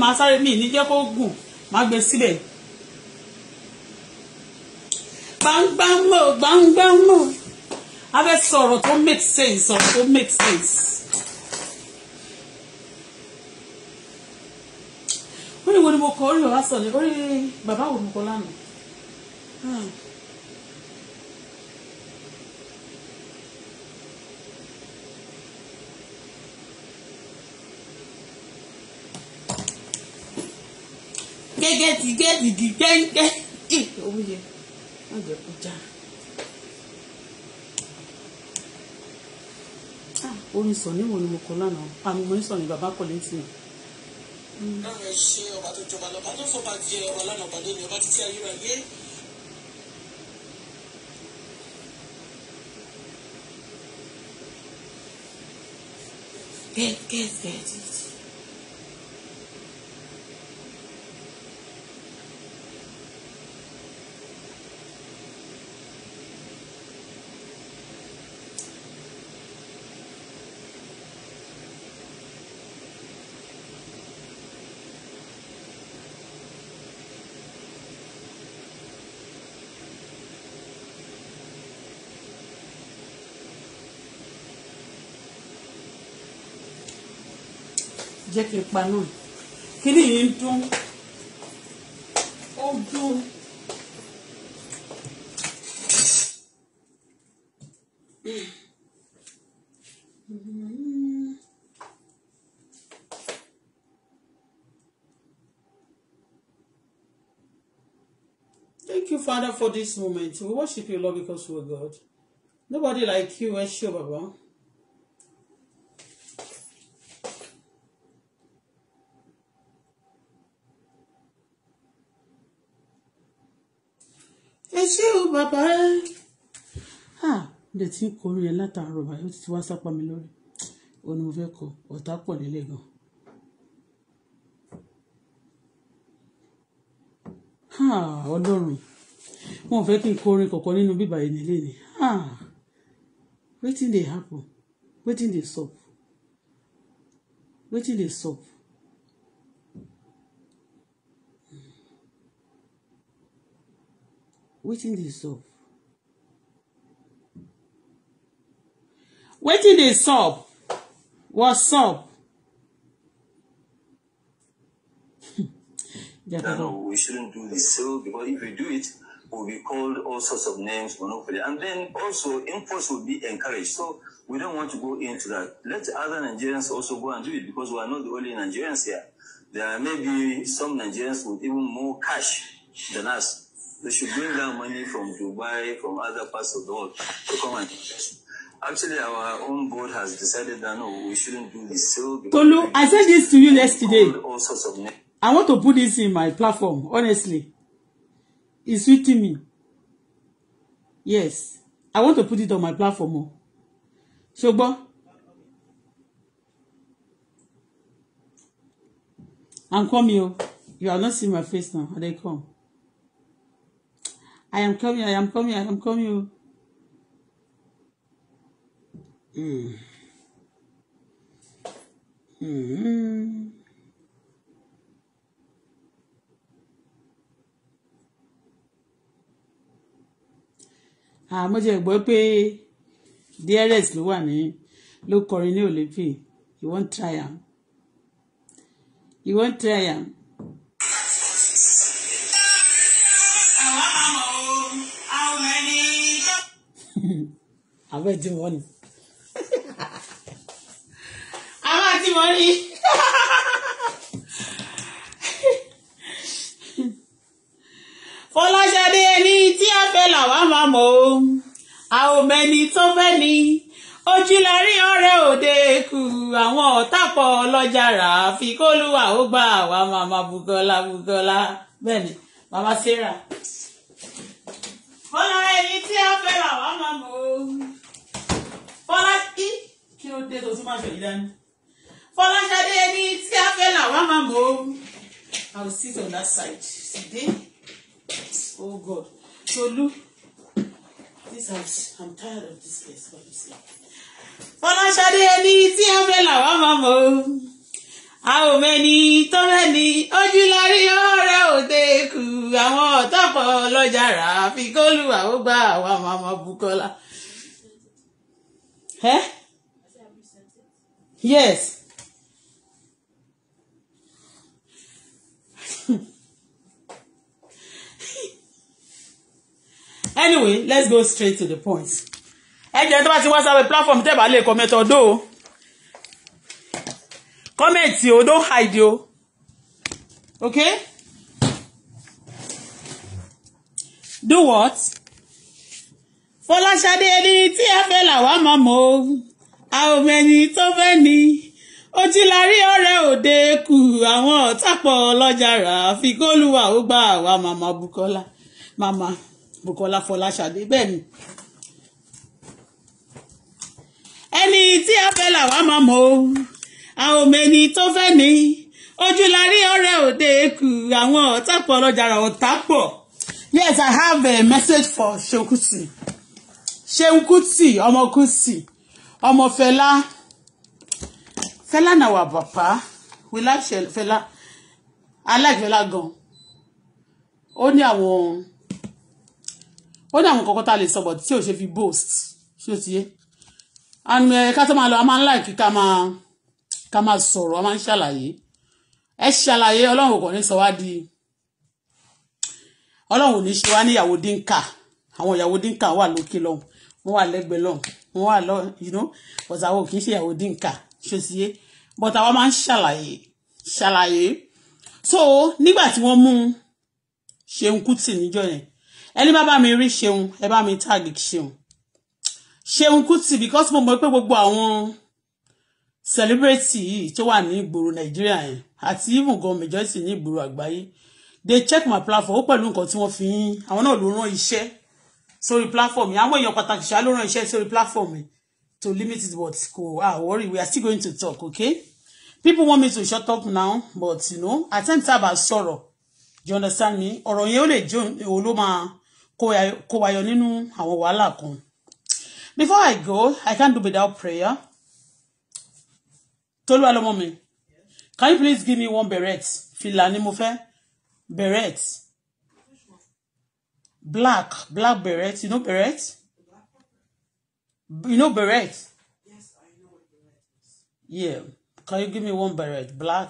máa sáré mi ní jẹ́ kó gùn máa gbé síbẹ̀. gbangbanmo gbangbanmo a fẹ́ sọ̀rọ̀ tó make sense sọ̀rọ̀ tó make sense. wọ́n ní wo ni mo kọ orí ọ̀rá sọ̀rọ̀ orí bàbá wo ni mo kọ lánàá. Hmm. gẹ́gẹ́ ti gẹ́gẹ́ ti gẹ́gẹ́ owó yẹ má jẹ́ kó já. orin sọ ní wọn ni mo kọ lánàá àmì mo ń sọ ní bàbá kọ létí mi. láwọn ẹ ṣe ọba tó jọba lọba tó fọba jẹ ọba lánàá ọba lónìí ọba títí ayérayé. Get, get, get. jẹ́ kí n pa náà kíní yìí ń dún ó dún. Thank you, Father, for this moment. We worship you, Lord, because you are God. Nobody like you, Eshio Baba. bàbá ẹ ǹdẹ̀ tí ń kọrin ẹ látàárọ̀ báyìí ó ti wá sápá mi lórí ó ní mo fẹ́ kọ ọ̀tá pọ̀ nílé gan. ọlọ́run wọn ò fẹ́ kí n kọrin kọ̀ọ̀kan nínú bíbá yìí nílé ni wetin dey happen wetin dey sup wetin dey sup. wetin dey sup wetin dey sup what's up. no, no, we shouldn't do this. So, because if we do it, we'll be called all sorts of names, monopoly. And then also imports will be encouraged. So we don't want to go into that. Let other Nigerians also go and do it because we are not the only Nigerians here. There may be some Nigerians with even more cash than us. They should bring down money from Dubai, from other parts of the world to come and invest. Actually, our own board has decided that no, we shouldn't do this. So Tolu, I said this to you yesterday. All sorts of I want to put this in my platform, honestly. It's sweeting me. Yes. I want to put it on my platform. Ṣùgbọ́n. I'm coming. Oh. You are not seeing my face now. They come. I am coming, I am coming, I am coming. Mm. Mm-hmm. àmọ́ hmm. Ah, jẹ́ gbọ́ pé dearest ló wà ní ló kọrin ní olympic you wan try am He wan try am. àwọn ẹ̀dín wọ́n ni. àwọn àti wọ́n rí. Fọláṣadé ẹni tí a fẹ́ làwa máa mọ̀ o àòmẹ́ni tó fẹ́ ni ojú la rí ọ̀rẹ́ òde kù àwọn ọ̀tá pọ̀ ọlọ́jà rà á fi kólúwà ó gbà wá màmá Bùkọ́lá Bùkọ́lá bẹ́ẹ̀ ni màmá Sarah. Fọlá ẹni tí a fẹ́ làwa máa mọ̀ o fọlákí kí ló dé tó tún máa ṣèyí dání fọláṣadé ní tí a fẹ́ làwọn máa mọ̀ ọ́ i will sit on that side today oh god tolu this house i'm tired of this place for this life fọláṣadé ní tí a fẹ́ làwọn máa mọ̀ ọ́ a ò mẹ́ni tó mẹ́ni ojúlárí ọ̀rẹ́ òde kù àwọn ọ̀tọ̀pọ̀ lọ́jà rà fi kólú àwọn gbà àwọn àmọ́ Bukola. Huh? Yes. anyway let's go straight to the point ẹ jẹ́ tó bá ti wá sábẹ́ platform tẹ́ bá lè comment ọ̀dọ́ o comment o don't hide o okay do what Fọláṣadé ẹni tí ẹ fẹ́ làwa máa mọ̀ o a ò mẹ́ni tó fẹ́ ni ojú la rí ọ̀rẹ́ òde kù àwọn ọ̀tàpọ̀ ọlọ́jà rà fi kólúwà ó gbà wá màmá Bukola màmá Bukola Fọláṣadé bẹ́ẹ̀ ni. ẹni tí a fẹ́ làwa máa mọ̀ o a ò mẹ́ni tó fẹ́ ni ojú ọ̀rẹ́ òde kù àwọn ọ̀tàpọ̀ ọlọ́jà rà ọ̀tàpọ̀ yes I have a message for Shokusi. Ṣeun Kuti ọmọ Kuti ọmọ Fẹlá Fẹlá na wà bàbá we like Fẹlá I like Fẹlá gan ó ní àwọn ó ní àwọn kọ̀ọ̀kan tá a lè sọ̀bọ̀ tí ò ṣe fi boast ṣé o ti yé and eh, ká tó máa lọ a máa ń láìkí ká máa ká máa sọ̀rọ̀ a máa ń ṣàlàyé ẹ ṣàlàyé ọlọ́run kò ní sọ wá di ọlọ́run ò ní ṣe wá níyàwó dínkà àwọn ìyàwó dínkà wà lókè lọ́hùn Mo wà lẹ́gbẹ̀ẹ́ lọ́hùn wọ́n wà lọ you know but àwọn kì í ṣe ìyàwó dínkà ṣòṣìyẹ but àwọn máa ń ṣàlàyé ṣàlàyé so nígbà tí wọ́n mú Ṣeun Kútì níjọ́ yẹn ẹni bá bá mi rí Ṣeun ẹ bá mi tag Ṣeun Ṣeun Kútì because mo mọ̀ pé gbogbo àwọn celebrity yìí tó wà ní ìgboro Nàìjíríà yẹn àti even gan majority ní ìgboro àgbáyé they check my platform ó pẹ̀lú nǹkan tí wọ́n fi ń àwọn náà ló rán iṣẹ́ sórí platform yẹn àwọn èèyàn pàtàkì ṣá ló ràn iṣẹ́ sórí platform to limit it but kò ah worry we are still going to talk okay people want me to shut up now but you know at times tá a bá sọ̀rọ̀ you understand me ọ̀rọ̀ yẹn ó lè jó òun ló máa kó wayọ nínú àwọn wàhálà kan before I go I can't do without prayer Tolúwa lọ́mọ mi can you please give me one beret Filani ni mo fẹ́ beret black black beret you know beret you know beret yes i know what beret is yeah can you give me one beret black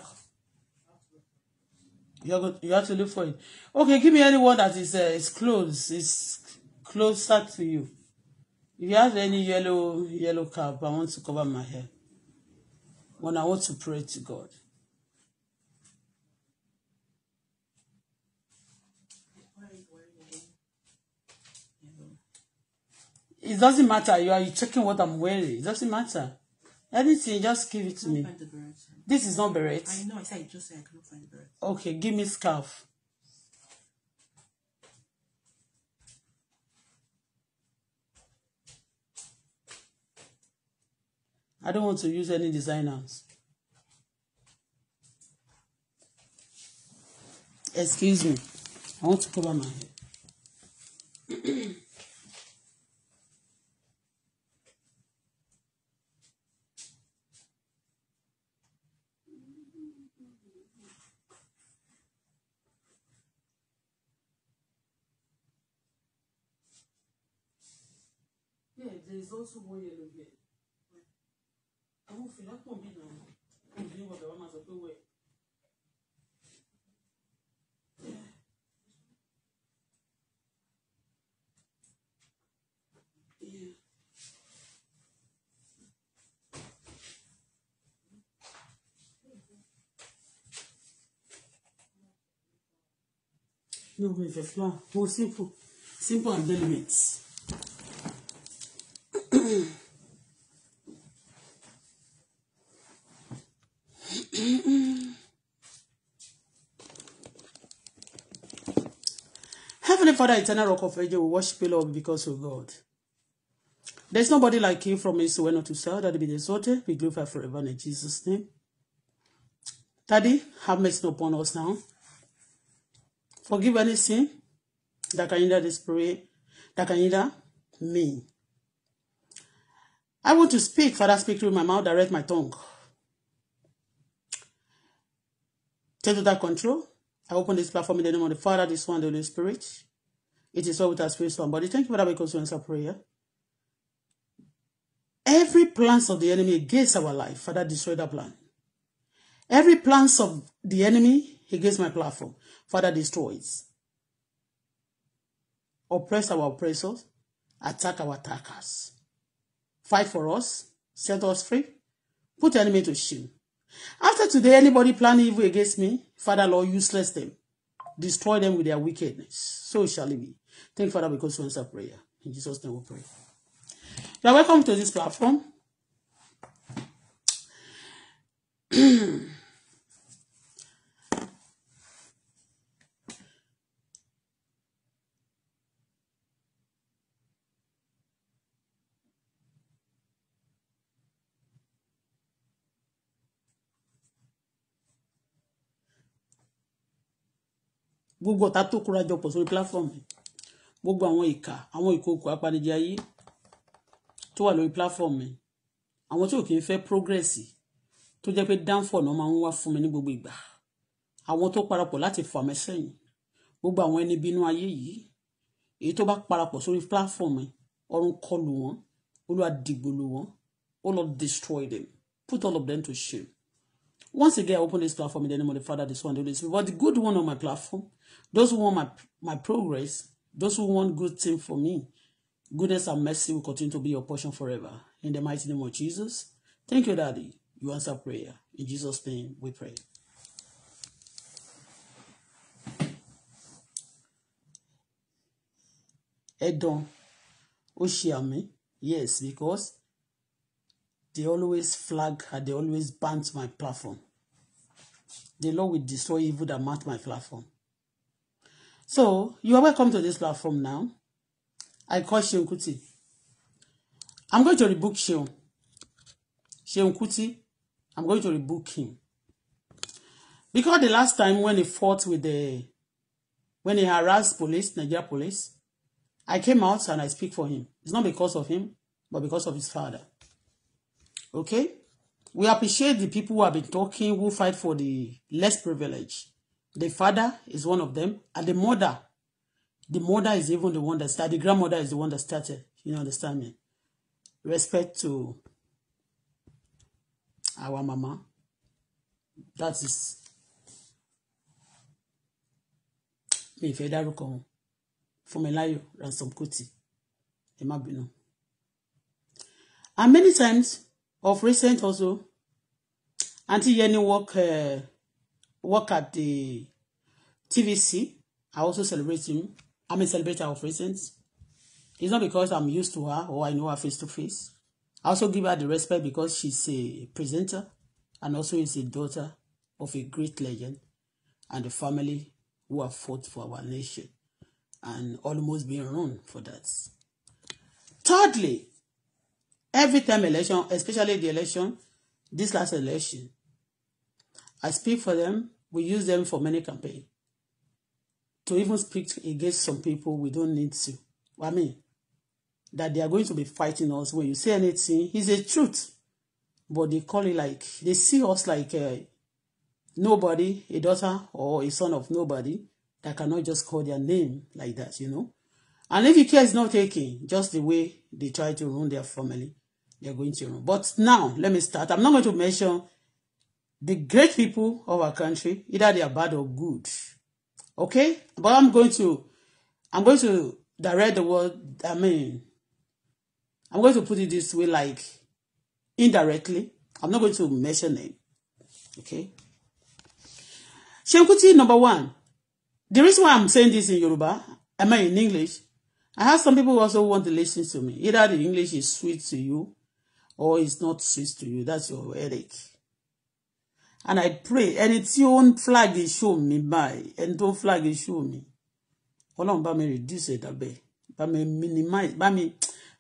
You have to, you have to look for it okay give me any one that is uh, is close is closer to you if you have any yellow yellow cap i want to cover my hair when i want to pray to god It doesn't matter. You are checking what I'm wearing. It doesn't matter. Anything, just give it to me. this is not beret. I know. I said just said I cannot find the beret. Okay, give me scarf. I don't want to use any designers. Excuse me. I want to cover my head. There's also one yellow here. Àwọn òfìlà pọ̀ mí náà. Òbí wọ̀ bẹ̀ wọ́n máa sọ pé wẹ̀. No, with the flour, more simple, simple and delicate. Father, eternal rock of ages, we worship you, Lord, because of God. There's nobody like you from east to west, not to south, that be exalted, be glorified forever in Jesus' name. Daddy, have mercy upon us now. Forgive any sin that can hinder this prayer, that can hinder me. I want to speak, Father, speak through my mouth, direct my tongue. Take total control. I open this platform in the name of the Father, the Son, and the Holy Spirit. It is well with our spirit, somebody. Thank you for that because you answer prayer. Every plans of the enemy against our life, Father, destroy that plan. Every plans of the enemy against my platform, Father, destroys. Oppress our oppressors, attack our attackers. Fight for us, set us free, put enemy to shame. After today, anybody plan evil against me, Father Lord, useless them. Destroy them with their wickedness. So shall it be. Thank you, Father, because you answer prayer. In Jesus' name we pray. You are welcome to this platform. gbogbo ọ̀tá tó kóra jọ pọ̀ sórí platform gbogbo àwọn ìka àwọn ìkòkò apanijẹ ayé tó wà lórí platform mi àwọn tí ò kí ń fẹ́ progress tó jẹ́ pé downfall náà máa ń wá fún mi ní gbogbo ìgbà àwọn tó parapọ̀ láti fà mí sẹ́yìn gbogbo àwọn ẹni bínú ayé yìí èyí tó bá parapọ̀ sórí platform mi ọ̀run kọlù wọn olúwa dìgbòlù wọn ó lọ destroy them put all of them to shame once again i open this platform in the name of the father the son and the holy spirit but the good one on my platform those who want my my progress Those who want good thing for me, goodness and mercy will continue to be your portion forever. In the mighty name of Jesus. Thank you, Daddy. You answer prayer. In Jesus' name we pray. Edon Oshiami. Yes, because they always flag and they always ban my platform. The Lord will destroy evil that marked my platform. So you are welcome to this platform now. I call Seun Kuti. I'm going to rebook Seun. Seun Kuti, I'm going to rebook him. Because the last time when he fought with the, when he harassed police, Nigeria police, I came out and I speak for him. It's not because of him, but because of his father. Okay? We appreciate the people who have been talking, who fight for the less privileged. The father is one of them, and the mother, the mother is even the one that started. The grandmother is the one that started. You understand me? Respect to our mama. That is. Mi ìfẹ́ dárúkọ from Elayo Ransom Kuti. Ẹ And many times of recent also, Auntie Yeni work. Uh, work at the TVC. I also celebrate him. I'm a celebrator of reasons. It's not because I'm used to her or I know her face to face. I also give her the respect because she's a presenter and also is a daughter of a great legend and a family who have fought for our nation and almost been ruined for that. Thirdly, every time election, especially the election, this last election, I speak for them. We use them for many campaigns. To even speak against some people, we don't need to. I mean, that they are going to be fighting us when you say anything it's a truth. But they call it like, they see us like a uh, nobody, a daughter or a son of nobody that cannot just call their name like that, you know. And if you care is not taking just the way they try to ruin their family, they're going to ruin. But now, let me start. I'm not going to mention the great people of our country, either they are bad or good. Okay? But I'm going to I'm going to direct the word I mean I'm going to put it this way like indirectly. I'm not going to mention it. Okay? Shenkuti number one. The reason why I'm saying this in Yoruba, I mean in English, I have some people who also want to listen to me. Either the English is sweet to you or it's not sweet to you. That's your headache and I pray ẹni tí ó ń flag show me by, ẹni tó ń flag show me. ọlọ́run bá mi reduce ẹ̀dá bẹ́ẹ̀ bá mi minimize bá mi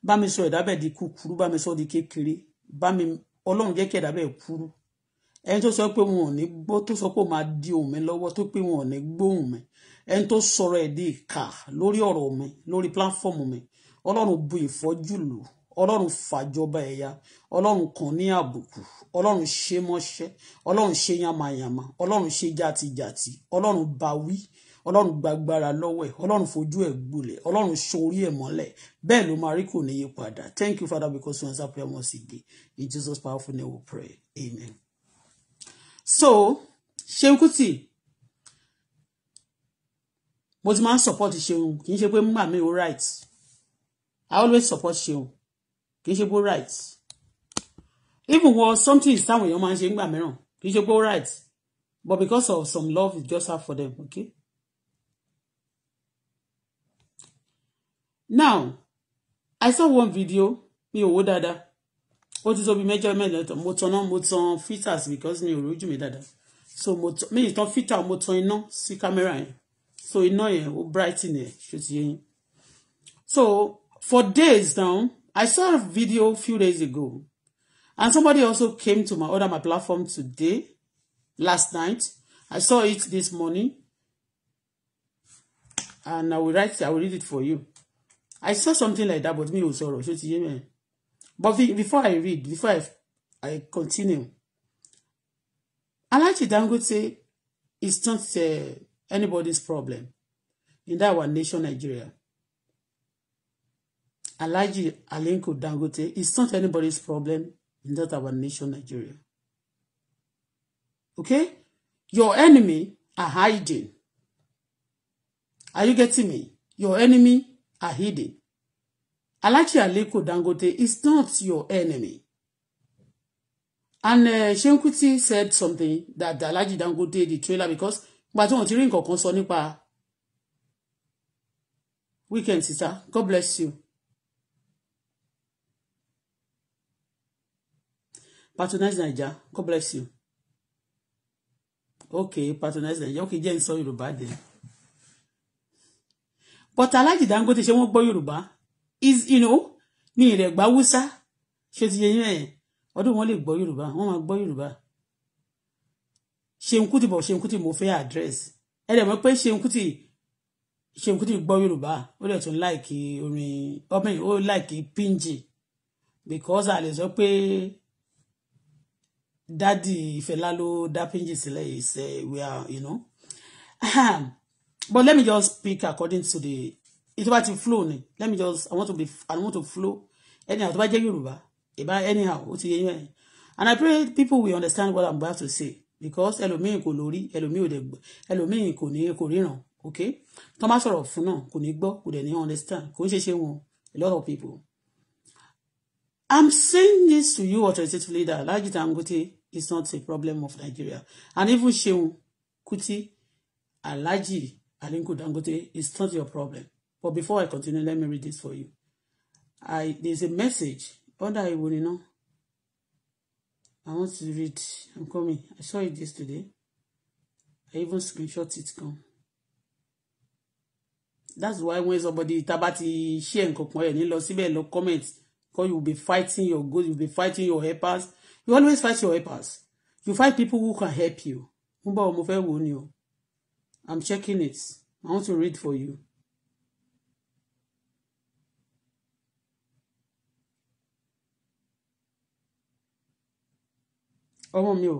bá mi sọ ẹ̀dá bẹ́ẹ̀ di kúkúrú bá mi sọ di kékeré bá mi ọlọ́run jẹ́ kí ẹ̀dá bẹ́ẹ̀ kúrú ẹni tó sọ pé wọn ò ní gbọ́ tó sọ pé ó máa di òun mi lọ́wọ́ tó pé wọn ò ní gbóhùn mi ẹni tó sọ̀rọ̀ ẹ̀ di ìkà lórí ọ̀rọ̀ mi lórí pláfọ́ọ̀mù mi ọlọ́run bu ìfọ́jú lù ọlọ́run fàjọba ẹ̀yà ọlọ́run kàn ní àbùkù ọlọ́run ṣe mọ́ṣẹ́ ọlọ́run ṣe yamayama ọlọ́run ṣe jàtijàti ọlọ́run bá wí ọlọ́run gbàgbára lọ́wọ́ ẹ̀ ọlọ́run fojú ẹ̀ gbolẹ̀ ọlọ́run ṣorí ẹ̀ mọ́lẹ̀ bẹ́ẹ̀ ló máa rí kò ní padà thank you father because you answer prayer once again in jesus powerful name we pray amen. so Ṣeun Kuti mo ti máa ń support Ṣeun kì í ṣe pé mú àmì o right i always support Ṣeun kì í ṣe pé right even wọ something is táwọn èèyàn máa ń ṣe nígbà mìíràn kì í ṣe pé right but because of some love you just have for them okay. now i saw one video mi ò dada? dáadáa ó ti tó bí mẹ́jọ mẹ́lẹ̀ mo tan mo tan filters because mi ò rójú mi dada. so mo tan mi tan filter mo tan iná sí camera. yẹn so iná yẹn ó brighten yẹn ṣó ti yẹ so for days now I saw a video a few days ago, and somebody also came to my order my platform today, last night. I saw it this morning, and I will write. I will read it for you. I saw something like that, but me was sọ̀rọ̀. So it's But before I read, before I, I continue, Alhaji say it's not uh, anybody's problem in that one nation, Nigeria. Alaji Aliko Dangote is not anybody's problem, it's not our nation, Nigeria. Okay? Your enemy are hiding. Are you getting me? Your enemy are hiding. Alaji Aliko Dangote is not your enemy. And uh, Shenkuti said something that Alaji Dangote, the trailer, because but don't hear nǹkan kan sọ weekend sister. God bless you. patronize naija god bless you okay patronize naija okay jẹ́ n sọ yorùbá dé but Alhaji Dangote ṣé wọ́n gbọ́ yorùbá is you know mi ìrẹ̀ gbá wúsá ṣé ti yẹ yín ẹ̀ ọdún wọn lè gbọ́ yorùbá wọ́n máa gbọ́ yorùbá Ṣeun Kuti bọ̀ Ṣeun Kuti mo fẹ́ address ẹ dẹ̀ mọ̀ pé Ṣeun Kuti Ṣeun Kuti gbọ́ yorùbá ó dẹ̀ tún láìkì orin ọmọ yìí ó láìkì Pinji, because a lè sọ pé. Daddy Fela ló dá Péjì sílẹ̀ we are you know but let me just speak according to the ìtọ́ about ti flow ni let me just I want to be I want to flow anyhow tó bá jẹ́ Yorùbá ìbá anyhow ó ti yẹ and I pray people will understand what I'm about to say because ẹlòmíì kolori lórí ẹlòmíì ò dẹ̀ gbọ́ ẹlòmíì kò ní kò ríran ok tó má sọ̀rọ̀ fún náà kò understand kò ń ṣe a lot of people I'm saying this to you authoritative leader Like it Alhaji Dangote it's not a problem of Nigeria and even Seun Kuti Alhaji Alinku, Dangote it's not your problem but before I continue let me read this for you I there's a message under Iwo Nina I want to read I'm coming I saw it yesterday. I even screenshot it come that's why when somebody tabati ti share nǹkan kan ẹ ní lọ síbẹ̀ lọ comment because you be fighting your goals you be fighting your helpers you always fight your helpers you find people who can help you mo bá ọmọ fẹ́ ni o i'm checking it i want to read for you. ọmọ mi o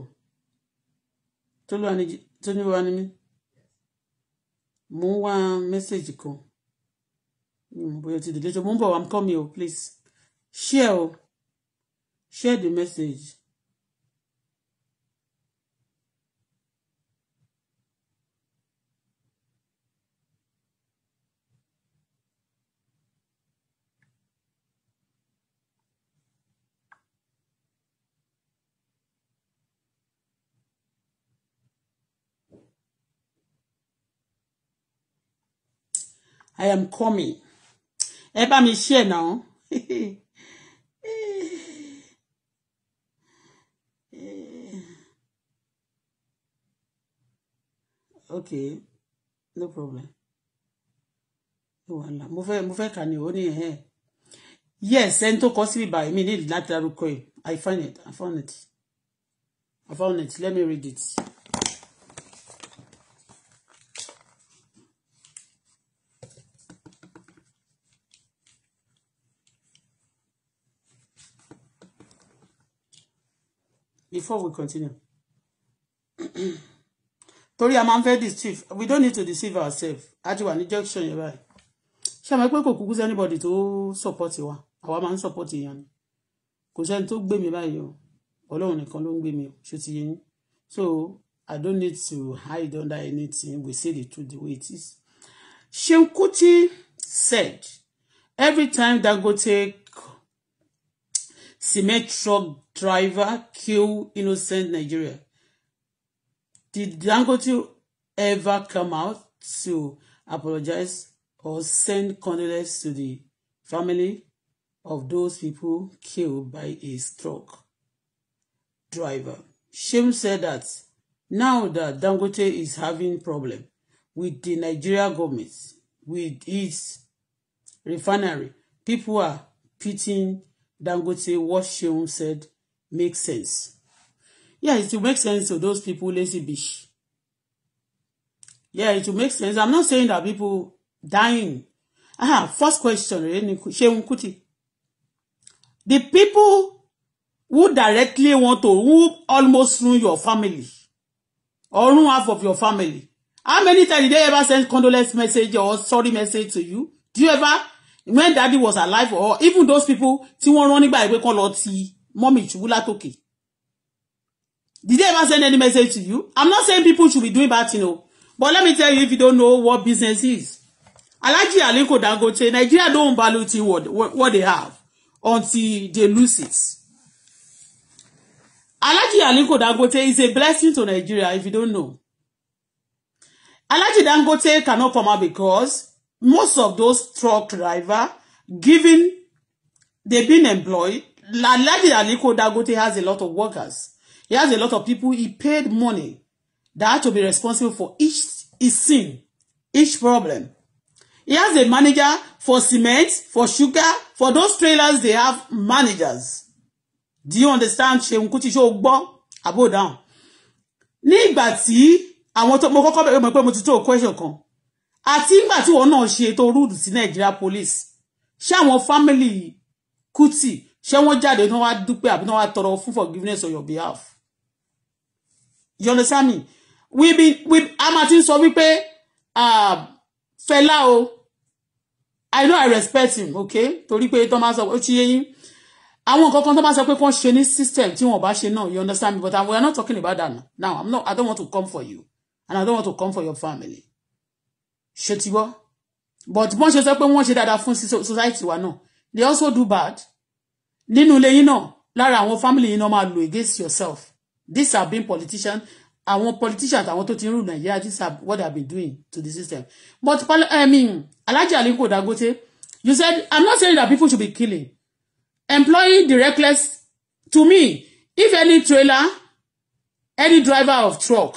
tó ní wa ni mí mo ń wá mẹ́sẹ̀gì kan bóyá ti dìde tó mo ń bọ̀ wá kọ́ mi o please share o. Share the message. I am coming. Ẹ bá mi share now. okay no problem no wahala mo fẹ́ mo fẹ́ kà ní òní ẹ̀ yes ẹni tó kọ síbi báyìí mi ní láti darúkọ ẹ̀ i find it i found it i found it let me read it. before we continue torí a máa ń fẹ́ deceive we don't need to deceive ourselves a ti wà ní junction yẹn báyìí ṣé àmọ́ pé kò kúkú sí anybody tó support wa àwa máa ń support èèyàn ni kò sẹ́ni tó gbé mi báyìí o ọlọ́run nìkan ló ń gbé mi o ṣó ti yé so I don't need to hide under anything we say the truth the way it is Seun said every time Dangote cement truck driver kill innocent Nigeria Did Dangote ever come out to apologize or send condolences to the family of those people killed by a stroke driver? Shem said that now that Dangote is having problem with the Nigeria government, with its refinery, people are pitying Dangote what Shem said makes sense yeah it will make sense to those people lazy bish. yeah it will make sense i'm not saying that people dying ah first question Seun eh, Kuti the people who directly want to who almost ruin your family or ruin half of your family how many times did they ever send condolence message or sorry message to you do you ever when daddy was alive or even those people tí wọ́n rán nígbà ìwé kan mommy ti mọ́mì ìṣubú látòkè Did they ever send any message to you? I'm not saying people should be doing bad you oh. know. But let me tell you if you don't know what business is. Alaji Aliko Dangote, Nigeria don't value what, what, what they have until they lose it. Alaji Aliko Dangote is a blessing to Nigeria if you don't know. Alaji Dangote cannot come out because most of those truck driver given they've been employed. Alaji Aliko Dangote has a lot of workers. He has a lot of people. He paid money that had to be responsible for each his sin, each problem. He has a manager for cement, for sugar, for those trailers, they have managers. Do you understand? She Kuti ṣó gbọ́ abo down. Ni bati tí àwọn tó mo kọ́kọ́ bẹ̀rẹ̀ mọ̀ pé mo ti tó question kan. Àti ìgbà tí wọ́n náà ṣe tó rúdù sí Nigeria police. Ṣé àwọn family Kuti ṣé wọ́n jáde tí wọ́n wá dúpẹ́ àbí tí wọ́n wá forgiveness on your behalf? you understand me we be we amatin sọ wípé fẹlá o i know i respect him okay torí pé Thomas. máa sọ ó ti yé yín àwọn nǹkan kan tó máa sọ pé kán ṣe ní system tí wọn bá ṣe náà you understand me but we are not talking about that now now i'm not i don't want to come for you and i don't want to come for your family ṣe ti wọ́ but bọ́n ṣe sọ pé wọ́n ṣe dáadáa fún society wa náà they also do bad nínú ilé yín náà lára àwọn family yín náà máa lo against yourself these have been politicians àwọn politicians àwọn tó ti ń rú nàìjíríà this is what they have been doing to the system but i mean alhaji aliko dangote you said i'm not saying that people should be killing employing the reckless to me if any trailer any driver of truck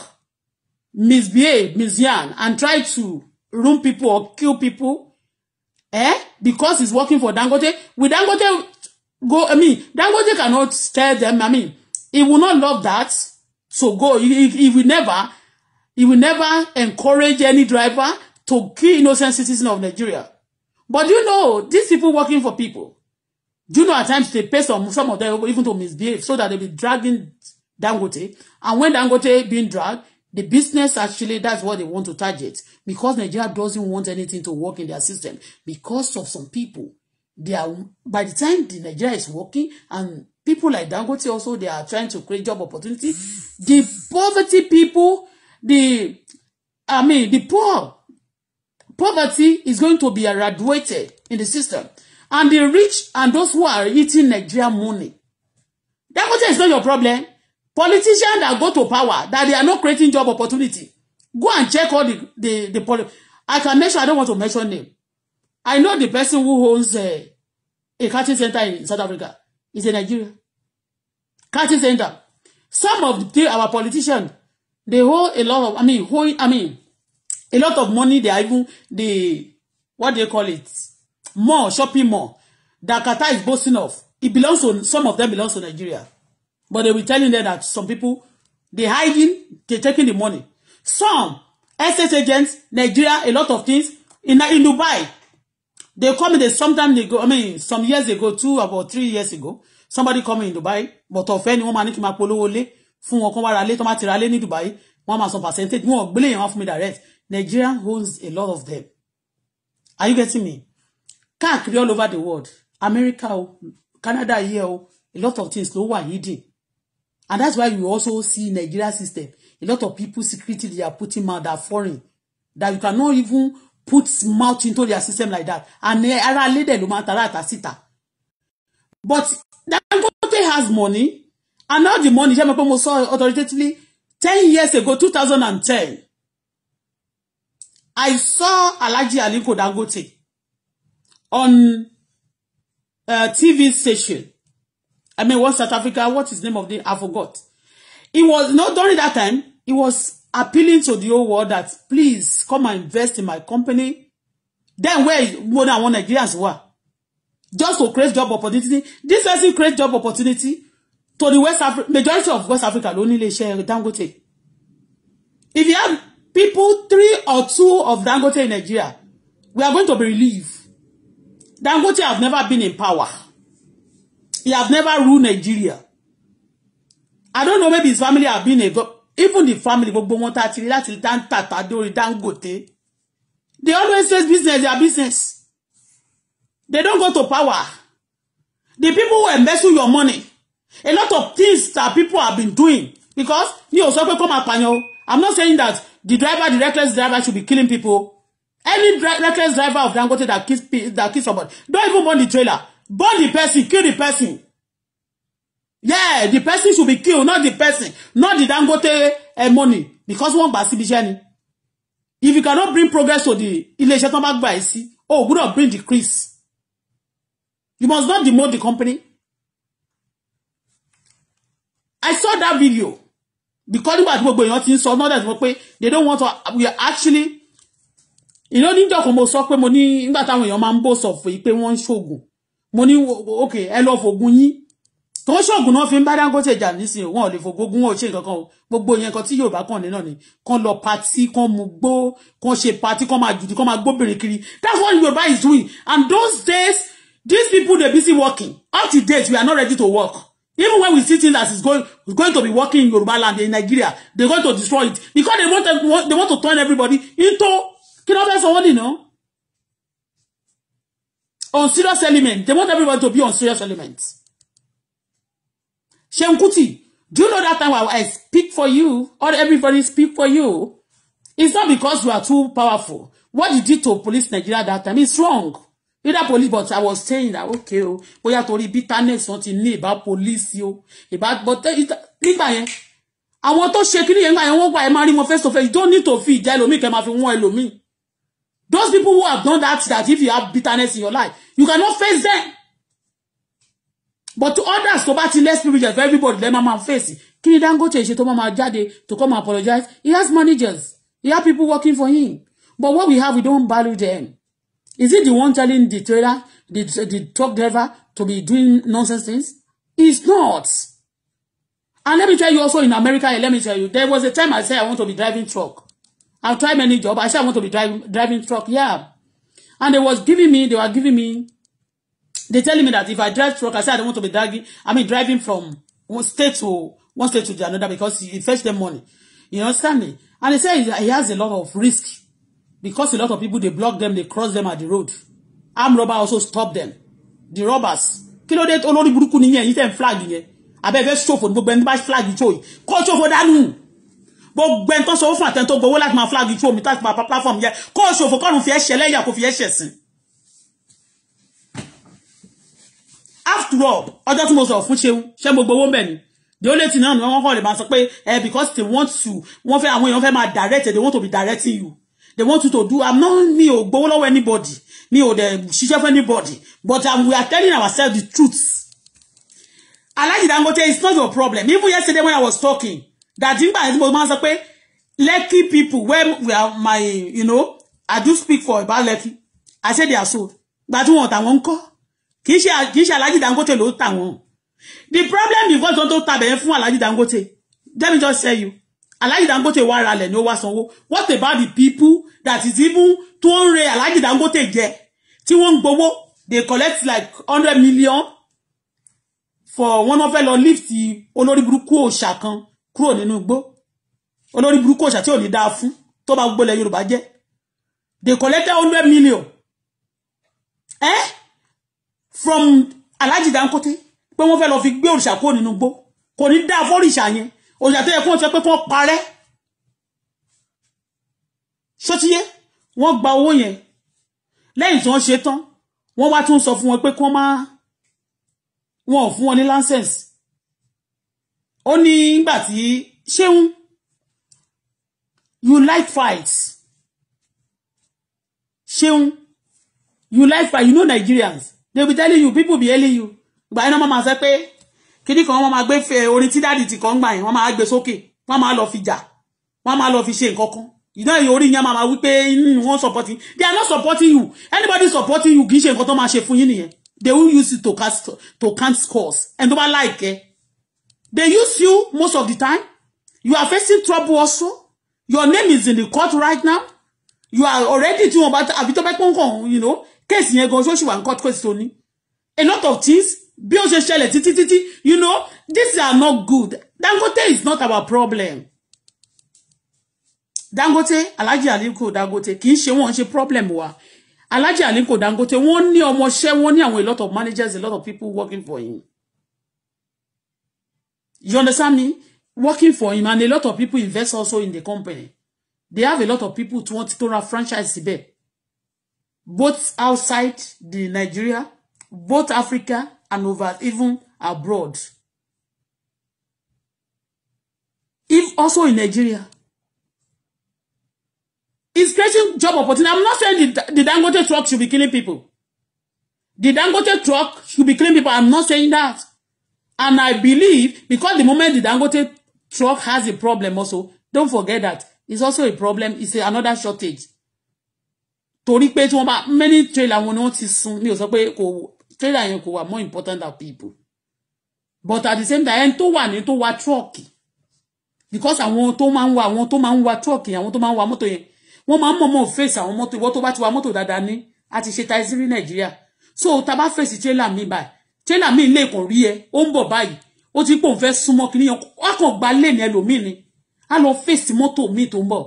misbehave misyan and try to ruin people or kill people eh because he's working for dangote With dangote go i mean dangote cannot tell them i mean He will not love that to go. He, he, will never, he will never encourage any driver to kill innocent citizens of Nigeria. But you know, these people working for people, do you know at times they pay some, some of them even to misbehave so that they'll be dragging Dangote. And when Dangote being dragged, the business actually, that's what they want to target because Nigeria doesn't want anything to work in their system because of some people. They are, by the time the Nigeria is working and people like Dangote also they are trying to create job opportunity the poverty people the I mean the poor poverty is going to be eradicated in the system and the rich and those who are eating Nigeria money Dangote is not your problem politicians that go to power that they are not creating job opportunity go and check all the the the poli I can mention I don't want to mention name I know the person who owns uh, a, a catching center in South Africa is in Nigeria. County center. Some of the, our politicians, they hold a lot of, I mean, hold, I mean, a lot of money. They are even the, what they call it, mall, shopping mall that Qatar is boasting of. It belongs to, some of them belongs to Nigeria. But they will tell you there that some people, they hiding, they taking the money. Some estate agents, Nigeria, a lot of things. In, in Dubai, They call me they sometime they go, I mean, some years ago, two about three years ago, somebody call me in Dubai, but ọ̀fẹ́ ni woman máa ní kí n máa polówó lé fún wọn kan wá ra lé tó máa ti ra lé ní Dubai, wọ́n máa san percentage, wọ́n gbélé yẹn wá fún direct. Nigeria owns a lot of them. Are you getting me? Káàkiri all over the world, America Canada here a lot of things ló one hidden. And that's why you also see Nigeria system. A lot of people secretly are putting out that foreign that you cannot even put mouth into their system like that and ara lédè no matter ń tara àtà síta but Dangote has money and all the money jẹ́ mi pé mo sọ authoritatively ten years ago two thousand and ten I saw Alhaji Aliko Dangote on uh, TV station I mean what South Africa what is the name of the I forgot it was you no know, during that time it was appealing to the whole world that please come and invest in my company then where more than one Nigerians were just to create job opportunity this person create job opportunity to the West Africa majority of West Africa Only ní iléeṣẹ́ Dangote if you have people three or two of Dangote in Nigeria we are going to be relieved Dangote have never been in power he have never ruled Nigeria I don't know maybe his family have been a even the family gbogbo wọn tá a ti rí láti dáńtàtà dórí Dangote they always say business their business they don go to power the people who embezzle your money a lot of things that people have been doing because ní o sọ pé kó máa pààyàn o i'm not saying that the driver the reckless driver should be killing people any reckless driver of Dangote that kill that kill somebody don't even burn the trailer burn the person kill the person yeah the person should be killed not the person not the Dangote uh, money because one gbà síbi if you cannot bring progress to the ilé iṣẹ́ tó bá gbà ẹ́ sí o bring decrease you must not demote the company I saw that video because nígbà tí gbogbo èèyàn ti they don't want to we are actually you know níjọ́ kan mo sọ pé mo ní nígbà táwọn èèyàn máa ń bó sọ fún yìí pé wọ́n ń okay ẹ lọ fògùn yín tó ṣọ̀gùn náà fi ń bá Dangote jà nísìnyí wọn ò lè fògógún wọn ò ṣe nǹkan kan o gbogbo yẹn kan tí Yorùbá kàn ní náà ni kan lọ patí kan mú gbó kan ṣe patí kan máa jùdí kan máa gbóbìnrin kiri that's what Yorùbá is doing and those days these people dey busy working up to date we are not ready to work even when we see things as is going is going to be working in Yoruba land in Nigeria they going to destroy it because they want to they want to turn everybody into kí ló fẹ́ sọ wọ́n nìyẹn on serious element they want everybody to be on serious element. Seun do you know that time I, I speak for you or everybody speak for you? It's not because you are too powerful. What you did to police Nigeria that time is wrong. Either police, but I was saying that okay, oh, bóyá torí bitterness wọn ti ní about police o, oh, about but eh, nígbà yẹn àwọn tó ṣe kiri yẹn nígbà yẹn wọ́n gbà ẹ máa marry my face to face. You don't need to feed. ìjà ẹlòmíì kẹ́ máa fi wọ́n Those people who have done that, that if you have bitterness in your life, you cannot face them but to others to bá ti less privileged for everybody lẹ́ẹ̀ máa máa face kí ni Dangote ṣe tó máa máa jáde to come apologize he has managers he has people working for him but what we have we don't value them is it the one telling the trailer the the truck driver to be doing nonsense things it's not and let me tell you also in America let me tell you there was a time I said I want to be driving truck I tried many job. I said I want to be driving driving truck yeah and they was giving me they were giving me They telling me that if I drive truck, I say I don't want to be dragging. I mean, driving from one state to one state to the another because it fetch them money. You understand me? And they say he has a lot of risk because a lot of people they block them, they cross them at the road. Arm robber also stop them. The robbers. Kí ló dé olórí burúkú nìyẹn yìí tẹ̀ ń flag yẹn. Abẹ́ fẹ́ ṣòfò ní gbogbo ẹni bá flag tó yìí. Kó ṣòfò dánú. Gbogbo ẹni tó sọ fún àtẹ̀ntó go láti my flag tó omi láti máa platform yẹn. Kó ṣòfò kọ́run fi ẹ̀ṣẹ̀ lẹ́yà kó fi ẹ̀ṣẹ̀ after all ọjọ́ tí mo sọ fún ṣeun ṣé mo gbowó mbẹ̀ ni the only thing náà ni wọ́n kọ́ lè máa sọ pé eh because they want to wọ́n fẹ́ àwọn èèyàn fẹ́ máa direct they want to be directing you they want you to do i'm not mi ò gbowó lọ́wọ́ anybody mi ò dẹ̀ ṣiṣẹ́ fún anybody but um, we are telling ourselves the truth Alhaji Dangote it's not your problem even yesterday when i was talking that nígbà tí mo máa sọ pé Lekki people when we are my you know i do speak for about Lekki i say they are sold gbàtí wọn ò tà wọn ń kọ́ kì í ṣe kì í ṣe Alhaji Dangote ló tà wọ́n the problem because wọn tó tabẹ̀ fún Alhaji Dangote let me just tell you Alhaji Dangote wá ralẹ̀ ni ó wá sanwó what about the people that is even tó ń re Alhaji Dangote jẹ tí wọ́n ń gbowó they collect like hundred million for wọn náà fẹ́ lọ lift olórí burúkú òòṣà kan kúrò nínú igbó olórí burúkú òòṣà tí ò ní dáa fún tó bá gbólẹ̀ Yorùbá jẹ́ they collect hundred million. Eh? from Alhaji Dangote pé wọ́n fẹ́ lọ fi gbé òrìṣà kó nínú gbó kò ní dáa fọ́rìṣà yẹn òrìṣà tó yẹ kó sọ pé kó parẹ́ ṣótíyé wọ́n gba owó yẹn lẹ́yìn tí wọ́n ṣe tán wọ́n wá tún sọ fún wọn pé kó má wọn ò fún wọn ní license ó ní nígbà tí ṣéun you like fights ṣéun you like fights you know Nigerians they be telling you people be hailing you ìgbà yẹn wọ́n máa sọ pé kíní kan wọ́n máa gbé eh, orin tí dáàdì ti kàn gbà yẹn wọ́n máa gbé sókè wọ́n máa lọ fi jà wọ́n máa lọ fi ṣe nǹkan kan ìdá yìí orí yẹn máa máa wí pé hmm, supporting they are not supporting you anybody supporting you kì í ṣe nǹkan tó máa ṣe fún yín they will use it to cast to count scores and tó bá láìkẹ́ they use you most of the time you are facing trouble also your name is in the court right now you are already doing about bá àbí tó you know kéèsì yẹn gan ṣóṣì wà ń court case a lot of things bí ó ṣe ṣẹlẹ̀ títí títí you know these are not good Dangote is not our problem Dangote Alhaji Aliko Dangote kì í ṣe wọn ṣe problem wa Alhaji Aliko Dangote wọ́n ní ọmọọṣẹ́ wọ́n ní àwọn a lot of managers a lot of people working for him you understand me working for him and a lot of people invest also in the company they have a lot of people tí want to run franchise there both outside the Nigeria, both Africa and over even abroad. If also in Nigeria. Is creating job opportunity. I'm not saying the, the Dangote truck should be killing people. The Dangote truck should be killing people. I'm not saying that. And I believe because the moment the Dangote truck has a problem also, don't forget that it's also a problem. It's another shortage torí pé tí wọ́n bá many trailer wọn ni wọ́n ti sun mi ò sọ pé kò trailer yẹn kò wà more important than people but at the same time ẹni tó wà ní tó wa trọ́ọ̀kì because àwọn tó máa ń wa àwọn tó máa ń wa trọ́ọ̀kì àwọn tó máa ń wa mọ́tò yẹn wọ́n máa ń mọ̀mọ́ fèsì àwọn mọ́tò ìwọ́n tó bá ti wa mọ́tò dáadáa ní a ti ṣe taxi ní nàìjíríà so ta bá fèsì trailer mi báyìí trailer mi lè kàn rí ẹ ó ń bọ̀ báyìí ó ti pòun fẹ́ súnmọ́ kìnìyàn wákàn gbalẹ̀ ní ẹlòmíì ni a lọ fèsì mọ́tò míì tó ń bọ̀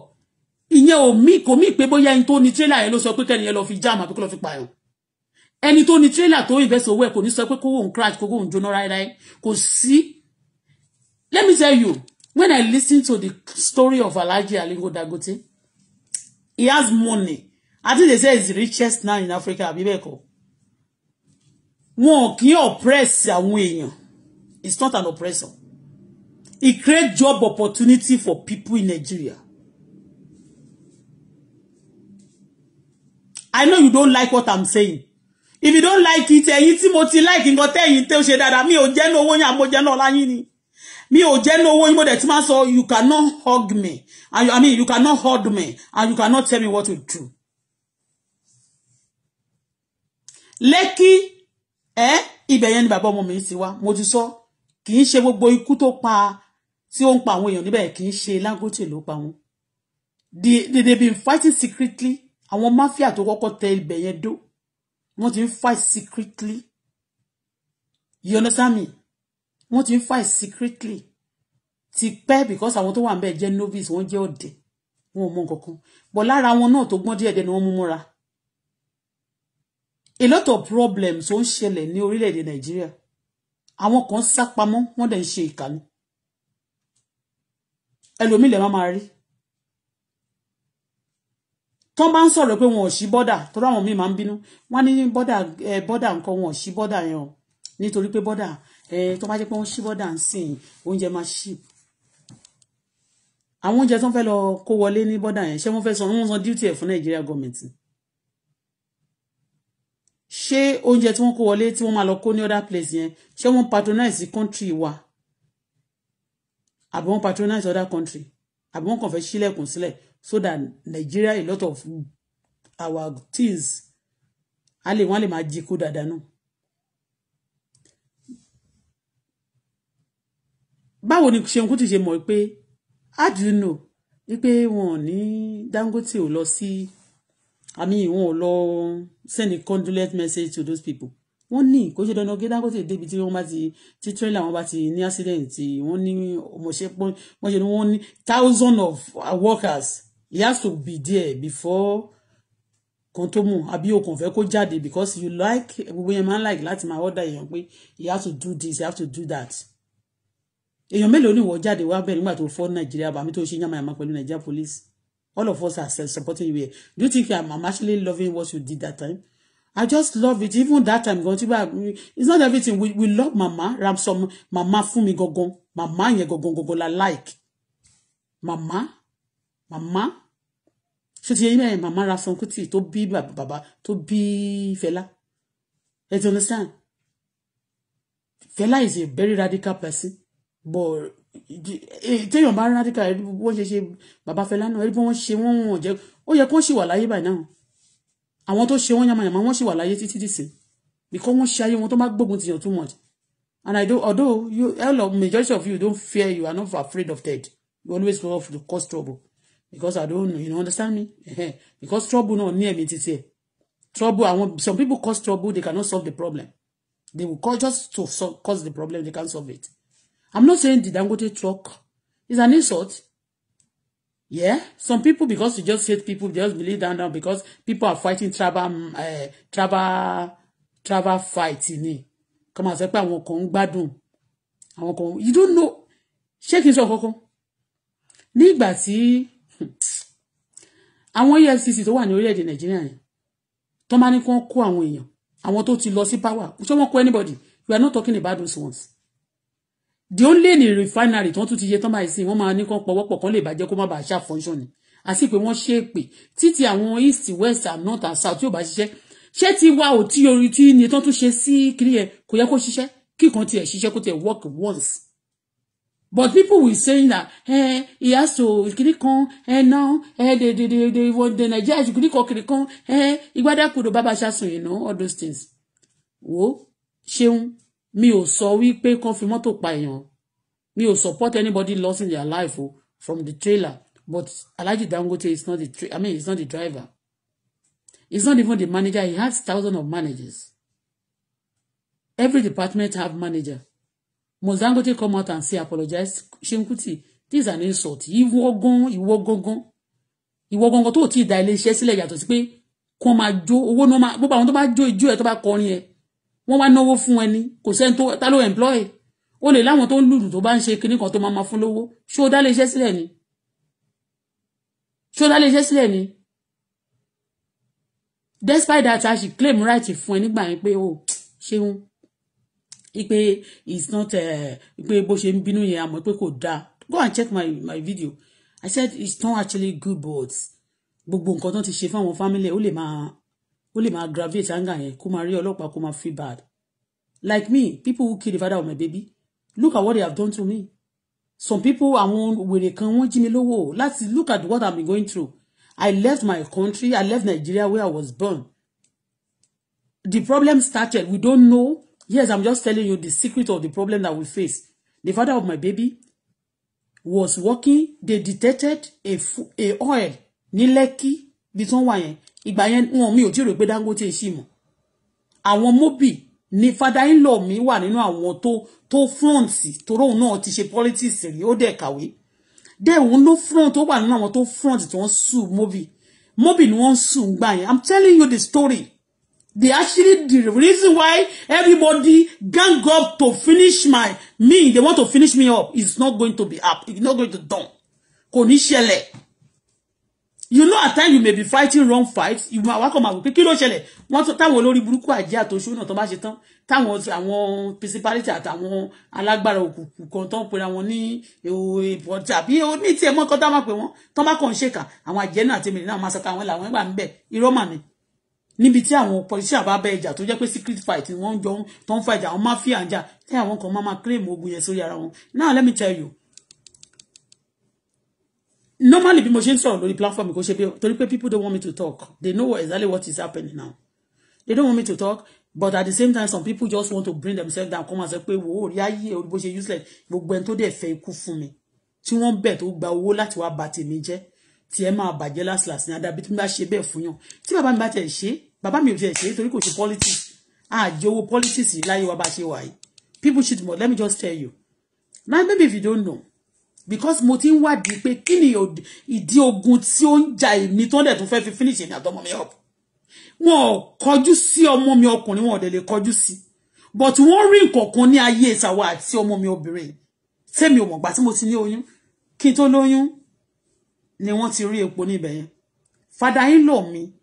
ìyẹn ò mí kò mí pé bóyá ẹni tó ní tírélà yẹn ló sọ pé kẹ́niyẹn lọ fi jáàmù àbí kó lọ fi pààyàn ẹni tó ní tírélà tó ìbẹ́sẹ̀ owó ẹ̀ kò ní sọ pé kówó ń crash kówó ń jóná ráíráí kò sí. let me tell you when i listen to the story of Alhaji Alingo Dagote, he has money i think they say he is the richest man in Africa àbí bẹ́ẹ̀ kọ́ wọn kì í oppress àwọn èèyàn he is not an oppressor he create job opportunity for people in Nigeria I know you don't like what I'm saying. If you don't like it, ẹ̀yin tí mo ti like nǹkan tẹ́yin tẹ́ ó ṣe dáadáa, mi ò jẹ́ ní owó yín àmọ́ jẹ́ náà láyín ni. Mi ò jẹ́ ní owó yín mo dẹ̀ ti máa sọ, you cannot hug me. And I mean, you cannot hold me and you cannot tell me what to do. Lẹ́kí eh? ibẹ̀ yẹn ni bàbá ọmọ mi ń sin wá, mo ti sọ, kì í ṣe gbogbo ikú tó pa tí ó ń pa àwọn èèyàn níbẹ̀ kì í ṣe Lágòtì lo pa wọn. They, they, they've been fighting secretly àwọn mafia tó kọ́kọ́ tẹ ibẹ̀ yẹn dó wọ́n ti ń fight secretly you understand me wọ́n ti ń fight secretly ti pẹ́ because àwọn tó wà ń bẹ̀ jẹ́ novice wọ́n jẹ́ ọ̀dẹ̀ wọn ò mọ nǹkan kan but lára wọn náà tó gbọ́n díẹ̀ díẹ̀ ni wọ́n mú múra a lot of problems ó ń ṣẹlẹ̀ ní orílẹ̀-èdè nàìjíríà àwọn kan sá pamọ́ wọ́n dẹ̀ ń ṣe ìkànnì ẹlòmíì lè má máa rí tán bá ń sọ̀rọ̀ pé wọn ò sí bọ́dà torí àwọn míì máa ń bínú wọ́n ní bọ́dà bọ́dà nǹkan wọn ò sí bọ́dà yẹn o nítorí pé bọ́dà tó bá jẹ́ pé wọ́n sí bọ́dà ń sìn oúnjẹ máa ṣì àwọn oúnjẹ tó ń fẹ́ lọ kó wọlé ní bọ́dà yẹn ṣé wọ́n fẹ́ san wọ́n san duty ẹ̀ fún nàìjíríà gọ́ọ̀mẹ̀ntì ṣé oúnjẹ tí wọ́n kó wọlé tí wọ́n máa lọ kó ní other place yẹn ṣé wọ́n patronize country wa àbí wọ́n patronize other country àbí wọ́n kàn fẹ́ ṣílẹ̀kùn sílẹ̀ so that Nigeria a lot of our things a lè wọ́n lè máa jí kó dáadáa náà. báwo ni Ṣeun Kútì ṣe mọ̀ pé how do you know wípé wọn ò ní Dangote ò lọ sí i mean wọn ò lọ send a condolence message to those people wọ́n ní kó ṣe dandan gé Dangote débi tí wọ́n bá ti tí trailer wọn bá ti ní accident wọ́n ní ọmọọṣẹ́ pọ́n wọ́n ṣe ni wọ́n ní thousand of workers it has to be there before kan tó mú àbí o kàn fẹ́ kó jáde because you like gbogbo yẹn máa ń like láti máa order èèyàn pé you have to do this you have to do that èèyàn mélòó ni ìwọ jáde wá bẹ́ẹ̀ nígbà tó fọ́ nàìjíríà bàmí tó ṣe yàmàyàmà pẹ̀lú nàìjíríà police all of us are supporting you here do you think i'm, actually loving what you did that time i just love it even that time gan tí bá it's not everything we, we love mama ramsom mama fún mi gangan mama yẹn gangan gangan la like mama màmá ṣó ti yẹ yín mẹ́rin màmá Rason Kuti tó bí bàbá tó bí Fẹlá ẹ ti understand Fẹlá is a very radical person but eh, téèyàn bá radical ẹ wọ́n ṣe ṣe bàbá Fẹlá náà ẹ bí wọ́n ṣe wọ́n wọ́n jẹ́ ó yẹ kó ṣì wà láyé báyìí náà àwọn tó ṣe wọ́n yamayama wọ́n ṣì wà láyé títí dìsìn because wọ́n ṣe ayé wọn tó má gbógun tìyàn too much and I do. although you, all of majority of you don't fear, you are not afraid of death. You always love to cause trouble because I don't you know understand me because trouble no near ẹ̀mí títí ẹ̀ trouble want some people cause trouble they cannot solve the problem they will cause just to so cause the problem they can't solve it I'm not saying the Dangote truck is an insult yeah some people because you just hate people just believe down down because people are fighting Travel, uh, mm, eh, travel tribal fight ni kọ́mọ àti pé come kan ń gbádùn àwọn you don't know ṣé kí n sọ kankan nígbà tí àwọn EFCC tó wà ní orílẹ̀-èdè Nàìjíríà yẹn tó máa ní kí wọ́n kó àwọn èèyàn àwọn tó ti lọ sí power ṣé wọ́n kó anybody we are not talking about those ones the only ní refinery tí wọ́n tún ti yẹ tán báyìí sí wọ́n máa ní kán pọ̀wọ́pọ̀ kán lè bàjẹ́ kó má bàa ṣá function ni àti pé wọ́n ṣe é pè títí àwọn east west and north and south yóò bá ṣiṣẹ́ ṣé ti wá ò tí orí tí ni tán tún ṣe sí kiri yẹn kò yẹ kó ṣiṣẹ́ kíkan tiẹ̀ ṣiṣẹ́ kó tiẹ̀ work once But people were saying that eh, he has to kiri kan eh, now eh, the the the the one the Nigeria should kiri kan kiri kan eh, Igbadakudo baba ṣaṣun you know all those things. Wo ṣeun mi ò sọ wípé kan fi mọ́tò pa èèyàn mi ò support anybody lost in their life Oh, from the trailer but Alhaji Dangote is not the I mean he's not the driver he's not even the manager he has thousands of managers every department have manager Must Dangote come out and say apologize? Seun Kuti, this is an insult. Ìwọ gan, ìwọ gangan. Ìwọ gangan tó ti da ilé iṣẹ́ sílẹ̀ yàtọ̀ sí pé kó máa jó owó náà máa gbogbo àwọn tó bá jó ijó ẹ̀ tó bá kọrin ẹ̀ wọ́n wá náwó fún ẹni kò sẹ́ni tó ta ló employ o lè láwọn tó ń lùlù tó bá ń ṣe kinní kan tó máa ma fún lówó ṣé o dá lè iṣẹ́ sílẹ̀ ni ṣé o dá lè iṣẹ́ ni despite that a sì claim right fún ẹ nígbà yẹn pé o oh, ṣeun ipe it's not ipe eh, bó ṣe ń bínú yẹn àmọ́ pé kò dáa go and check my my video i said it's not actually good but gbogbo nǹkan tó ti ṣe fáwọn family ó lè máa ó lè máa aggravate anger yẹn kó máa rí ọlọ́pàá kó máa feel bad like me people who kill the father of my baby look at what they have done to me some people àwọn wèrè kan wọ́n jí mi lówó láti look at what i'm going through i left my country i left nigeria where i was born the problem started we don't know Yes, I'm just telling you the secret of the problem that we face. The father of my baby was working. They detected a, a oil ní Lekki bí tí wọ́n wà yẹn. Ìgbà yẹn wọn mi ò tí ì rò pé Dangote ṣì mọ̀. Àwọn Mobi ni father-in-law mi wà nínú àwọn tó tó front tóró òun náà ti ṣe politics rí ó dẹ̀ kàwé. Dẹ̀ òun ló front ó wà nínú àwọn tó front tí wọ́n sùn Mobi. Mobi ni wọ́n sùn gbà yẹn. I'm telling you the story they actually the reason why everybody gang up to finish my me they want to finish me up it's not going to be up it's not going to done kò ní you know at times you may be fighting wrong fights you ma wá kọ́ kilo wò pé time ló ṣẹlẹ̀ wọ́n táwọn olórí burúkú àjẹ́ àtòṣó náà tó bá ṣe tán táwọn àwọn principality àtàwọn alágbára òkùnkùn kan tó ń pera wọn ní èèwọ̀ tàbí omi tí ẹ mọ́ kọ́ tá máa pè wọ́n tó bá kàn ń ṣèkà àwọn àjẹ́ náà àti èmi náà máa sọ pé àwọn làwọn ẹgbà ń bẹ̀ irọ́ mà ni níbi tí àwọn politician bá bẹ ìjà tó jẹ́ pé secret fight wọ́n ń jọ tó ń fa ìjà àwọn mafia ń jà tí àwọn kan máa máa claim ogun yẹn sórí ara wọn now let me tell you normally bí mo ṣe ń sọ̀rọ̀ lórí platform kò ṣe pé torí pé people don't want me to talk they know exactly what is happening now they don't want me to talk but at the same time some people just want to bring themselves down come and say pé wo orí ayé orí bó ṣe useless gbogbo ẹni tó dẹ̀ fẹ́ ikú fún mi tí wọ́n bẹ̀ tó gba owó láti wá bà tèmi jẹ́ tí ẹ máa bàjẹ́ last last ní adábí tí mo bá ṣe bẹ́ẹ̀ fún yàn tí bàbá mi bá tẹ̀ ṣe bàbá mi ò tiẹ̀ ṣe é torí kò ṣe politics àjòwò politics yìí láyé wa bá ṣe wà yìí people should more. let me just tell you now maybe if you don't know because mo ti ń wádìí pé kí ni ìdí ogun tí ó ń ja èmi tó ń dẹ̀ tún fẹ́ fi finish èmi àtọmọ mi up wọn ò kọjú sí ọmọ mi ọkùnrin wọn ò dẹ̀ lè kọjú sí but wọ́n rí nǹkan kan ní ayé ìsàwọ̀ àti ọmọ mi obìnrin tẹ́mi ò mọ̀gbà tí mo ti ní oyún kí n tó lóyún ni wọ́n ti rí epo níbẹ̀ yẹn fada in law mi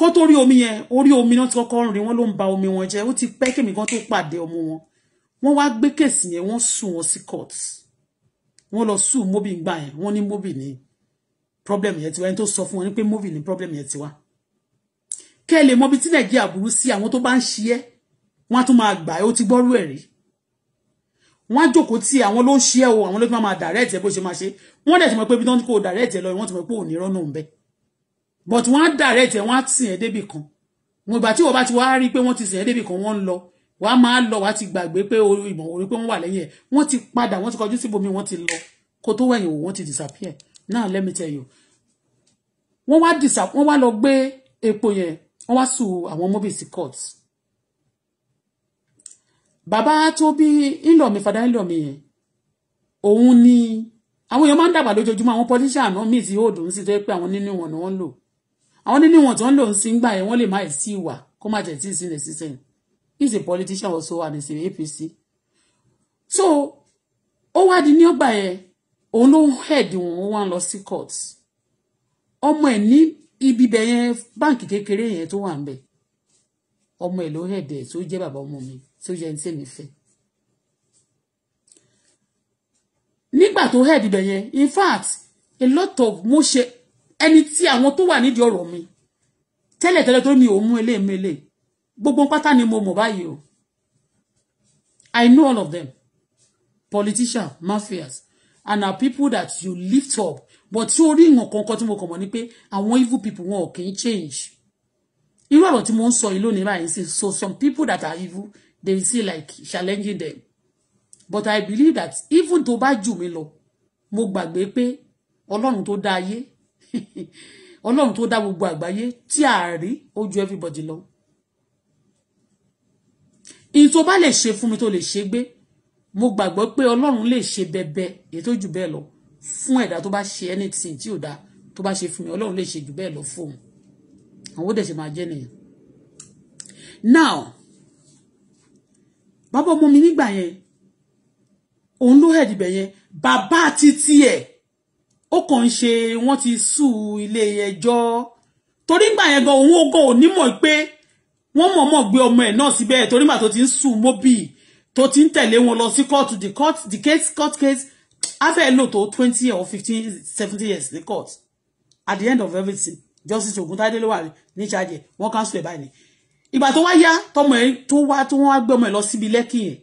kó tó rí omi yẹn orí omi náà ti kọ́kọ́ rìn wọ́n ló ń ba omi wọn jẹ́ ó ti pẹ́ kémi kan tó pàdé ọmọ wọn wọ́n wá gbé kèsì yẹn wọ́n sùn wọn sí court wọ́n lọ sùn Mobi gbà yẹn wọ́n ní Mobi ní problem yẹn ti wá ẹni tó sọ fún wọn ní pé Mobi ní problem yẹn ti wá kẹ́ ẹ lè mọ ibi tí nàìjíríà burú sí àwọn tó bá ń ṣiyẹ́ wọ́n á tún máa gbà ẹ́ ó ti gbọ́rú ẹ̀ rí wọ́n á jókòó tí àwọn ló ń ṣiyẹ́ o àwọn ló ti máa dàrẹ́ẹ̀tì ẹ bó ṣe máa ṣe wọ́n dẹ̀ ti mọ̀ pé ibi tó ń kó dàrẹ́ẹ̀tì ẹ lọ wọ́n ti mọ̀ pé òní rọ́nà ń bẹ́ẹ̀ but wọ́n á direct ẹ̀ wọ́n á sìn ẹ́ débì kan wọn ìgbà tí wọ́n bá ti wá rí i pé wọ́n ti sìn ẹ́ débì kan wọ́n ń lọ wàá máa lọ wàá ti gbàgbé pé ìmọ̀ orí pé wọ́n wà lẹ́yìn ẹ̀ wọ́n ti padà wọ́n ti kọjú síbòmí wọ́n ti lọ kó tó wẹ̀yìn wò wọ́n ti disappear now let me tell you wọ́n wá disa wọ́n wá lọ gbé epo yẹn wọ́n wá sùn àwọn mobisi court bàbá tó bí ńlọ mi fada ńlọ mi yẹn òun ni àwọn èèyàn máa ń dàgbà lójoojúmọ́ àwọn politician náà míì ti hóòdù ń sì tó yẹ pé àwọn nínú wọn ni wọ́n ń lò àwọn níní wọn tó ń lò ń sin gbà yẹn wọ́n lè má ẹ̀ sí ìwà kó má jẹ̀ tí ì sílẹ̀ sí sẹ́yìn he's a politician also and he's in APC so ó wá di ní ọgbà yẹn òun ló ń head wọn ó wá ń lọ sí court ọmọ ẹ̀ ní ibi ibẹ̀ yẹn báǹkì kékeré yẹn tó wà ń bẹ̀ ọmọ ẹ̀ ló head ẹ̀ tó jẹ́ bàbá ọmọ mi tó jẹ́ ní tèmi fẹ́ nígbà tó head ibẹ̀ yẹn in fact a lot of mo ẹni tí àwọn tó wà nídìí ọ̀rọ̀ mi tẹ́lẹ̀ tẹ́lẹ̀ tó ní òun mú eléyìí mú eléyìí gbogbo pátá ni mo mọ̀ báyìí o I know all of them politicians mafias and our people that you lift up but tí orí ìwọ̀n kankan tí mo kàn mọ̀ ni pé àwọn evil people wọn ò kì í change irú ọ̀rọ̀ tí mo ń sọ yìí lónìí báyìí sí so some people that are evil they will see like challenging them but I believe that even tó bá jù mí lọ mo gbàgbé pé ọlọ́run tó dá ayé ọlọ́run tó dá gbogbo àgbáyé tí a rí ó ju everybody lọ ìyí tó bá lè ṣe fún mi tó lè ṣe gbé mo gbàgbọ́ pé ọlọ́run lè ṣe bẹbẹ èyí tó jù bẹ́ẹ̀ lọ fún ẹ̀dá tó bá ṣe anything tí ò dá tó bá ṣe fún mi ọlọ́run lè ṣe jù bẹ́ẹ̀ lọ fóun àwọn ó dẹ̀ ṣe máa jẹ́ nìyẹn now bàbá ọmọ mi nígbà yẹn òun ló hẹ̀dìbẹ̀ yẹn bàbá àti tiẹ̀ ó kàn ń ṣe wọ́n ti sú ilé ẹjọ́ torí ngbà yẹn gan òun ogo ò ní mọ̀ pé wọ́n mọ̀ọ́mọ̀ gbé ọmọ ẹ̀ náà síbẹ̀ torí màá tó ti ń sùn mọ́bì tó ti ń tẹ̀lé wọn lọ sí court the court the case court case afẹ́ lò tó twenty or fifteen seventy years ní court at the end of everything justice Oguntade ló wà ní charge wọ́n cancel ẹ̀ báyìí ìgbà tó wá yá tọmọ ẹ̀ tó wá tó wọ́n wá gbé ọmọ ẹ̀ lọ síbi lẹ́kì yẹn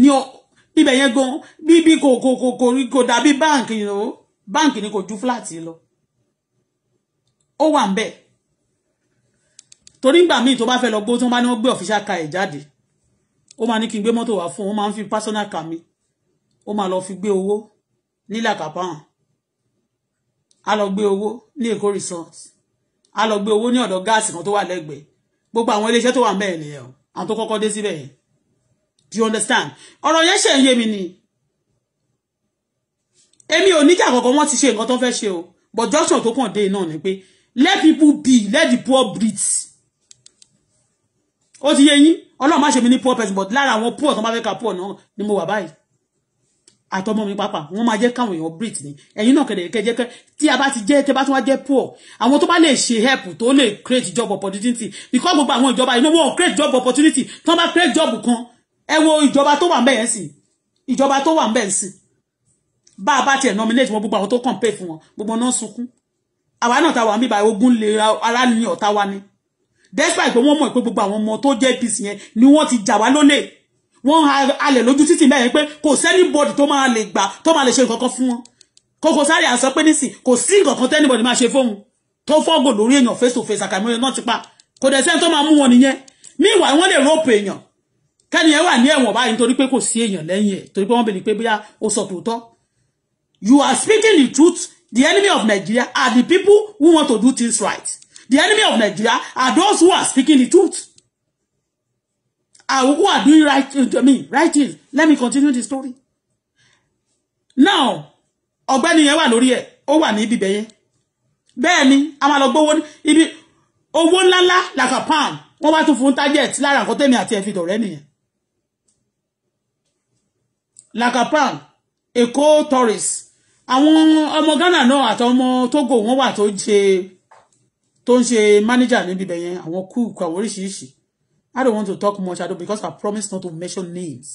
ní ibẹ̀ yẹn gan bíbí kò kò kò kò dàbí bank you know báǹkì ni kò ju fúláàtì lọ ó wà ń bẹ̀ torí ngbà míì tó bá fẹ́ lọ gbó tó bá ní wọ́n gbé ọ̀fíṣà ka ẹ̀ jáde ó máa ní kí n gbé mọ́tò wá fún un ó máa ń fi pásọ́nà kà mí ó máa lọ fi gbé owó nílà a lọ gbé owó ní Èkó resort a lọ gbé owó ní ọ̀dọ̀ gáàsì kan tó wà lẹ́gbẹ̀ẹ́ gbogbo àwọn iléeṣẹ́ tó wà ń bẹ̀ nìyẹn àwọn tó kọ́kọ́ dé síbẹ̀ yẹn do you understand ọ̀rọ̀ yẹn ṣe ń yé mi ni èmi ò níjà kankan wọ́n ti ṣe nǹkan tó fẹ́ ṣe o but junction tó kàn dé náà ni pé let people be let the poor breathe ó ti yé yín ọlọ́run má ṣe mi ní poor person but lára àwọn poor tó máa fẹ́ ka poor náà ni mo wà báyìí àtọmọ mi pápá wọn máa jẹ káwọn èèyàn breathe ni ẹ̀yin náà kẹdẹ kẹjẹ kẹ tí a bá ti jẹ tẹ bá tún wá jẹ poor àwọn tó bá lè ṣe help tó lè create job opportunity because gbogbo àwọn ìjọba ìnáwó wọn create job opportunity tó bá create job kan ẹ wo ìjọba tó wà ń bẹ̀yẹn sí ìjọba tó wà ń bẹ̀yẹn sí bá a bá tiẹ̀ nominate wọn gbogbo àwọn to kàn pay fún wọn gbogbo náà sunkún àwa náà ta wà mí báyìí ogun lè ara ní ọ̀tá wa ni despite pé wọ́n mọ̀ pé gbogbo àwọn ọmọ tó jẹ́ APC yẹn ni wọ́n ti jà wá lólè wọ́n halẹ̀ lójú títì bẹ́ẹ̀ pé kò sẹ́nibọ́dì tó máa lè gbà tó máa lè ṣe nǹkan kan fún wọn Koko Zaria sọ pé nísìn kò sí nǹkan kan tẹ́nibọ́dì máa ṣe fóun tó fọ́gò lórí èèyàn face to face àkàmúyẹ náà ti pa kò dẹ̀ sẹ́ni tó máa mú wọn nìyẹn meanwhile wọ́n lè rọ́ọ̀pù èèyàn kẹ́niyẹn wà ní ẹ̀wọ̀n báyìí nítorí pé kò sí èèyàn lẹ́yìn ẹ̀ torí pé wọ́n bèèrè pé bóyá ó sọ tòótọ́ You are speaking the truth. The enemy of Nigeria are the people who want to do things right. The enemy of Nigeria are those who are speaking the truth. Are who are doing right, to me. right things. Let me continue the story. Now, ọ̀gbẹ́ni yẹn wà lórí ẹ̀, ó wà ní ibi bẹ̀yẹn. Bẹ́ẹ̀ a máa lọ gbówó ibi owó ńláńlá like a pound. Wọ́n wá tún fún target lára nǹkan tèmi àti ẹ̀fì dọ̀rẹ́ nìyẹn. Like a pound, Èkó tourist àwọn ọmọ Ghana náà àtọmọ Togo wọ́n wà tó ń ṣe tó ń ṣe mánéjà níbi ibẹ̀ yẹn àwọn kúùkù àwọn oríṣiríṣi I don't want to talk much I don't because I promise not to mention names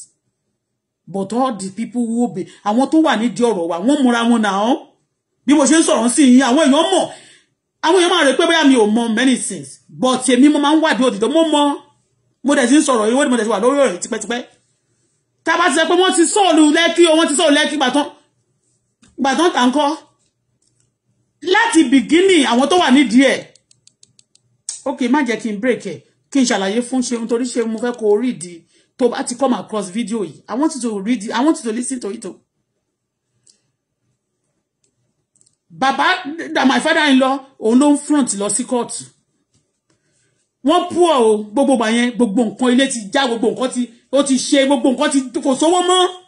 but all the people who be àwọn tó wà nídìí ọ̀rọ̀ wa wọ́n múra wọn náà bí mo ṣe ń sọ̀rọ̀ sí yín àwọn èèyàn mọ̀ àwọn èèyàn máa rè pé bóyá mi ò mọ many things but èmi mo máa ń wádìí òdìdó mo mọ mo dẹ̀ ti ń sọ̀rọ̀ ìwé ni mo dẹ̀ ti wà lórí ọ̀rọ̀ tipẹ́tipẹ́ tá a bá ti sọ pé wọ́n ti sọ̀rọ̀ lẹ́kí o wọ́n ti sọ̀rọ̀ lẹ́kí gbàtán gbàtàn tà ń kọ́ láti bìgínì àwọn tó wà nídìí ẹ̀ ok má jẹ́ kí n break ẹ̀ kí n ṣàlàyé fún ṣeun torí ṣeun mo fẹ́ kó rí di tó bá ti come across video yìí i want you to read it i want you to listen to it o. bàbá that my father in law òun ló ń front lọ sí kóòtù wọ́n pú ọ o gbogbo gbà yẹn gbogbo nǹkan ilé ti já gbogbo nǹkan ti ó ti ṣe gbogbo nǹkan ti kò sówó mọ́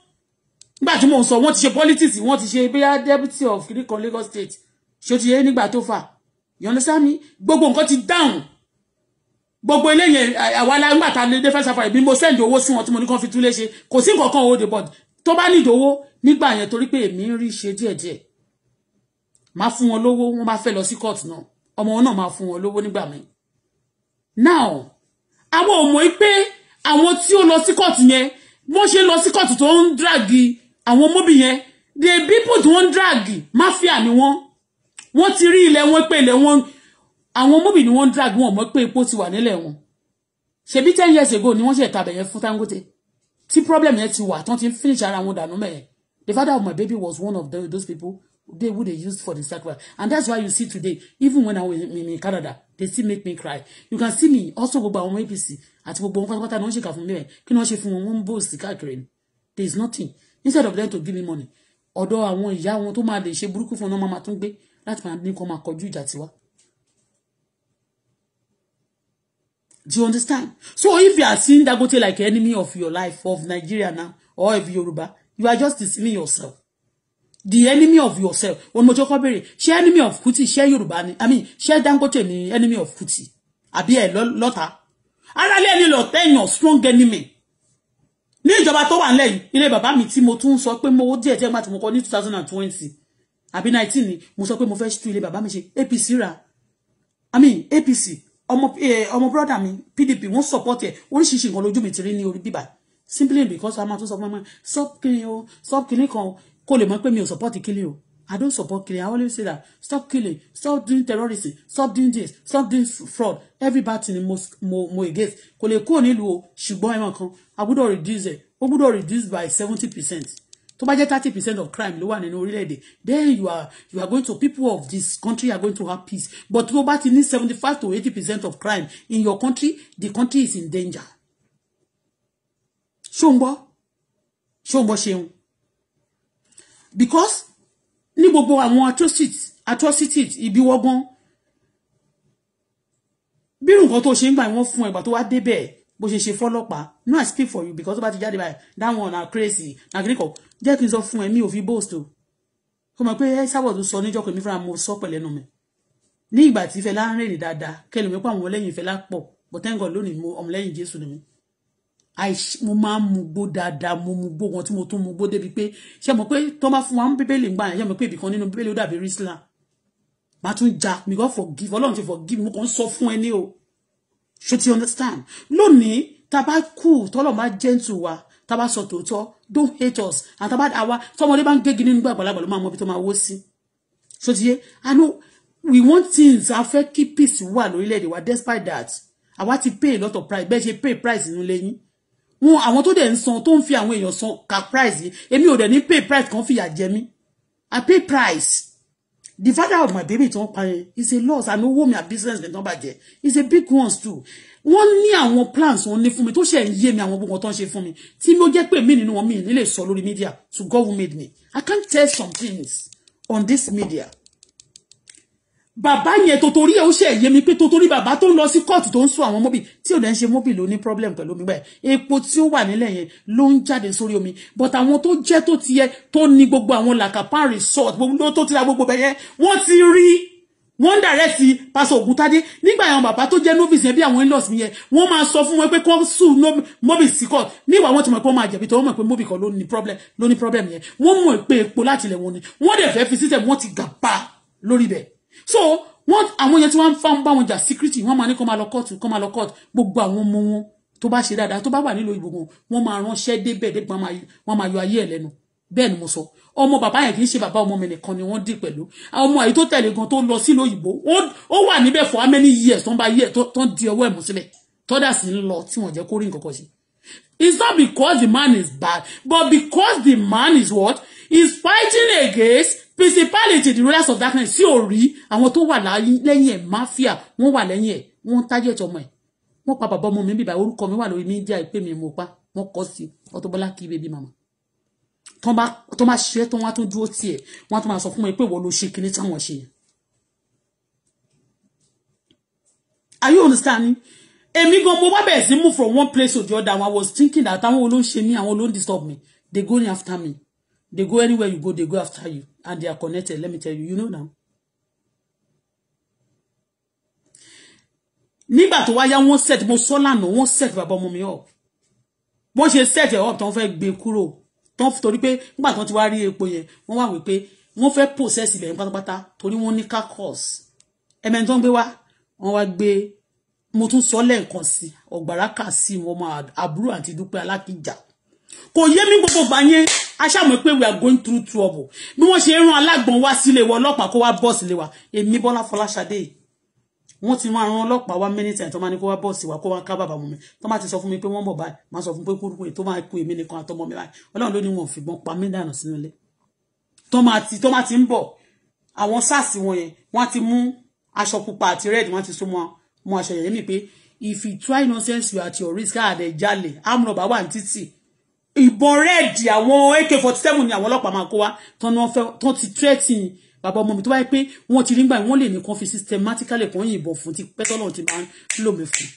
nígbà tí mò ń sọ wọ́n ti ṣe politics wọ́n ti ṣe bóyá deputy of kiri Lagos state ṣé o ti yé nígbà tó fà you understand me gbogbo nǹkan ti dáhùn gbogbo eléyìí àwa la ńgbà ta lè fẹ́ sáfà ìbí mo send owó sí wọn tí mo ní kàn fi tún léṣe kò sí nǹkan kan owó de board tó bá need owó nígbà yẹn torí pé èmi ń rí ṣe díẹ̀díẹ̀ máa fún wọn lówó wọn bá fẹ́ lọ sí court náà ọmọ wọn náà máa fún wọn lówó nígbà míì now àwọn ò mọ̀ pé àwọn tí ó lọ sí court yẹn wọ́n ṣe lọ sí court tó ń dragi àwọn mọ́bì yẹn the people tí wọ́n drag mafia ni wọ́n wọ́n ti rí ilẹ̀ wọn pé ilẹ̀ wọn àwọn mọ́bì ni wọ́n drag wọn mọ̀ pé epo ti wà nílẹ̀ wọn ṣebí ten years ago ni wọ́n ṣe ìtabẹ̀ yẹn fún Dangote tí problem yẹn ti wà tán ti finish ara wọn dànù mẹ́ẹ̀ the father of my baby was one of the, those people they would have used for the sacrifice and that's why you see today even when I was in, in Canada they still make me cry you can see me also gbogbo àwọn APC àti gbogbo wọn pátápátá ni wọ́n ṣèkà fún mi rẹ̀ kí ni wọ́n ṣe fún wọn wọ́n ń bò sí káàkiri there is nothing instead of them to give me money ọ̀dọ̀ àwọn ìyá wọn tó máa lè ṣe burúkú fún wọn máa tún gbé láti máa ní kó máa kọjú ìjà tiwa. do you understand so if you are seeing Dangote like enemy of your life of Nigeria now or of Yoruba you are just deceiving yourself the enemy of yourself wọn mo jọkọ béèrè enemy of Kuti ṣé Yoruba. ni i mean ṣé Dangote ni enemy of Kuti Abi ẹ lọ́ta aráàlú ẹni lọ tẹ̀yàn strong enemy ní ìjọba tó wà nílẹ̀ yìí ilé bàbá mi tí mo tún sọ pé mo díẹ̀ díẹ̀ gbà tí mo kọ ní two àbí nineteen ni mo sọ pé mo fẹ́ tú ilé bàbá mi ṣe APC ra I mean APC ọmọ eh, ọmọ brọ́dà mi PDP wọ́n support ẹ̀ oríṣiríṣi nǹkan lójú mi ti rí ní orí bíbà simply because a máa tún sọ fún mi sọ kiri o sọ kiri kan o kó lè mọ̀ pé mi ò support kiri o I don't support killing. I always say that stop killing, stop doing terrorism, stop doing this, stop doing fraud. Everybody bad thing mo mo against. Kò lè kúrò nílùú o, ṣùgbọ́n ẹ̀wọ̀n kan, a gbọ́dọ̀ reduce ẹ̀, ó gbọ́dọ̀ reduce by seventy percent. Tó bá jẹ́ thirty percent of crime ló wà nínú orílẹ̀-èdè, then you are you are going to people of this country are going to have peace. But tó bá ti ní seventy five to eighty percent of crime in your country, the country is in danger. Ṣó ń gbọ́? Ṣó ń gbọ́ ṣeun? Because ní gbogbo àwọn atrocities ibi wọ́gbọ́n bírù nǹkan tó ṣe ń gbà wọ́n fún ẹ̀gbà tó wá débẹ̀ bó ṣe ṣe fọ́lọ́pàá no i speak for you because tó bá ti jáde báyìí that one na crazy na kìnnìkan jẹ́ kí n sọ fún ẹ mi ò fi boast o ó mọ̀ pé ẹ eh, sábà tó sọ níjọ́ pé mi fúnra mo sọ pẹ̀lẹ́ nu mi ní ìgbà tí Fẹlá ń rìn dáadáa kẹlẹ̀ mi pa àwọn ọlẹ́yìn Fẹlá pọ̀ but thank God lónìí mo ọmọlẹ́yìn Jésù ni mi mo máa ń mugbó dáadáa mo mugbó wọn tí mo tún mugbó débi pé ṣé mo pé tó máa fún wa ń bíbélì ń gbà yẹn ṣé mo pé ibìkan nínú bíbélì ó dàbí rísílà máa tún ja mi kò forgive ọlọ́run ṣe forgive mo kàn ń sọ fún ẹ ní o ṣé ti understand lónìí tá a bá kú tọ́lọ̀ máa gentle wa tá a bá sọ tòótọ́ don't hate us and tá a bá àwa tọmọdé bá ń gégi nínú gbàgbàlagbà ló máa mọ ibi tó máa wó sí ṣé ti yé i know we want things a fẹ́ keep peace wà lórílẹ̀‐èdè wa despite that àwa ti pay a lot of price bẹ́ẹ̀ ṣe pay price nínú lẹ́yìn wọn àwọn tó dẹ̀ ń san tó ń fi àwọn èèyàn san ka price yìí èmi ò dẹ̀ ní pay price kan fìyà jẹ mí i pay price the father of my baby tó ń pa yẹn is a loss I owó mi and business mi tó ń bàjẹ́ is a big ones too wọ́n ní àwọn plans wọn ní fún mi tó ṣe ń yé mi àwọn gbogbo tó ń ṣe fún mi tí mo jẹ́ pé mí nínú wọn mi nílé sọ lórí media to God who made me i can't tell some things on this media bàbá yẹn tòtòrí ẹ̀ ó ṣe èyí mi pé tòtòrí bàbá tó ń lọ sí kóòtù tó ń sún àwọn mọ́bì tí ò dẹ́ ń ṣe mọ́bì ló ní problem pẹ̀lú omi báyìí epo tí ó wà nílẹ̀ yẹn ló ń jáde sórí omi but àwọn tó jẹ́ tó ti yẹ tó ní gbogbo àwọn làkàpá resort gbogbo tó ti ra gbogbo bẹ́ẹ̀ yẹn wọ́n ti rí wọ́n dàrẹ́tì pásọ ògúntadé nígbà àwọn bàbá tó jẹ́ novice yẹn bí àwọn in-laws mi yẹn wọ́n máa sọ fún wọn pé kó sùn mọ́bì sí court níwà wọ́n ti mọ̀ pé wọ́n máa jẹ̀bi tó wọ́n mọ̀ pé mọ́bì kan ló ní problem ló ní problem yẹn wọ́n mọ̀ pé epo láti ilẹ̀ wọn ni wọ́n dẹ̀ fẹ́ fi system wọ́n ti gàpá lórí bẹ́ẹ̀ so wọ́n àwọn yẹn tí wọ́n fà ń bá wọn jà síkírìtì wọ́n máa ní kó máa lọ kóòtù kó máa lọ kóòtù gbogbo àwọn ọmọ wọn tó bá ṣe dáadáa tó bá wà nílò ìbò wọn wọ́n máa ránṣẹ́ débẹ̀ dé wọ́n máa yọ ayé ẹ̀ lẹ́nu bẹ́ẹ̀ ni mo sọ ọmọ bàbá yẹn kì í ṣe bàbá ọmọ mi nìkan ni wọ́n dì pẹ̀lú ọmọ àyè tó tẹ̀lé gan tó lọ sílùú òyìnbó ó wà níbẹ̀ for how many years tó ń bá yẹ tó ń di ọwọ́ ẹ̀ mú sílẹ̀ tọ́dà sì ń lọ tí wọ́n jẹ́ kó rí nǹkan kan ṣe It's not because the man is bad, but because the man is what? He's fighting against principality the rulers of darkness tí ò rí àwọn tó wà lẹ́yìn ẹ̀ mafia wọ́n wà lẹ́yìn ẹ̀ wọ́n target ọmọ ẹ̀ wọ́n pa bàbá ọmọ mi bíbá orúkọ mi wà lórí mídíà ìpè mi mo pa wọ́n kọ́ sí Auto Bola kí bébí màmá tó máa ṣe tó wọ́n á tó dúró tiẹ̀ wọ́n á tó máa sọ fún mi pé wọ́n ló ṣe kinní táwọn ṣe yẹn. are you understanding èmi gan mo wá bẹ̀rẹ̀ sí move from one place to the other and i was thinking that àwọn olóńṣe mi àwọn olóń disturb me they go after me they go anywhere you go they go after you and they are connected let me tell you you know now. nígbà tó wáyá wọ́n set mo sọ lánàá wọ́n set bàbá ọmọ mi up wọ́n ṣe set ẹ̀ up tó ń fẹ́ gbé kúrò tó ń torí pé nígbà tó ti wá rí epo yẹn wọ́n wà wípé wọ́n fẹ́ process ibẹ̀ pátápátá torí wọ́n ní carcass ẹ̀mẹ́ tó ń gbé wá wọ́n wá gbé mo tún sọ lẹ́ẹ̀kan sí ọ̀gbàrá kà sí wọn ọmọ àbúrò àti dúpẹ́ alákìjà kò yé mi gbogbo gbà yẹn a pé we are going through trouble bí wọ́n ṣe rán alágbọ̀n wá sílé wa ọlọ́pàá kó wá bọ́ọ̀sì lé wa èmi Bọ́lá Fọláṣadé wọ́n ti máa rán ọlọ́pàá wá many times tó máa ní kó wá bọ́ọ̀sì wa kó wá ká bàbá mu mi tó máa ti sọ fún mi pé wọ́n bọ̀ báyìí máa sọ fún pé kúrúkú tó máa kú èmi nìkan àtọmọ mi báyìí Ọlọ́run ló ní wọn fìbọn pa mí dànù sínú ilé tó máa ti tó máa ti ń bọ̀ àwọn sars wọn yẹn wọ́n ti mú aṣọ pupa àti red wọ́n ti so mọ́ mọ́ aṣọ yẹn mi pé if you try nonsense you are at your risk káàdẹ̀ jalè amúnọ̀bá wà ní títì ìbọn rẹ́ẹ̀dì àwọn ak forty seven ni àwọn ọlọ́pàá máa kó wa tán ti threatening bàbá ọmọ mi tó bá yẹ pé wọ́n ti rí gbà wọ́n lè ní kan fi systematically kan yìnbọn fún ti pẹ́ tọ́lọ́run ti máa ń lò mí fún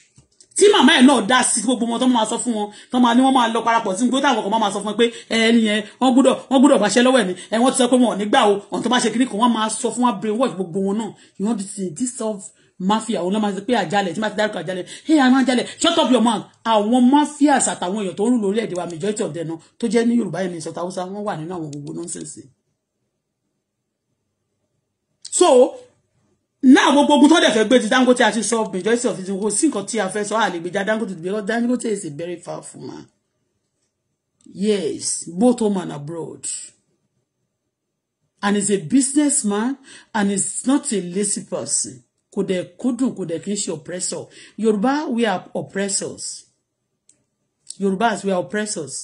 tí màmá ẹ̀ náà dá sí gbogbo wọn tó máa sọ fún wọn tó máa ní wọ́n máa lọ parapọ̀ sí gbogbo táwọn kan máa sọ fún wọn pé ẹni yẹn wọ́n gbọ́dọ̀ wọ́n gbọ́dọ̀ bàṣẹ́ lọ́wọ́ ẹ̀ ni ẹ̀ wọ́n ti sọ pé wọn ò ní gbà o ọ̀n tó bá ṣe kíní kan wọ́n máa sọ fún wọn brainwash gbogbo wọn náà you know this thing this stuff mafia òun náà máa ń pè àjálẹ̀ tí máa ti dárúkọ àjálẹ̀ hey àmọ́ àjálẹ̀ shut up your mouth àwọn mafias àtàwọn èèyàn tó ń rú lórílẹ̀ wa majority of them náà tó jẹ́ ní yorùbá ẹ̀mí ìsọ̀tà haúsá wọ́n wà nínú àwọn gbogbo nonsense. so náà gbogbo ogun tó dẹ̀ fẹ́ gbé ti dangote àti sọ majority of the whole sí nǹkan tí a fẹ́ sọ àlegbèjà dangote because dangote is a very powerful man yes both home and abroad and he's a businessman and he's not a lazy person kò dẹ̀ kó dùn kò dẹ̀ kí n ṣe oppressor Yorùbá we are oppressors Yorùbás we are oppressors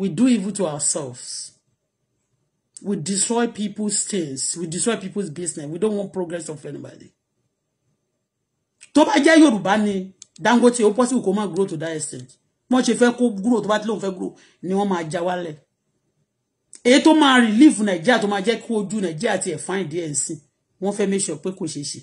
we do evil to ourselves we destroy people's things we destroy people's business we don't want progress of anybody tó bá jẹ́ Yorùbá ni Dangote ó possible kó má grow to that extent wọ́n ṣe fẹ́ kó grow tó bá ti lóun fẹ́ grow ni wọ́n máa já wálẹ̀ èyí tó máa relieve Nàìjíríà tó máa jẹ́ kó ojú Nàìjíríà ti ẹ̀ fáìn díẹ̀ sí wọ́n fẹ́ make sure pé kò ṣeé ṣe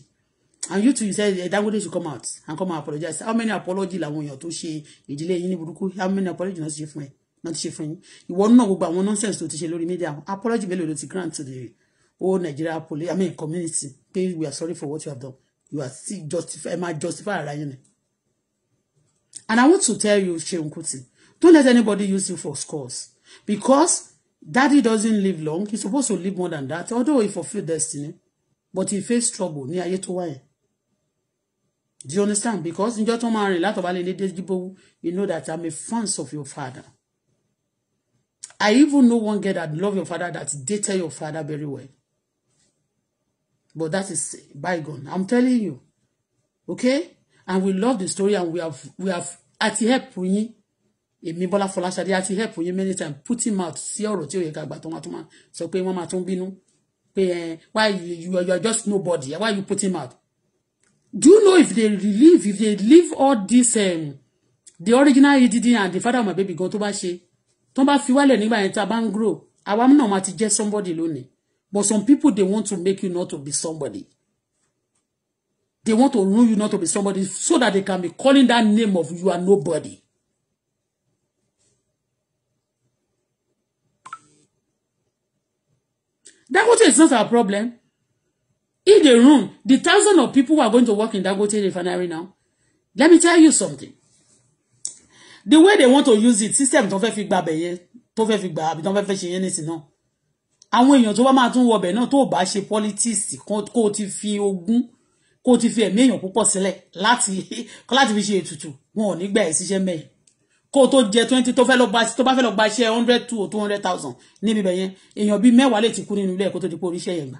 and you too you said eh, Dangote should come out and come and apologize how many apology làwọn èèyàn tó ṣe ìdílé yín ní burúkú how many apology náà ti ṣe fún ẹ náà ti ṣe fún yín ìwọ náà gbogbo àwọn nonsense to ti ṣe lórí media apology mélòó ló ti grant to the whole Nigeria police I mean community pé we are sorry for what you have done you are still justify ẹ justify ara yín and I want to tell you Seun Kuti don't let anybody use you for scores because daddy doesn't live long he's supposed to live more than that although he fulfilled destiny but he faced trouble ní ayé tó wáyé do you understand because njọ́ tó máa rìn látọ̀bá lélẹ́ déjìbówú you know that i'm a fan of your father i even know one girl that love your father that dated your father very well but that is bygone i'm telling you okay and we love the story and we have we have àti help yín èmi bola Fọláṣadé àti help yín many times put him out sí ọ̀rọ̀ tí ó yẹ ká gbà tó máa tó máa sọ pé wọ́n máa tún bínú eh, why you you are just nobody eh, why you put him out do you know if they relieve if they leave all this um, the original EDD and the father of my baby gan tó bá ṣe tó bá fi wálẹ̀ nígbà yẹn tá bá ń grow àwa náà máa ti jẹ́ somebody lónìí but some people they want to make you not to be somebody they want to ruin you not to be somebody so that they can be calling that name of you are nobody. Dangote is not our problem in the room the thousand of people who are going to work in Dangote refinery now let me tell you something the way they want to use it system tó fẹ́ fi gba abẹ yẹn tó fẹ́ fi gba àbí tó fẹ́ fẹ́ ṣe yẹn nísìn náà àwọn èèyàn tó bá máa tún wọbẹ̀ náà tó bá ṣe politics kó o ti fi ogún kó o ti fi ẹ̀mí èèyàn púpọ̀ sílẹ̀ láti láti fi ṣe ètùtù wọn ò ní gbà ẹ́ síṣẹ́ mẹ́yìn kó o tó jẹ twenty tó fẹ́ lọ gba tó bá fẹ́ lọ gba iṣẹ́ hundred two or two hundred thousand níbi bẹ̀yẹn èèyàn bíi mẹ́wàá lè ti kú nínú ilé ẹ̀ kó tó di pé oríṣẹ́ yẹn gbà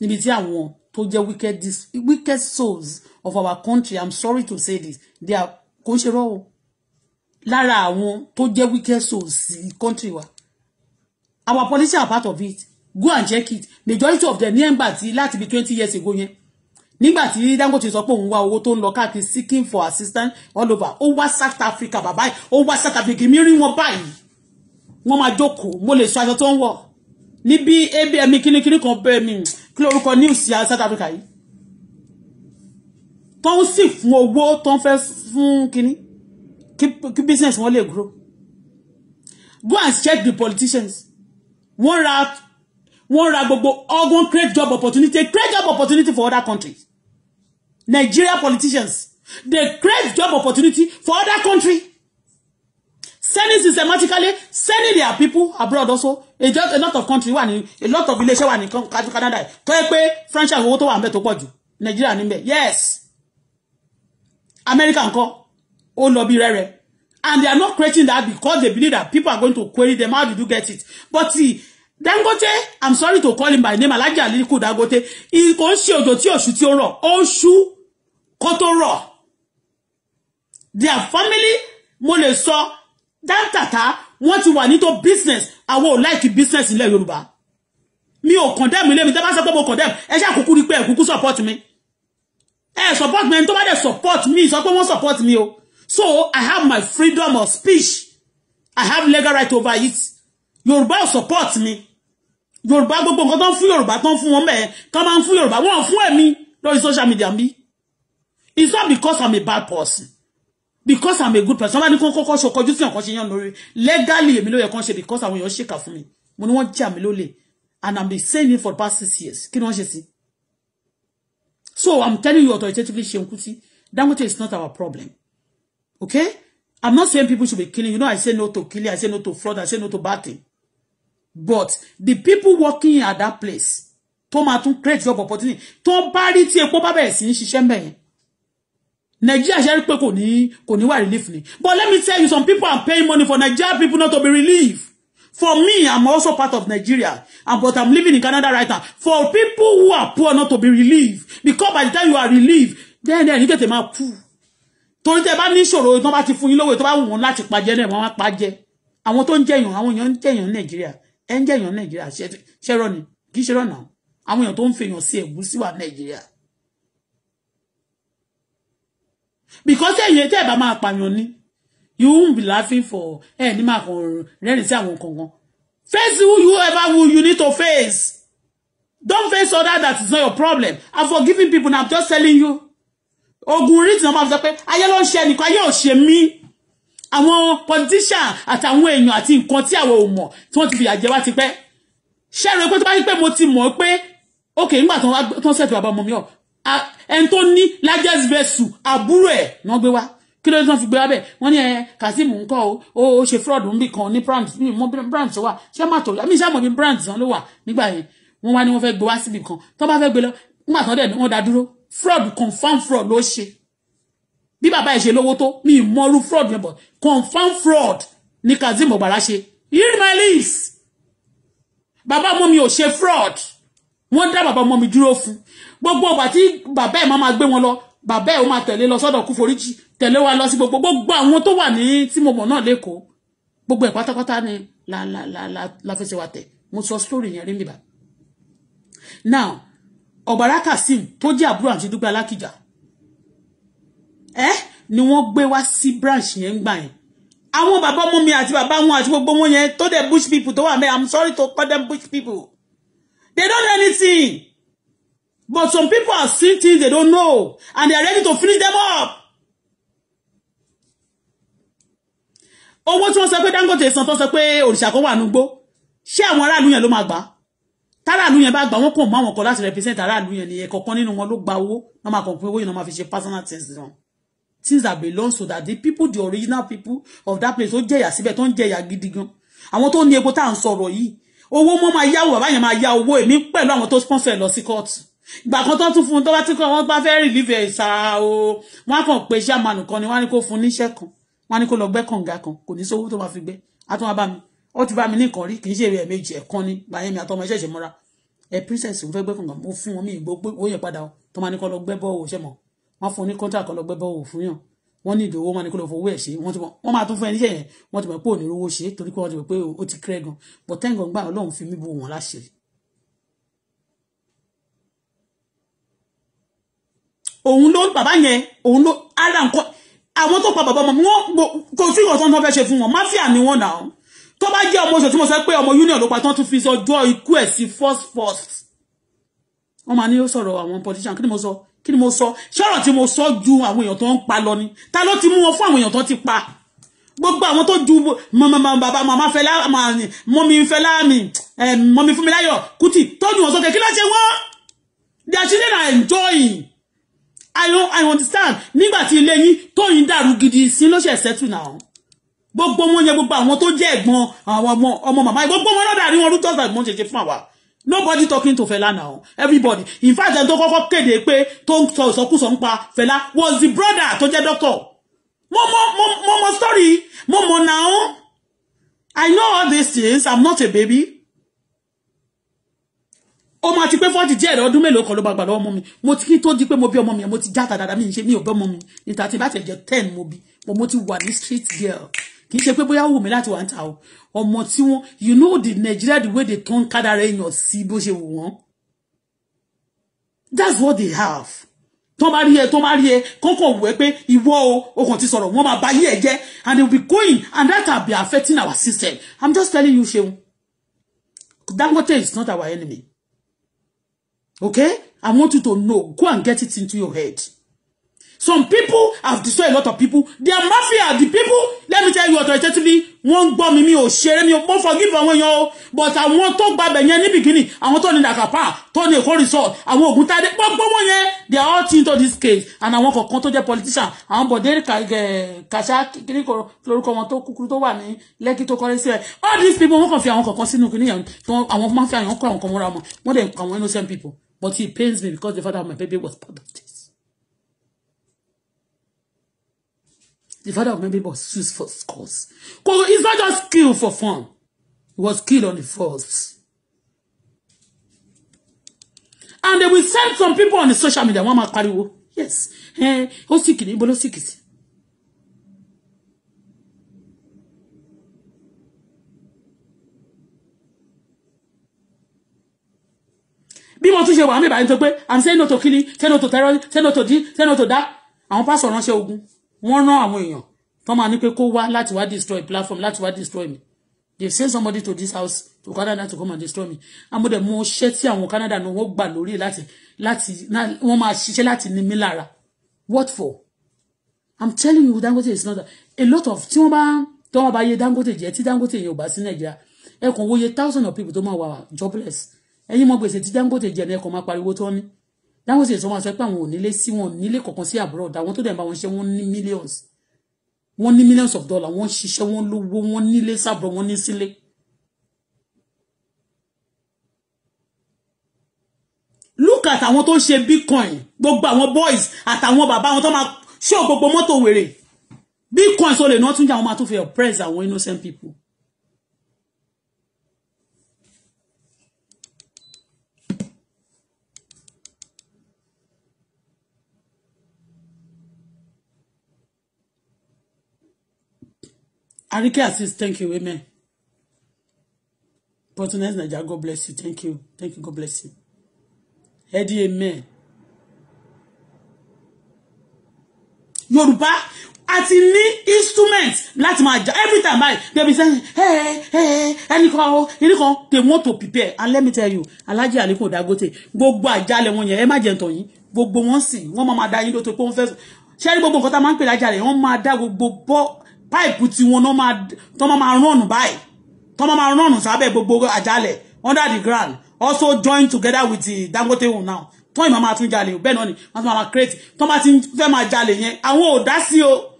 níbi tí àwọn tó jẹ́ wicked wicked souls of our country i'm sorry to say this they are kò ń ṣe rọ́ o lára àwọn tó jẹ́ wicked souls sí country wa our politicians are part of it go and check it majority of them ní ẹ̀ǹgbà tí láti bí twenty years ago yẹn nígbà tí Dangote sọ pé òun wá owó tó ń lọ káàkiri seeking for assistance all over ó wá South Africa bàbá yìí ó wá South Africa mi rí wọn báyìí wọ́n máa jókòó mo lè sọ aṣọ tó ń wọ̀ níbi abm kínníkínní kan bẹ́ẹ̀ mi kí lórúkọ news ya South Africa yìí tó ń sì fún owó tó ń fẹ́ fún kínní kí business wọn lè grow go and check the politicians wọ́n ra wọ́n ra gbogbo ogun create job opportunity create job opportunity for other countries Nigeria politicians they create job opportunity for other countries sending systematically sending their people abroad also a, just, a lot of country wà ní a lot of iléeṣẹ́ wà ní Canada tó yẹ pé franchise owó tó to níbẹ̀ tó pọ̀ jù Nàìjíríà níbẹ̀ yes America ńkọ́ ó lọ bí rẹ́rẹ́ and they are not creating that because they believe that people are going to query them how did you get it but see Dangote I'm sorry to call him by name Alhaji Aliko Dangote kò ń ṣe òjò tí òṣù tí ó rọ̀ ó ń ṣú kó their family mo lè sọ dáńtàtà wọ́n ti wà nítò business àwọn ò like business ilẹ̀ Yoruba. mi ò condemn ilé mi tẹ́ bá sọ pé mo condemn ẹ ṣe àkókò rí pé ẹ support me. ẹ support me. ẹni tó bá dẹ̀ support me. sọ pé wọ́n support me. o so i have my freedom of speech i have legal right over it Yoruba ò support mi yorùbá gbogbo nǹkan tó ń fún yorùbá tó ń fún wọn mẹ́ẹ̀ tó máa ń fún yorùbá wọ́n social media mi it's not because i'm a bad person because i'm a good person somebody kò kọ́kọ́ so kọjú sí ọ̀kan ṣe yan lórí legally èmi ló yẹ kàn ṣe because àwọn èèyàn ṣèkà fún mi mo ní wọ́n jà mí lólè and i'm been saying it for the past six years kí ni wọ́n ṣe so i'm telling you authoritatively Seun Kuti Dangote is not our problem okay i'm not saying people should be killing you know i say no to killing i say no to fraud i say no to bad thing but the people working at that place tó máa tún create job opportunity tó bá rí tí epo bá bẹ̀rẹ̀ sí ń ṣiṣẹ́ mẹ́yìn Nigeria ṣe rí pé kò ní kò ní wà relief ni but let me tell you some people are paying money for Nigeria people not to be relieved for me I'm also part of Nigeria and but I'm living in Canada right now for people who are poor not to be relieved because by the time you are relieved then then you get a map. poo torí tẹ́ bá ní ìṣòro tó bá ti fún yín lówó tó bá wù wọ́n láti pàjẹ́ náà wọ́n á pàjẹ́ àwọn tó ń jẹyàn àwọn èèyàn ń jẹyàn Nàìjíríà ẹ ń jẹyàn Nàìjíríà ṣẹrọ ni kì í ṣerọ náà àwọn èèyàn tó ń fèèyàn sí ẹ̀gúsí wà Nàìjíríà because ẹ̀yin tẹ́ ẹ̀ bá máa pààyàn ni you won't be laughing for ẹ̀ ní máa kàn rẹ́rìn sí àwọn kankan face who you ever who you need to face don't face other that is not your problem i'm forgiving people and i'm just telling you ogun orí ìtìnà máa fi sọ pé ayé ló ń ṣe ẹnìkan ayé ò ṣe mí àwọn politician àtàwọn èèyàn àti nǹkan tí àwọn ò mọ̀ tí wọ́n ti fìyà jẹ wá ti pẹ́ ṣẹ́rọ pé tó bá yí pé mo ti mọ̀ pé ok nígbà tó ń sẹ̀tì bàbá ọmọ mi ọ̀ ẹni tó ní largest vessel àbúrò ẹ̀ wọ́n gbé wá kí ló tán fi gbé abẹ wọ́n ní ẹ kazeem ńkọ́ o ó ṣe fraud níbì kan ní branch ní mo branch wà ṣé má tó àmì ìṣàmọ̀ mi branch náà ló wà nígbà yẹn wọ́n wá ní wọ́n fẹ́ gbé wá síbì kan tó bá fẹ́ gbé lọ nígbà tán dẹ̀ ni wọ́n dá dúró fraud confam fraud ló ṣe bí bàbá ẹ̀ ṣe lówó tó mi ì fraud yẹn bọ̀ confam fraud ni kazeem ọ̀gbàrá ṣe hear my list bàbá ọmọ mi ò ṣe fraud wọ́n dá bàbá ọmọ mi dúró fún gbogbo ọgbà tí bàbá ẹ̀ máa ma gbé wọn lọ bàbá ẹ̀ ó máa tẹ̀lé lọ sọ́dọ̀ Kúforíjì tẹ̀lé wa lọ sí gbogbo gbogbo àwọn tó wà ní tí mo mọ̀ náà lẹ́kọ̀ọ́ gbogbo ẹ̀ pátápátá ni la la la la la fẹsẹ̀ wa tẹ̀ mo sọ story yẹn rí mi bá. now ọ̀bàrà Kasim tó jẹ́ àbúrò àti dúpẹ́ alákìjà ẹ́ ni wọ́n gbé wá sí branch yẹn ń gbà yẹn àwọn bàbá ọmọ mi àti bàbá wọn àti gbogbo wọn yẹn tó dẹ̀ bush people tó wà mẹ́ i'm sorry to call them bush people they don't know anything. But some people are seeing things they don't know, and they are ready to finish them up. Oh, tí wọ́n sọ pé Dangote san tó sọ pé òrìṣà kan wà núgbó. Ṣé àwọn aráàlú yẹn ló máa gbà? Táráàlú yẹn bá gbà wọ́n kàn mọ́ àwọn kan láti represent aráàlú yẹn ni ẹ̀kọ̀ọ̀kan nínú wọn ló gba owó. Wọ́n máa kàn pé owó yẹn máa fi ṣe personal things wọn. Things that belong so that the people the original people of that place ó jẹ̀yà síbẹ̀ tó ń jẹ̀yà gidi gan. Àwọn tó ní epo tá à ń sọ̀rọ̀ yìí. Owó mọ́ máa yáwó bàbá yẹn máa yá owó èmi pẹ̀lú àwọn tó sponsor lọ sí kóòtù ìgbà kan tó tún fún un tó bá tí wọ́n bá fẹ́ relieve ìsara o wọ́n á kàn pé iṣẹ́ àmàlù kan ni wọ́n á ní kó fún un níṣẹ́ kan wọ́n á ní kó lọ gbẹ́ kànga kan kò ní sówó tó máa fi gbẹ́ á tún wá bá mi ó ti bá mi ní nǹkan rí kì í ṣe èrè ẹ̀mejì ẹ̀kan ni bàyẹn mi àtọmọ ẹ̀ṣẹ̀ṣẹ̀ mọ́ra ẹ̀ princess ń fẹ́ gbẹ́ kànga mo fún wọn mi ìgbó pé ó yẹ padà o tó máa ní kó lọ gbẹ́ bọ́ọ̀wò ṣẹ́ mọ́ wọ́n fún un ní kọ́ńtà kan lọ gbẹ́ bọ́ọ̀wò fún yàn wọ́n ní ìdòwò wọn ni kó lọ fowó ẹ̀ ṣe wọ́n máa tún fún ẹni ṣẹ̀yẹn wọ́n ti mọ̀ pé òní rówó ṣe torí pé wọ́n òun ló bàbá yẹn òun ló ara nǹkan àwọn tó pa bàbá ọmọ wọn kò sí ìwọ̀n tó ń fẹ́ ṣe fún wọn máfíà ni wọn nà ó tó bá jẹ́ ọmọ oṣù tí mo sọ pé ọmọ union ló pa tán tún fi sọjọ́ ikú ẹ̀ sí first first wọ́n máa ní ó sọ̀rọ̀ àwọn politician kí ni mo sọ kí ni mo sọ ṣọ́rọ̀ tí mo sọ ju àwọn èèyàn tó ń pa lọ ni ta ló ti mú wọn fún àwọn èèyàn tó ti pa gbogbo àwọn tó ju bàbá màmá fẹlá mọ́mí fẹlá mi eh, mọ́mí fúnmiláyọ̀ kùtì tó ju wọn sókè kí ló ṣe wọ́n their children are enjoying I don't I understand nígbà tí ilé yín tóyìn dàrú gidi sí ló ṣe settle now gbogbo wọn yẹn gbogbo àwọn tó jẹ́ ẹ̀gbọ́n àwọn ọmọ ọmọ màmá gbogbo wọn lọ́dà rí wọn rú tọ́sà ìgbọ́n ṣe ṣe fún àwa nobody talking to Fela now everybody in fact ẹni tó kọ́kọ́ kéde pé tó ń sọ ìsọkúsọ ń pa Fela was the brother tó jẹ́ doctor mo mọ mo mọ story mo mọ now I know all these things I'm not a baby ó máa ti pé fọ́ọ̀tì díẹ̀ ọdún mélòó kan ló bá gbà lọ́wọ́ ọmọ mi mo ti kí tó di pé mo bí ọmọ mi mo ti já tàdàdà mi ṣe mi ò bẹ́ ọmọ mi níta tí bá tẹ̀ jẹ́ ten mo bí mo mo ti wà ní street girl kì í ṣe pé bóyá wù mí láti wà ń ta o ọmọ tí wọn you know the Nigeria the way they turn kádàrá èèyàn sí bó ṣe wù won. that's what they have tó bá rí ẹ tó bá rí ẹ kọ́kọ́ wù ẹ pé ìwọ o o kàn ti sọ̀rọ̀ wọ́n máa bá yí ẹ jẹ́ and they will be going and that will be affecting our system i'm just telling you she That Dangote is not our enemy Okay? I want you to know. Go and get it into your head. Some people have destroyed a lot of people. They are mafia. The people, let me tell you authoritatively, won't bomb me or ò me. mi forgive mọ́ forgive àwọn èèyàn o. But àwọn tó gba bẹ̀ yẹn ní turn àwọn tó ní Dakapa, tó ní Èkó resort, àwọn ògùn tádé, gbogbo wọn yẹn, they are all into this case. And I want to tó jẹ́ politician, àwọn bọ̀dé eh, kàṣà kiri lórúkọ Can you call? tó wà ní Lẹ́kì tó kọ́lé sí ẹ̀. All these people wọ́n kàn fi àwọn kọ̀ọ̀kan sínú kìnìyàn, àwọn máa fi àwọn kọ̀ àwọn kan mọ́ra wọn, wọ́n dẹ̀ people. But it pains me because the father of my baby was part of this. The father of my baby was used for scores. it's not just killed for fun. He was killed on the force. And they will send some people on the social media. Wọ́n máa Yes. Eh, ó sì kìíní, ibo ló sì kìí sí. bí mo tún ṣe wà mí báyìí tó pé i'm saying no to killing say no to terror say no to this say no to that àwọn pásọ̀ ránṣẹ́ ogun wọ́n rán àwọn èèyàn tó máa ní pé kó wá láti wá destroy platform láti wá destroy me. they send somebody to this house to Canada to come and destroy me amúdẹ̀ mo ṣẹ́ tí àwọn Canada náà wọ́n gbà lórí láti láti wọ́n máa ṣiṣẹ́ láti ní mí lára what for i'm telling you Dangote is not a, a lot of tí wọ́n bá tí wọ́n bá yé Dangote jẹ́ tí Dangote yẹn ò bá sí Nàìjíríà ẹ̀kọ́ wo ye thousand of people tó máa wà jobless ẹ̀yin mọ̀ gbèsè tí Dangote jẹ ní ẹkọ máa pariwo tó ní Dangote sọ wọn sọ pé àwọn ò nílé sí wọn nílé kọ̀ọ̀kan sí abroad àwọn tó dẹ̀ ń bá wọn ṣe wọn ní millions wọn ní millions of dollars wọn ṣiṣẹ́ wọn lówó wọn nílé sábọ̀ wọn ní sílé. look at àwọn tó ń ṣe bitcoin gbogbo àwọn boys àtàwọn bàbá wọn tó máa ṣó gbogbo mọ́tò wèrè bitcoin sọ lè ní wọ́n tún jẹ́ àwọn máa tún fi oppress àwọn innocent people. Arike Asis, thank you, amen. Portunes Nigeria, God bless you, thank you, thank you, God bless you. Eddie, amen. Yoruba, at ní instrument that's my jà every time I they be saying hey hey ẹnìkan o ẹnìkan they want to prepare and let me tell you Alhaji Aliko Dangote gbogbo àjálẹ̀ wọn yẹn ẹ má jẹ́ ntọ̀ yín gbogbo wọn sì wọ́n one máa da yín lóto pé wọ́n fẹ́ ṣẹ́rí go nǹkan tá a máa ń pè lájálẹ̀ Go máa dá gbogbo bọ́ọ̀ pipe tí wọn no ma ton ma run báyìí ton ma run sábẹ́ gbogbo àjálẹ̀ under the ground also join together with the Dangote one now ton ma ma tún jalè bẹ́ẹ̀ náà ni ma tún ma create ton bá tin fẹ́ ma jalè yẹn àwọn ò dá o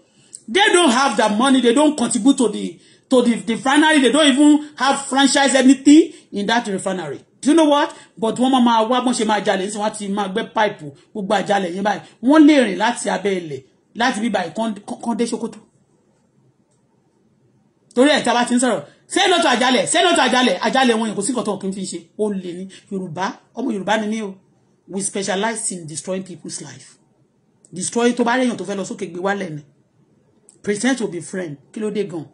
they don't have the money they don't contribute to the to the, refinery they don't even have franchise anything in that refinery do you know what but wọ́n máa máa wá bọ́n ṣe máa jalè nísìnyí wọ́n ti máa gbẹ́ pipe gbogbo àjálẹ̀ yẹn báyìí wọ́n lè rìn láti abẹ́ ilẹ̀ láti bíbá ìkọ́ndé ṣòkòtò torí ẹ̀ tá a bá ti ń sọ̀rọ̀ sẹ́nà tó àjálẹ̀ sẹ́nà tó àjálẹ̀ àjálẹ̀ wọn kò sí nǹkan tó kí n fi ṣe ó lè ní Yorùbá ọmọ Yorùbá ni mí o we specialize in destroying people's life destroy tó bá rẹ̀yàn tó fẹ́ lọ sókè gbé wálẹ̀ ni present will be friend kí ló dé gan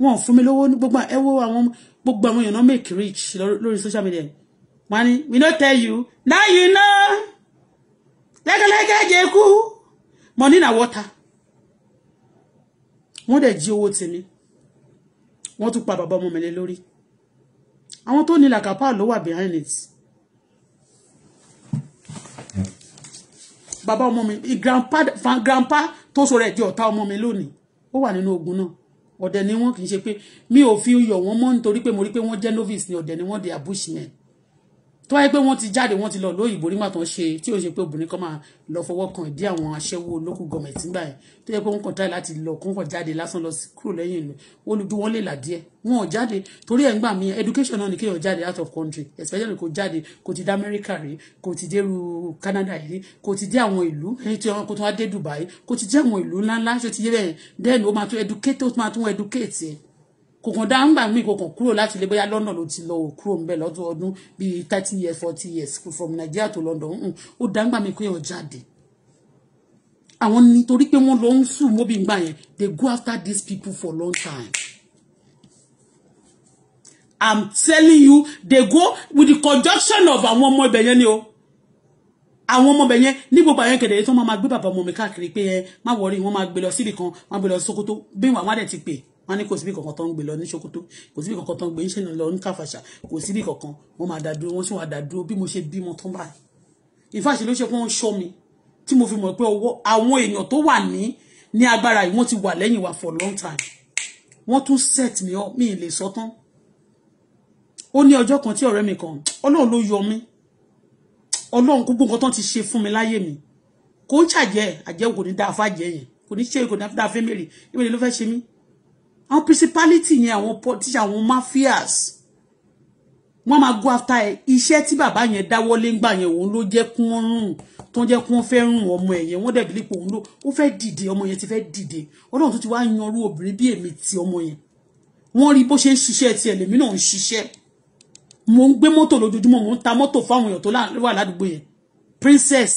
wọn ò fún mi lówó ní gbogbo ẹ wo àwọn gbogbo àwọn èèyàn make rich lórí social media wọn ni we no tell you now you know lẹ́gẹ́lẹ́gẹ́ jẹ́ kú money na water wọ́n dẹ̀ jí owó tèmi wọ́n tún pa bàbá ọmọ mi lé lórí àwọn tó ní làkàpá ló wà behind it bàbá ọmọ mi grandpa grandpa tó sọ̀rọ̀ ẹ̀ di ọ̀tá ọmọ mi lónìí ó wà nínú ogun náà ọ̀dẹ̀ ni wọ́n kì í ṣe pé mi ò fi yọ̀ wọ́n mọ́ nítorí pé mo rí pé wọ́n jẹ́ novice ni ọ̀dẹ̀ ni wọ́n di abushmen tó wáyé pé wọ́n ti jáde wọ́n ti lọ lóyìnbó nígbà tó ń ṣe tí ó ṣe pé obìnrin kan máa lọ fọwọ́ kan ìdí àwọn aṣẹ́wó local government nígbà yẹn tó yẹ pé wọ́n kàn jáde láti lọ kó kàn jáde lásán lọ kúrò lẹ́yìn ìlú olùdúwọ́n lè là díẹ̀ wọn ò jáde torí ẹ̀ ń gbà education náà ni kéèyàn jáde out of country especially kò jáde kò ti dé America rí kò ti dé ru Canada yìí kò ti dé àwọn ìlú ẹni tí wọn kò tún wá dé Dubai kò ti dé àwọn ìlú ńláńlá ṣe ti yé bẹ́ẹ̀ then ó máa tún educate ó máa tún educate kò kàn dá ńgbà míì kò kàn kúrò láti ilé bóyá London ló ti lọ kúrò ńbẹ̀ lọ́dún ọdún bíi thirty years forty years from Nigeria to London ó dá ńgbà míì kó yàn jáde àwọn nítorí pé wọ́n lọ ń sùn mọ́bí ńgbà yẹn they go after these people for long time i'm telling you they go with the conjunction of àwọn ọmọ ibẹ̀ yẹn ni o àwọn ọmọ ibẹ̀ yẹn ní gbogbo àyẹn kẹ̀dẹ̀ tó máa gbé bàbá ọmọ mi káàkiri pé ẹ má wọrí wọ́n máa gbé lọ síbì kan wọ́n máa gbé lọ Sókótó bí wọ́n á dẹ̀ ti pè é wọ́n ní kò síbi kankan tó ń gbé lọ ní Sokoto kò síbi kankan tó ń gbé ń ṣẹ̀nà lọ ní Káfàṣà kò síbi kankan wọ́n máa dá dúró wọ́n sì wá dá dúró bí mo ṣe bímọ tán báyìí ìfàṣẹ ló ṣe pé wọ́n ṣọ́ mi tí mo fi mọ̀ pé ọwọ́ àwọn èèyàn tó wà ní ní agbára yìí wọ́n ti wà lẹ́yìn wa for long time wọ́n tún set mi up mi lè sọ tán ó ní ọjọ́ kan tí ọ̀rẹ́ mi kan Ọlọ́run ló yọ mí Ọlọ́run gbogbo nǹkan tán ti ṣe fún mi láyé mi kò ń ṣàjẹ́ àjẹ́ kò ní dáa fàjẹ́ yẹn kò ní ṣe kò ní dáa fẹ́ mèrè ìmèrè ló fẹ́ ṣe mí àwọn principality yẹn àwọn politics àwọn mafias wọ́n máa go after ẹ iṣẹ́ tí bàbá yẹn dáwọ́lé ńgbà yẹn òun ló jẹ́ kún wọn rùn tó ń jẹ́ kún wọn fẹ́ rùn ọmọ ẹ̀yẹn wọ́n dẹ̀ bílípò òun ló ó fẹ́ dìde ọmọ yẹn ti fẹ́ dìde ọlọ́run tó ti wá yanrú obìnrin bí èmi ti ọmọ yẹn wọ́n rí bó ṣe ń ṣiṣẹ́ tiẹ̀ lèmi náà ń ṣiṣẹ́ mo ń gbé mọ́tò lójoojúmọ́ mo ń ta mọ́tò fáwọn èèyàn tó wà ládùúgbò yẹn princess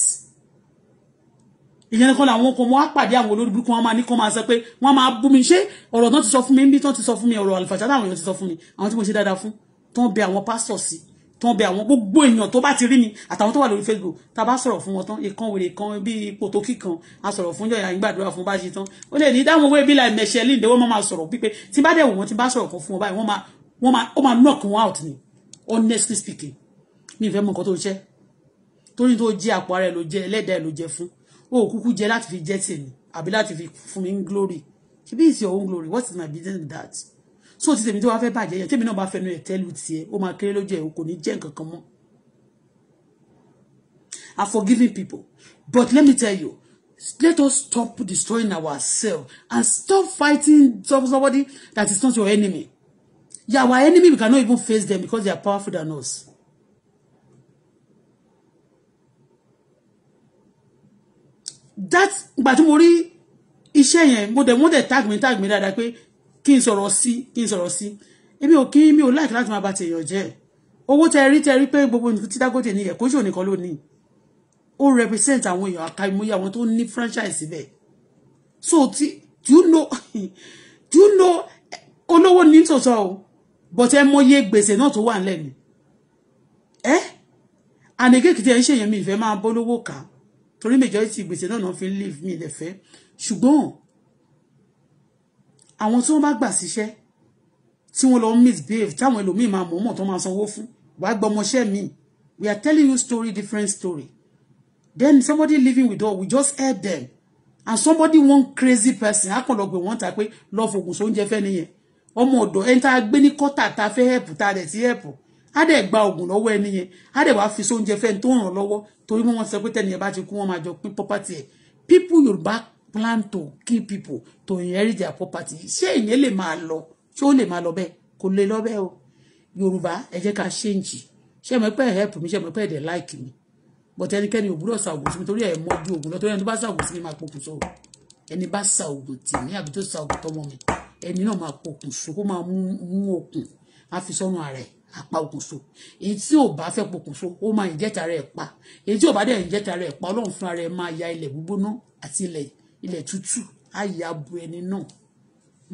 ìyẹn nìkan làwọn kan wọn á pàdé àwọn olórí burúkú wọn máa ní kán máa sọ pé wọn máa bú mi ṣé ọ̀rọ̀ náà ti sọ fún mi níbi tán ti sọ fún mi ọ̀rọ̀ àlùfàṣà táwọn èèyàn ti sọ fún mi àwọn tí mo ṣe dáadáa fún tán bẹ àwọn pásítọ̀ sí tán bẹ àwọn gbogbo èèyàn tó bá ti rí mi àtàwọn tó wà lórí Facebook tá a bá sọ̀rọ̀ fún wọn tán ìkan wèrè kan bí ipò tó kíkan a sọ̀rọ̀ fún yọ̀yà ìgbàdúrà fún bá ṣe tán ó lè ní dáhùn owó ìbílẹ̀ mẹ̀ṣẹ̀ líǹde wọ́n máa sọ̀rọ̀ pípé tí bá dẹ̀ wò wọ́n tí bá sọ̀rọ̀ kan fún wọn báyìí wọ́n máa wọ́n máa ó máa knock wọn out ni honestly speaking mi ìfẹ́ mọ nǹkan tó jẹ́ torí tó jẹ́ àpò ara ẹ̀ ló jẹ́ ẹlẹ́dàá ẹ̀ ló jẹ́ fún o ò kúkú jẹ láti fi jẹ tèmi àbí láti fi fún mi glory ṣebí is your own glory what is my business with that so ti tèmi tó wá fẹ́ bàjẹ́ yẹn tèmi náà bá fẹnu ẹ̀ tẹ́lu tiẹ̀ ó máa kéré lójú ẹ̀ o kò ní jẹ́ nǹkan kan mọ́ are forgiving people but let me tell you let us stop destroying ourselves and stop fighting somebody that is not your enemy yeah our enemy we cannot even face them because they are powerful than us that ìgbà tí mo rí iṣẹ́ yẹn mo dẹ̀ mo dẹ̀ tag mi tag mi dáadáa pé kí n sọ̀rọ̀ sí kí n sọ̀rọ̀ sí èmi ò kí mi ò láìka láti máa ba tèèyàn jẹ́ owó tẹ rí tẹ rí pé gbogbo nǹkan tí Dangote ní ẹ̀kọ́ ṣò nìkan ló ní ó represent àwọn èèyàn àkàìmọye àwọn tó ní franchise bẹ̀ so ti do you know do you know olówó ní tòótọ́ o but ẹ mọye gbèsè náà tó wà nílẹ̀ ni ẹ́ àníkékìtì ẹ̀ ń ṣèyàn mi ìfẹ́ máa bọ́ lówó kàá torí majority gbèsè náà fi leave mi ìdẹ̀fẹ́ ṣùgbọ́n àwọn tí wọ́n bá gbà síṣẹ́ tí wọ́n lọ misbehave táwọn ẹlòmíì máa mọ̀ọ́mọ̀ tó máa sanwó fún wàá gbọmọṣẹ́ mi we are telling you story different story then somebody living with us we just help them and somebody one crazy person a kàn lọ gbé wọn ta pé lọ fògùn sóúnjẹ fẹ́ nìyẹn ọmọ ọ̀dọ̀ ẹni tá a gbé ní kọ́tà tá a fẹ́ help tá a dẹ̀ help á dẹ̀ gba oògùn lọ́wọ́ ẹni yẹn á dẹ̀ wàá fi sóúnjẹ fẹ́ni tó ń ràn lọ́wọ́ torí mọ́ wọn sọ pé tẹ́ni bá ti kú wọ́n máa jọ pín property ẹ̀ people Yorùbá plan to kill people to inherit their property ṣé ìyẹn lè máa lọ ṣé ó lè máa lọ bẹ́ẹ̀ kò lè lọ bẹ́ẹ̀ o Yorùbá ẹ jẹ́ ká ṣéǹjì ṣé mo pẹ́ help mi ṣé mo pẹ́ dẹ̀ like mi but ẹnikẹ́ni ò gbúdọ̀ ṣàwògùn sí mi torí ẹ̀ mọ ojú ògùn lọ torí ẹni tó bá ṣàwògùn sí mi máa pokùnso ẹni bá ṣàwògùn tì mí àbí tó ṣàwògùn tọmọ mi ẹni náà máa pokùnso kó máa mú okùn á fi sọ́run ààrẹ àpá òkùnso èyí tí ò bá fẹ́ pokùnso ó máa ìjẹ́ta rẹ̀ pa èyí tí ò bá dẹ̀ ìjẹ́ta rẹ̀ pa ọlọ́run fúnra rẹ̀ máa ya ilẹ̀ gbígbóná àti ilẹ̀ ilẹ̀ tútù á ya bu ẹni náà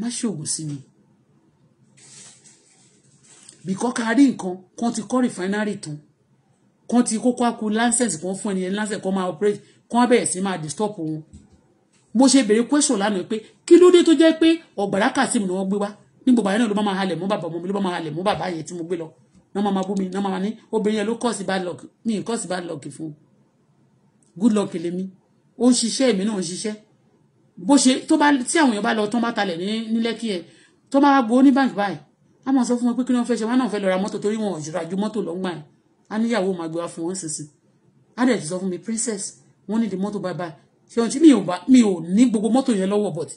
má ṣògùn sí mi bìkọ́ ká rí nǹkan kan ti kọ́ rìfáínárì tán kan ti kókó akú lancet kan fún ẹni lancet kan máa operate kan bẹ̀rẹ̀ sí máa disturb wọn mo ṣe béèrè question lánàá pé kí ló dé tó jẹ́ pé ọ̀gbàrá kàtìmù ni wọ́n gbé wá ní gbogbo àyẹ̀ náà ló máa halẹ̀ mú bàbá ọmọ mi ló máa halẹ̀ mú bàbá yẹn tí mo gbé lọ náà máa bú mi náà máa ní obìnrin yẹn ló cause bad luck mi cause bad luck fún good luck lèmi ó ń ṣiṣẹ́ èmi náà ń ṣiṣẹ́ bó ṣe tó bá tí àwọn èèyàn bá lọ tó máa talẹ̀ ní lẹ́kì ẹ̀ tó máa gbowó ní báńkì báyìí á máa sọ fún wọn pé kí wọ́n fẹ́ ṣe wọn náà fẹ́ lọ ra mọ́tò torí wọn ò ju mọ́tò lọ́ngbà ẹ̀ á níyàwó máa gbé wá fún wọn sísìn á dẹ̀ ti sọ fún mi princess wọ́n ní di mọ́tò bye bye ṣé ohun tí mi ò ní gbogbo mọ́tò yẹn lọ́wọ́ but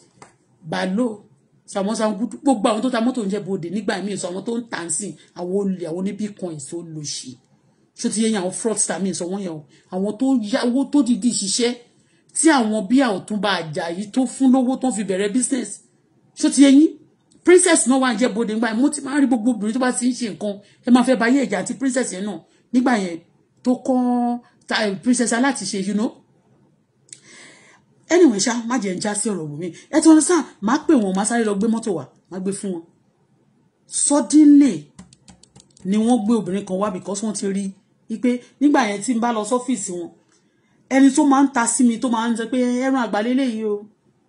bàálò sàmọ́sà gbogbo àwọn tó ta mọ́tò ń jẹ́ bòde nígbà míì sọ àwọn tó ń tà ń sìn àwọn olè àwọn oníbìkan ìṣó lòṣì ṣó ti yẹ yẹn àwọn fraudster míì sọ wọ́n yẹn o àwọn tó yáwó tó dìdí ṣiṣẹ́ tí àwọn bí àwọn tún bá àjà yìí tó fún lówó tó fi bẹ̀rẹ̀ business ṣó ti yẹ yín princess náà wà ń jẹ́ bòde nígbà yẹn mo ti máa ń rí gbogbo obìnrin tó bá ti ń ṣe nǹkan ẹ máa fẹ́ báyé ìjà àti princess yẹn náà nígbà yẹn tó kọ́ princess aláti you know anyway ṣá má jẹ́ ń já sí ọ̀rọ̀ bùnmi ẹ ti wọn sàn máa pè wọn máa sáré lọ gbé mọ́tò wá máa gbé fún wọn suddenly ni wọ́n gbé obìnrin kan wá because wọ́n ti rí i pé nígbà yẹn tí n bá lọ sọ́fíìsì wọn ẹni tó máa ń ta sí mi tó máa ń jẹ pé ẹran àgbálẹ́ eléyìí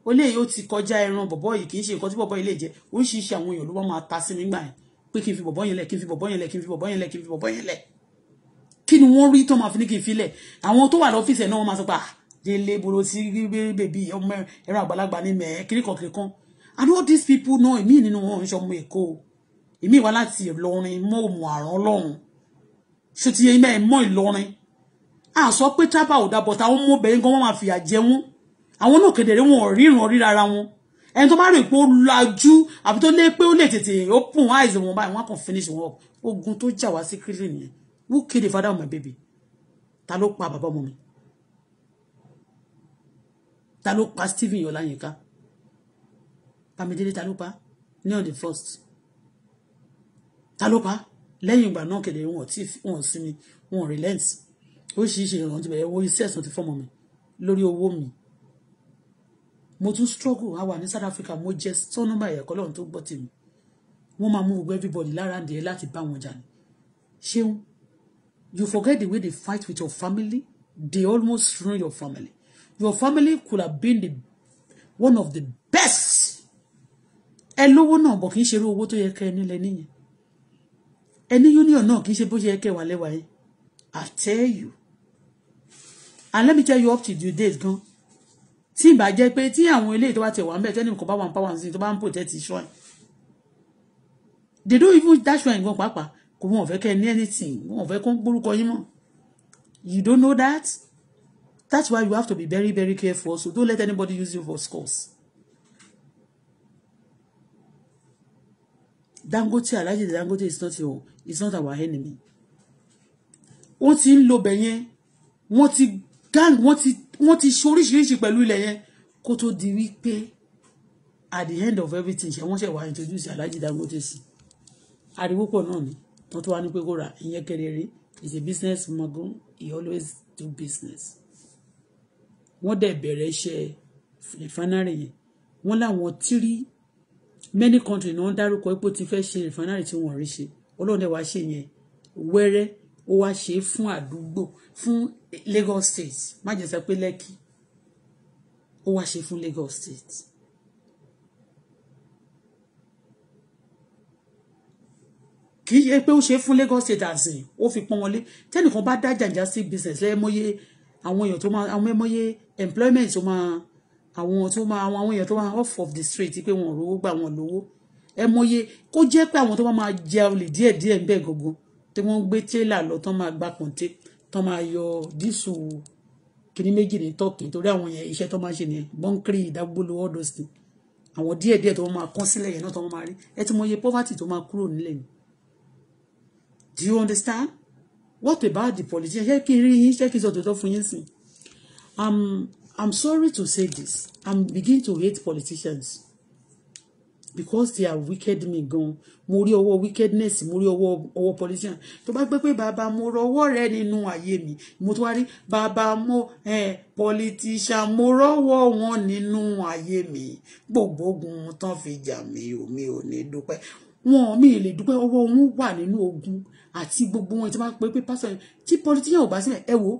o eléyìí ó ti kọjá ẹran bọ̀bọ̀ yìí kì í ṣe nǹkan tí bọ̀bọ̀ yìí lè jẹ oríṣiríṣi àwọn èèyàn ló wá máa ta sí mi nígbà yẹn pé kí n fi bọ̀bọ̀ yẹn lẹ̀ kí n fi bọ̀bọ̀ yẹn lẹ̀ kí n fi bọ̀bọ̀ yẹn lẹ̀ kí n fi bọ̀bọ̀ yẹn lẹ̀ kí ni wọ́n rí tó máa fi ní kí n filẹ̀ àwọn tó wà lọ́fíìsì ẹ̀ náà wọ́n máa sọ pé ah Dele Borosi baby ọmọ ẹran àgbàlagbà ni mẹ kíríkan kíríkan I know these people náà èmi nínú wọn ń ṣọmọ Èkó èmi wá láti Ìlọrin mọ òmù àrùn Ọlọ́run ṣé ti yẹn mẹ mọ Ìlọrin a sọ pé tábà ò dàbọ̀ táwọn ọmọbìnrin gan wọn máa fìyà jẹ wọn àwọn náà kedere wọn ò ríran rí rárá wọn ẹni tó bá rè pé ó lajú àbí tó lé pé ó lè tètè open eyes wọn báyìí wọn kàn finish wọn ogun tó jà wá sí kírísì nìyẹn who kill the father of my baby ta ló pa bàbá ọmọ mi ta ló pa Stephen Ọláyínká Bámidélé ta ló pa ní on the first ta ló pa lẹ́yìn ìgbà náà kẹ̀lẹ́ wọn tí wọn sinmi wọn relent oríṣiríṣi ìrànwọ́ ti bẹ̀rẹ̀ owó iṣẹ́ ẹ̀sán ti fọ́mọ mi lórí owó mi mo tún struggle a wà ní South Africa mo jẹ sọ́nùmọ̀ ẹ̀yẹ̀kọ́ lọ́run tó gbọ́ tèmi wọ́n máa mú gbogbo everybody lára ǹdí ẹ láti bá wọn jà ní ṣeun you forget the way they fight with your family they almost ruin your family your family could have been the one of the best ẹ lówó náà bọ̀ kì í ṣe irú owó tó yẹ kẹ́ ẹ nílẹ̀ nìyẹn ẹni union náà kì í ṣe bó ṣe yẹ kẹ́ ẹ wà lẹ́wà yẹn I tell you and let me tell you up to the date gan tí ìbá jẹ́ pé tí àwọn eléyìí tó bá tẹ̀ wá ń bẹ̀ tẹ́ni kò bá wà ń pa wà ń sìn tó bá ń protect shrine they don't even dash shrine gan pàápàá kò wọ́n fẹ́ kẹ́ ẹ ní anything wọ́n fẹ́ kó ń gbórúkọ yín mọ́ you don't know that. That's why you have to be very, very careful. So don't let anybody use you for scores. Dangote, Alhaji Dangote is not your, is not our enemy. Wọ́n ti ń lo bẹ̀yẹn, wọ́n ti gang, wọ́n ti, wọ́n ti ṣoríṣiríṣi pẹ̀lú ilẹ̀ yẹn kó tó di wípé at the end of everything ṣe wọ́n ṣe wà introduce Alaji Dangote si. Ariwo pọ̀ náà ni, wọ́n tó wá ní pé kó ra ìyẹn kẹrẹ̀ẹ́rẹ́ is a business mogul, he always do business wọ́n dẹ̀ bẹ̀rẹ̀ iṣẹ́ rìfánárì yẹn wọ́n láwọn tírí many country ni wọ́n dárúkọ pé ó ti fẹ́ ṣe rìfánárì tí wọ́n rí ṣe ọlọ́run dẹ̀ wá ṣe yẹn wẹ́rẹ́ ó wá ṣe é fún àdúgbò fún Lagos State má jẹ́ sọ pé Lẹ́kì ó wá ṣe fún Lagos State. kì í ṣe pé ó ṣe fún Lagos State àsìn ó fi pọ́n wọlé tẹ́nìkan bá dá jàǹjà sí business lẹ́ẹ̀mọ́yé àwọn èèyàn tó máa àwọn ẹ̀mọ́yé employment tó máa àwọn tó máa àwọn èèyàn tó máa off of the street pé wọn ò rówó gbà wọn lówó ẹ mọye kó jẹ́ pé àwọn tó máa máa jẹ olè díẹ̀ díẹ̀ ńbẹ̀ gangan tí wọ́n ń gbé tẹ́là lọ tán máa gba kọ̀ǹté tán máa yọ dísù kìnní méjì ní tọ́kì torí àwọn yẹn iṣẹ́ tó máa ṣe nìyẹn bọ́ńkìrì ìdágbólo all those things àwọn díẹ̀ díẹ̀ tó máa kán sílẹ̀ yẹn náà tó máa rí ẹ ti mọye poverty tó máa kúrò nílẹ̀ mi do you understand what about the politician ṣé kí n rí yín ṣé kí n sọ tòótọ́ fún yín sìn I'm, I'm sorry to say this. I'm beginning to hate politicians because they are wicked mi gan mo rí ọwọ́ wickedness mo rí ọwọ́ ọwọ́ politician tó bá gbé pé bàbá mo rọwọ́ rẹ nínú ayé mi mo tún wá rí bàbá mo eh, politician mo rọwọ́ wọn nínú ayé mi gbogbo ogun tán fi jà mí o mi ò ní dúpẹ́ wọn mi lè dúpẹ́ ọwọ́ wọn wà nínú ogun àti gbogbo wọn tí wọ́n pé pé pásọ̀ tí politician ò bá sílẹ̀ ẹ wo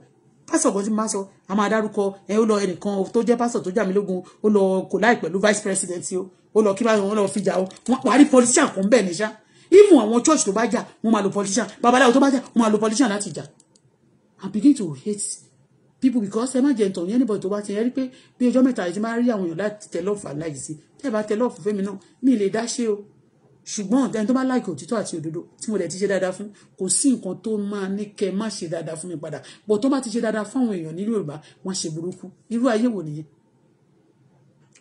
pásọ̀ kan tí máa sọ a máa dárúkọ ẹ ó lọ ẹnìkan tó jẹ́ pásọ̀ tó jà mí ó lọ kò láì pẹ̀lú vice president o ó lọ kí bá wọn lọ fìjà o wọn parí politician kan bẹ́ẹ̀ ní ṣá even àwọn church tó bá jà wọn máa lo politician babaláwo tó bá jà wọn máa lo politician láti jà I begin to hate people because ẹ má jẹ ntọ̀ ní anybody tó bá ti rí pé bí ọjọ́ mẹ́ta yìí ti máa rí àwọn èèyàn láti tẹ lọ́ọ̀fù aláìsí tẹ́ bá tẹ lọ́ọ̀fù fẹ́mi náà mi lè dá ṣe o ṣùgbọ́n ẹni tó bá láìkè òtítọ́ àti òdodo tí mo dẹ̀ ti ṣe dáadáa fún kò sí nǹkan tó máa ní kẹ́ má ṣe dáadáa fún mi padà bọ̀ tó bá ti ṣe dáadáa fún àwọn èèyàn ní Yorùbá wọ́n ṣe burúkú irú ayé wò nìyẹn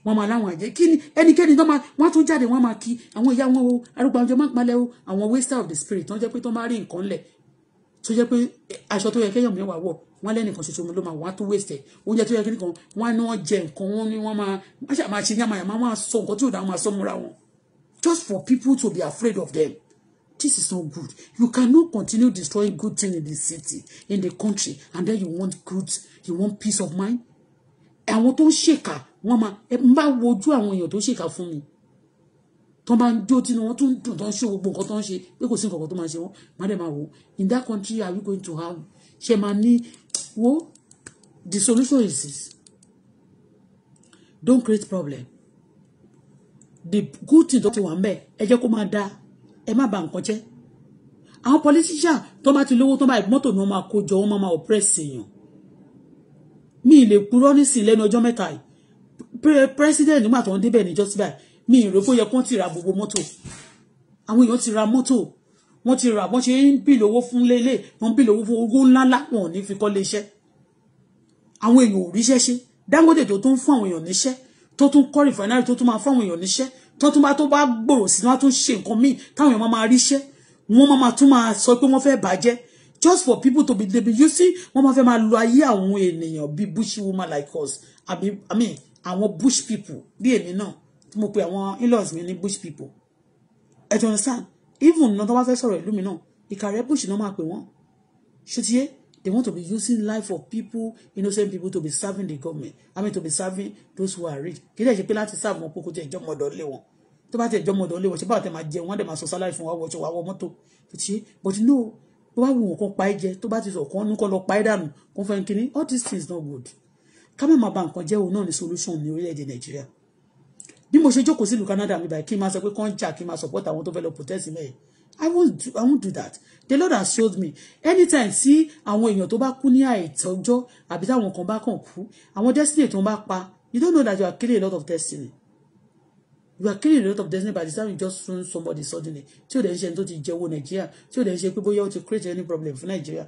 wọ́n máa láwọn àjẹ́ kí ni ẹnikẹ́ni tó máa wọ́n tún jáde wọ́n máa kí àwọn ìyá wọn o arúgbó àwọn ọjọ́ máa o àwọn waster of the spirit tó jẹ́ pé tó máa rí nǹkan lẹ̀ tó jẹ́ pé aṣọ tó yẹ kéèyàn mẹ́wàá wọ̀ wọ́n lẹ́nìkan ṣoṣo ló máa wọ́n á tún waste ẹ̀ oúnjẹ tó yẹ kí nìkan wọ́n á ní wọ́n jẹ nǹkan wọ́n ní wọ́n máa máa ṣàmáṣe yàmàyàmá máa sọ nǹkan tí ò dá wọn máa sọ múra wọn just for people to be afraid of them. This is not good. You cannot continue destroying good things in the city, in the country, and then you want good, you want peace of mind. Àwọn tó ń ṣèkà wọ́n máa ẹ ń bá wojú àwọn èèyàn tó ń ṣèkà fún mi. Tó bá ń jó tí wọ́n tún dùn tó ń ṣe gbogbo nǹkan tó ń ṣe pé kò sí nǹkan kan tó máa ṣe wọ́n. Má dẹ̀ máa wò In that country are you going to have ṣe máa ní wo the solution is this. Don't create problem the good thing tó ti wà ń bẹ̀ ẹ jẹ́ kó máa da ẹ má bà nǹkan jẹ́ àwọn politician tó bá ti lówó tó bá mọ́tò ni wọ́n máa kó jọ wọ́n máa máa oppress èèyàn mi lè purọ́ nísìn lẹ́nu ọjọ́ mẹ́ta yìí president nígbà tó ń débẹ̀ níjọ́ síbẹ̀ mi ìró kó yẹ kó ti ra gbogbo mọ́tò àwọn èèyàn ti ra mọ́tò wọ́n ti ra bọ́n ṣe ń bìlì owó fún lélẹ̀ wọ́n bìlì owó fún ogún ńláńlá wọn ò ní fi kọ́ lé iṣẹ́ àwọn èèyàn ò ríṣẹ́ ṣe Dangote tó tó ń fún àwọn èèyàn níṣẹ́ tó tún kọ́ rìfàínárì tó tún máa fáwọn èèyàn níṣẹ́ tó tún bá tó bá gbòòrò sí wọn tún ṣe nǹkan míì táwọn èèyàn máa máa ríṣẹ́ wọn máa tún máa sọ pé wọ́n fẹ́ bàjẹ́ just for people to be they be using wọ́n máa fẹ́ máa lo ayé àwọn ènìyàn bíi bush woman like us àbí i mean àwọn bush people bí èmi náà tí mo pe àwọn in-laws mi ní bush people ẹ ti understand even náà tó bá fẹ́ sọ̀rọ̀ ìlú mi náà Ìkàrẹ́ bush náà máa pè wọ́n ṣé ti yé They want to be using life of people, innocent people to be serving the government. I mean to be serving those who are rich. Kí lè ṣe pé láti serve wọn kókó tẹ ìjọmọ ọ̀dọ̀ lé wọn. Tó bá tẹ ìjọmọ ọ̀dọ̀ lé wọn, ṣe báwo tẹ máa jẹ wọn, dẹ̀ máa sọ sálárì fún wa wọṣọ wa wọ mọ́tò. Kò tí but no, bó bá wù wọn kan pa ẹ jẹ, tó bá ti sọ kan nú kan lọ pa ẹ dànù, kan fẹ́ kínní. All these things not good. Ká má máa ba nǹkan jẹ́ òun náà ní solution ní orílẹ̀-èdè Nàìjíríà. Bí mo ṣe jókòó sílùú Canada mi báyìí, kí n máa sọ pé kán kí n máa support àwọn tó fẹ́ lọ protest mẹ́yìn. I won't do, I won't do that. The Lord has showed me. Anytime tí àwọn èèyàn to bá kú ní àìtọ́jọ́ àbí táwọn kan bá kàn kú, àwọn destiny tó ń bá pa, you don't know that you are killing a lot of destiny. You are killing a lot of destiny by the time you just run somebody suddenly. Tí o dẹ̀ ń ṣe tó ti jẹ owó Nàìjíríà, tí o dẹ̀ ń ṣe pé bóyá o ti create any problem fún Nàìjíríà.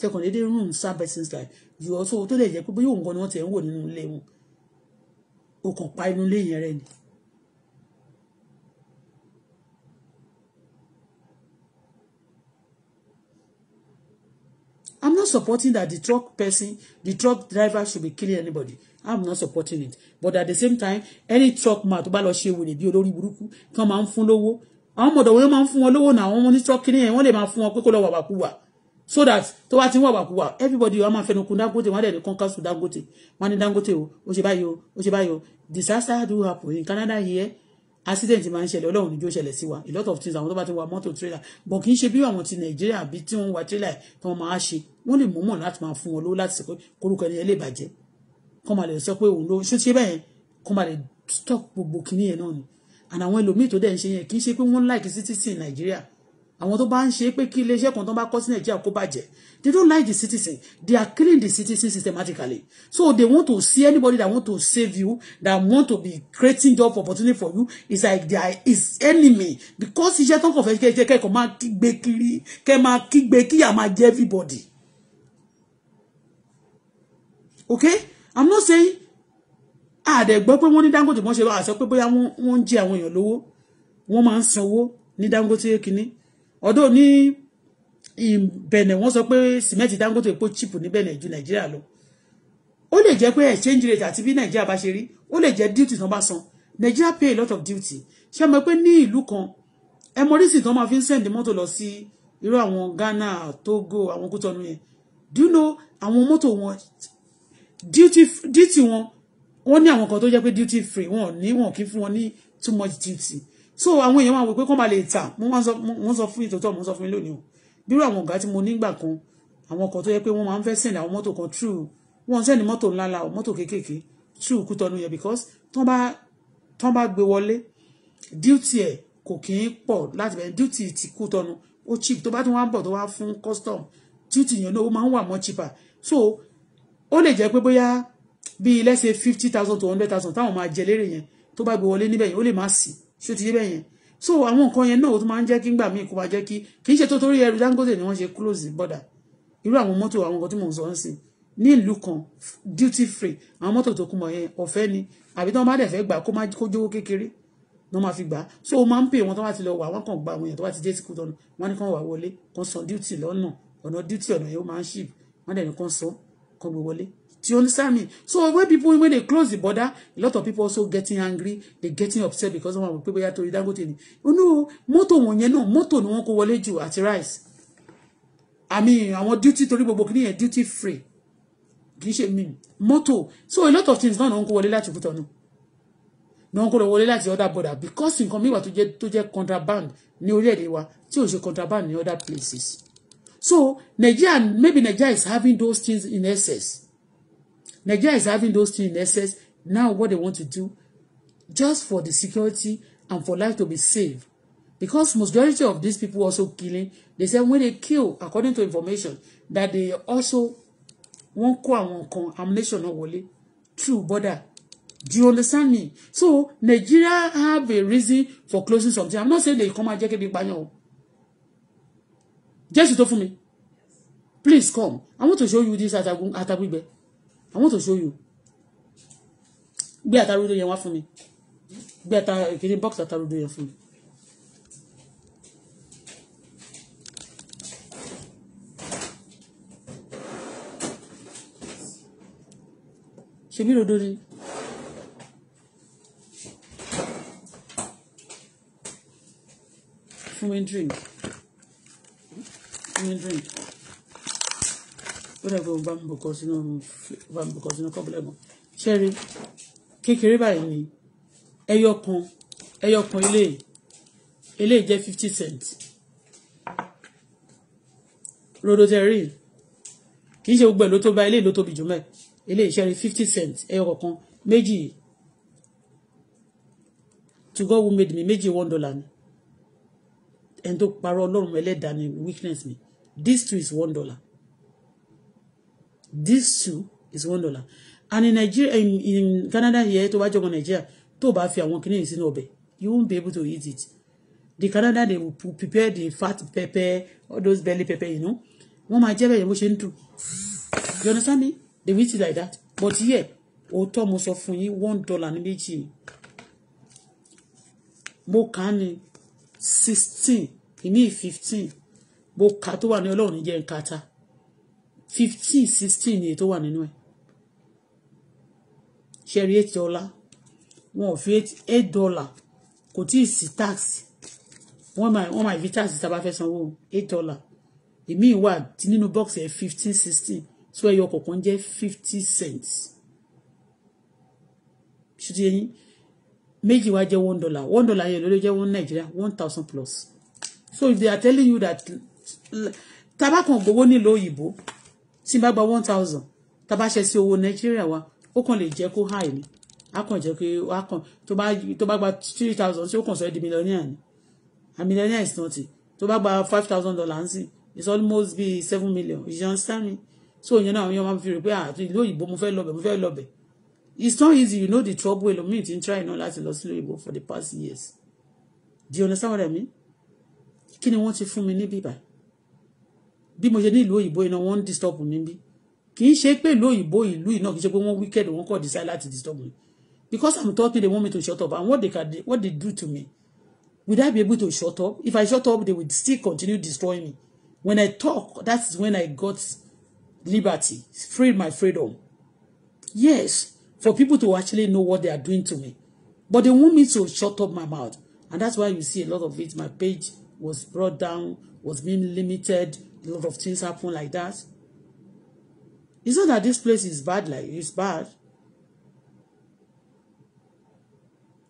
Tẹkàn dédé rún sáà person's life. Yóò tó tó lè jẹ́ pé bóyá òun kan ni wọ́n ti ń wò nínú ilé wọn. O kàn pa inú ilé yẹn rẹ ni. I'm not supporting that the truck person, the truck driver should be killing anybody. I'm not supporting it. But at the same time, any truck man tó bá lọ ṣe wèrè bí olórí burúkú kí wọ́n máa ń fún lówó. Àwọn ọmọdé wọn máa ń fún wọn lówó náà àwọn ọmọ ní truck kìnìyàn wọ́n lè máa fún wọn pé kó lọ wàwàkuwà. So that tó bá ti ń wàwàkuwà everybody wọn máa fẹnu kun Dangote wọn á dẹ̀ ní conquer to Dangote. Wọ́n á ní Dangote o, ó ṣe báyìí o, ó ṣe báyìí o. Disaster do happen in Canada here accident máa ń ṣẹlẹ̀ ọlọ́run níjó ṣẹlẹ̀ sí wa a lot of things àwọn tó bá ti wa mọ́tò trailer bọ̀ kì í ṣe bí àwọn ti nàìjíríà bí tí wọ́n wa trailer tí wọ́n máa ṣe wọ́n lè mọ̀ọ́mọ̀ láti máa fún wọn lówó láti sọ pé korúkọ ẹni ẹ lè bàjẹ́ kọ́ máa lè sọ pé òun ló ṣó ṣe bẹ́ẹ̀ kọ́ máa lè stop gbogbo kinní náà ni àwọn ẹlòmíì tó dẹ̀ ń ṣe yẹn kì í ṣe pé wọ́n like citizen nàìjíríà àwọn tó bá ń ṣe pé kí iléeṣẹ́ kan tó bá kọ́ sí nàìjíríà kó bàjẹ́ they don't like the citizen they are killing the citizen systematically so they want to see anybody that want to save you that want to be creating job opportunity for you is like they are his enemy because iṣẹ́ tó ń kọ̀ fẹ́ kẹ́ kẹ́kọ̀ọ́ máa kígbe kiri kẹ́ máa kígbe kíyà máa jẹ́ everybody okay i'm not saying àdẹ̀gbọ́ pé wọ́n ní dangote wọ́n ṣe àṣọ pé bóyá wọ́n ń jẹ àwọn èèyàn lówó wọ́n máa ń sanwó ní dangote kínní ọ̀dọ̀ ní Benin wọ́n sọ pé sìmẹ́ǹtì Dangote pọ̀ chip ní Benin ju Nàìjíríà lọ ó lè jẹ́ pé exchange rate àti bí Nàìjíríà bá ṣe rí ó lè jẹ́ duty tán bá san Nàìjíríà pay a lot of duty ṣé mo pé ní ìlú kan ẹ mọ orísìí tán máa fi ń send mọ́tò lọ sí irú àwọn Ghana Togo àwọn kútọ́nù yẹn do you know àwọn mọ́tò wọn duty duty wọn wọ́n ní àwọn kan tó jẹ́ pé duty free wọn ní wọn kì í fún wọn ní too much duty so àwọn èèyàn máa wò pé kó máa lè tà wọ́n sọ fún ìtọ́tọ́ wọ́n sọ fún mi lónìí o bírò àwọn ọ̀gá tí mo nígbà kan àwọn ọkọ̀ tó yẹ pé wọ́n máa ń fẹ́ sìn àwọn mọ́tò kan true wọ́n sẹ́ni mọ́tò ńlá la o mọ́tò kéékèèké true kú tọ́nu yẹn because tán bá tán bá gbé wọlé duty ẹ̀ kò kì í pọ̀ láti bẹ̀rẹ̀ duty ti kú tọ́nu ó cheap tó bá tún wá ń bọ̀ tó wá fún custom duty yẹn náà ó máa ń wà mọ́ cheaper so ó lè jẹ́ pé bóyá bíi let's say fifty thousand to hundred thousand táwọn máa jẹ lérè yẹn tó bá gbé wọlé níbẹ̀ yẹn ó lè má sí ṣé ti yé yẹn so àwọn nǹkan yẹn náà ó tún máa ń jẹ́ kí ngbà míì kó máa jẹ́ kí kì í ṣe tó torí ẹrù Dangote ni wọ́n ṣe close border irú àwọn mọ́tò àwọn nǹkan tí mò ń sọ ń sìn ní ìlú kan duty free àwọn mọ́tò tó kún mọ́ yẹn ọ̀fẹ́ ni àbí tí wọ́n bá dẹ̀ fẹ́ gbà kó má kó jówó kékeré ló máa fi gbà so o máa ń pè wọn tó bá ti lọ wà wọn kàn gba àwọn èèyàn tó bá ti dé sí kútọ́nù wọn ní kàn wà wọlé kàn san duty lọ́nà ọ̀nà duty ọ̀nà yẹn ó máa ń ṣì wọn dẹ̀ ní kàn san kàn gbé wọlé Do you understand me? So when people when they close the border, a lot of people also getting angry, they getting upset because wọn people here to torí Dangote ni. Oh no, moto wọn yẹn no moto no wọ́n kó wọlé jù àti rice. I mean, àwọn duty to gbogbo kìíní yẹn duty free. Kì í ṣe mi mọ́tò. So a lot of things náà ni wọ́n kó wọlé láti òkúta náà. Ni wọ́n other border because nǹkan mi wà tó jẹ́ tó contraband ní orílẹ̀-èdè wa tí ò contraband in other places. So Nigeria maybe Nigeria is having those things in excess. Nigeria is having those things in excess. Now what they want to do, just for the security and for life to be saved. Because majority of these people also killing, they say when they kill, according to information, that they also wọ́n and àwọn kan ammunition náà wọlé through border do you understand me so Nigeria have a reason for closing something i'm not saying they come and jẹ́ kébi payan o jésù tó fún mi please come i want to show you this atagbe I want to show you. Gbé àtàrúdó yẹn wá fún mi. Gbé àtàkiri bọ́ọ̀sì àtàrúdó yẹn fún mi. Ṣèbí rodo ni. Fún mi drink. Fún mi drink lọ́dọ̀ gbogbo bá mi bọ̀kọ sínú bá mi bọ̀kọ sínú kọ́bílẹ̀ mọ́ ṣẹ́rí kékeré báyìí ni ẹyọ kan ẹyọ kan ilé ilé jẹ́ fifty cent rodoterrin kì í ṣe gbogbo ẹ̀ ló tó bá ilé ló tóbi jù mẹ́ ilé ìṣẹ́rí fifty cent ẹyọ kọ̀ọ̀kan méjì to God who made me méjì one dollar ni ẹni tó parọ́ ọlọ́run ẹlẹ́dàá ni weakness mi These two is one dollar this shoe is one dollar and in Nigeria in, in Canada here to bá jọmọ Nigeria tó bá fi àwọn kìnìún sínú ọbẹ̀ you won't be able to eat it the Canada they will prepare the fat pepper all those belly pepper you know wọ́n máa jẹ́ bẹ́ẹ̀ yẹn bó ṣe ń you understand me they will eat it like that but here òótọ́ mo sọ fún yín one dollar ní méjì mo kà á sixteen ìmí fifteen mo kà á tó wà ní ọlọ́run ní jẹ́ nkata fifteen sixteen ni èyí tó wà nínú ẹ̀ ṣẹ́rí eight dollar wọn ò fi eight dollar kò tí ì sí tax wọ́n máa wọ́n máa fi tax tá a bá fẹ́ sanwó eight dollar èmi wà nínú box ẹ̀ fifteen sixteen tó ẹyọ kọ̀ọ̀kan jẹ́ fifty cents ṣùtì ẹyin méjì wá jẹ́ one dollar one dollar yẹn ló lè jẹ́ one Nigeria one thousand plus so if they are telling you that tabakan gbowó nílò òyìnbó tí n bá gba one thousand tá a bá ṣe sí owó nàìjíríà wa ó kàn lè jẹ́ kó háì ni á kàn jẹ́ pé á kàn tó bá tó bá gba three thousand tí ó kàn sọ ẹ́ di millionaire ni a millionaire is nothing tó bá gba five thousand dollars nsìn it's almost be seven million you understand me so ìyẹn náà àwọn èèyàn máa fi rò pé àti ah, ìlú òyìnbó mo fẹ́ lọ́bẹ̀ mo fẹ́ lọ́bẹ̀ it's not easy you know the trouble ẹlòmíì ti ń try náà láti lọ sílé òyìnbó for the past years do you understand what I mean kí ni wọ́n ti fún mi níbí báyìí bí mo ṣe ní ìlú òyìnbó iná wọ́n ń disturb mi bí kì í ṣe pé ìlú òyìnbó ìlú iná kì í ṣe pé wọ́n wicked wọ́n kọ̀ decide láti disturb me because i'm talking they want me to shut up and what they can what they do to me would i be able to shut up if i shut up they would still continue destroying me when i talk that is when i got liberty free my freedom yes for people to actually know what they are doing to me but they want me to shut up my mouth and that's why you see a lot of it my page was brought down was being limited a lot of things happen like that it's not that this place is bad like it's bad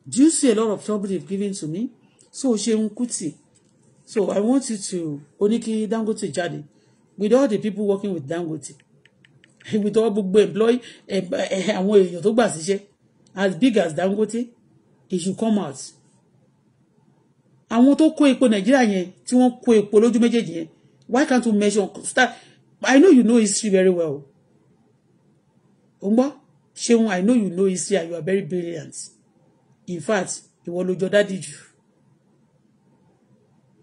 do you see a lot of trouble they've given to me so Seun Kuti so I want you to oniki Dangote jadi. with all the people working with Dangote with all gbogbo employee eh, àwọn èèyàn tó gbà síṣẹ́ as big as Dangote he should come out àwọn tó kó epo Nàìjíríà yẹn tí wọ́n kó epo lójú méjèèjì yẹn why can't we measure start i know you know history very well o gbọ́ i know you know history and you are very brilliant in fact ìwọ ló jọ dádì jù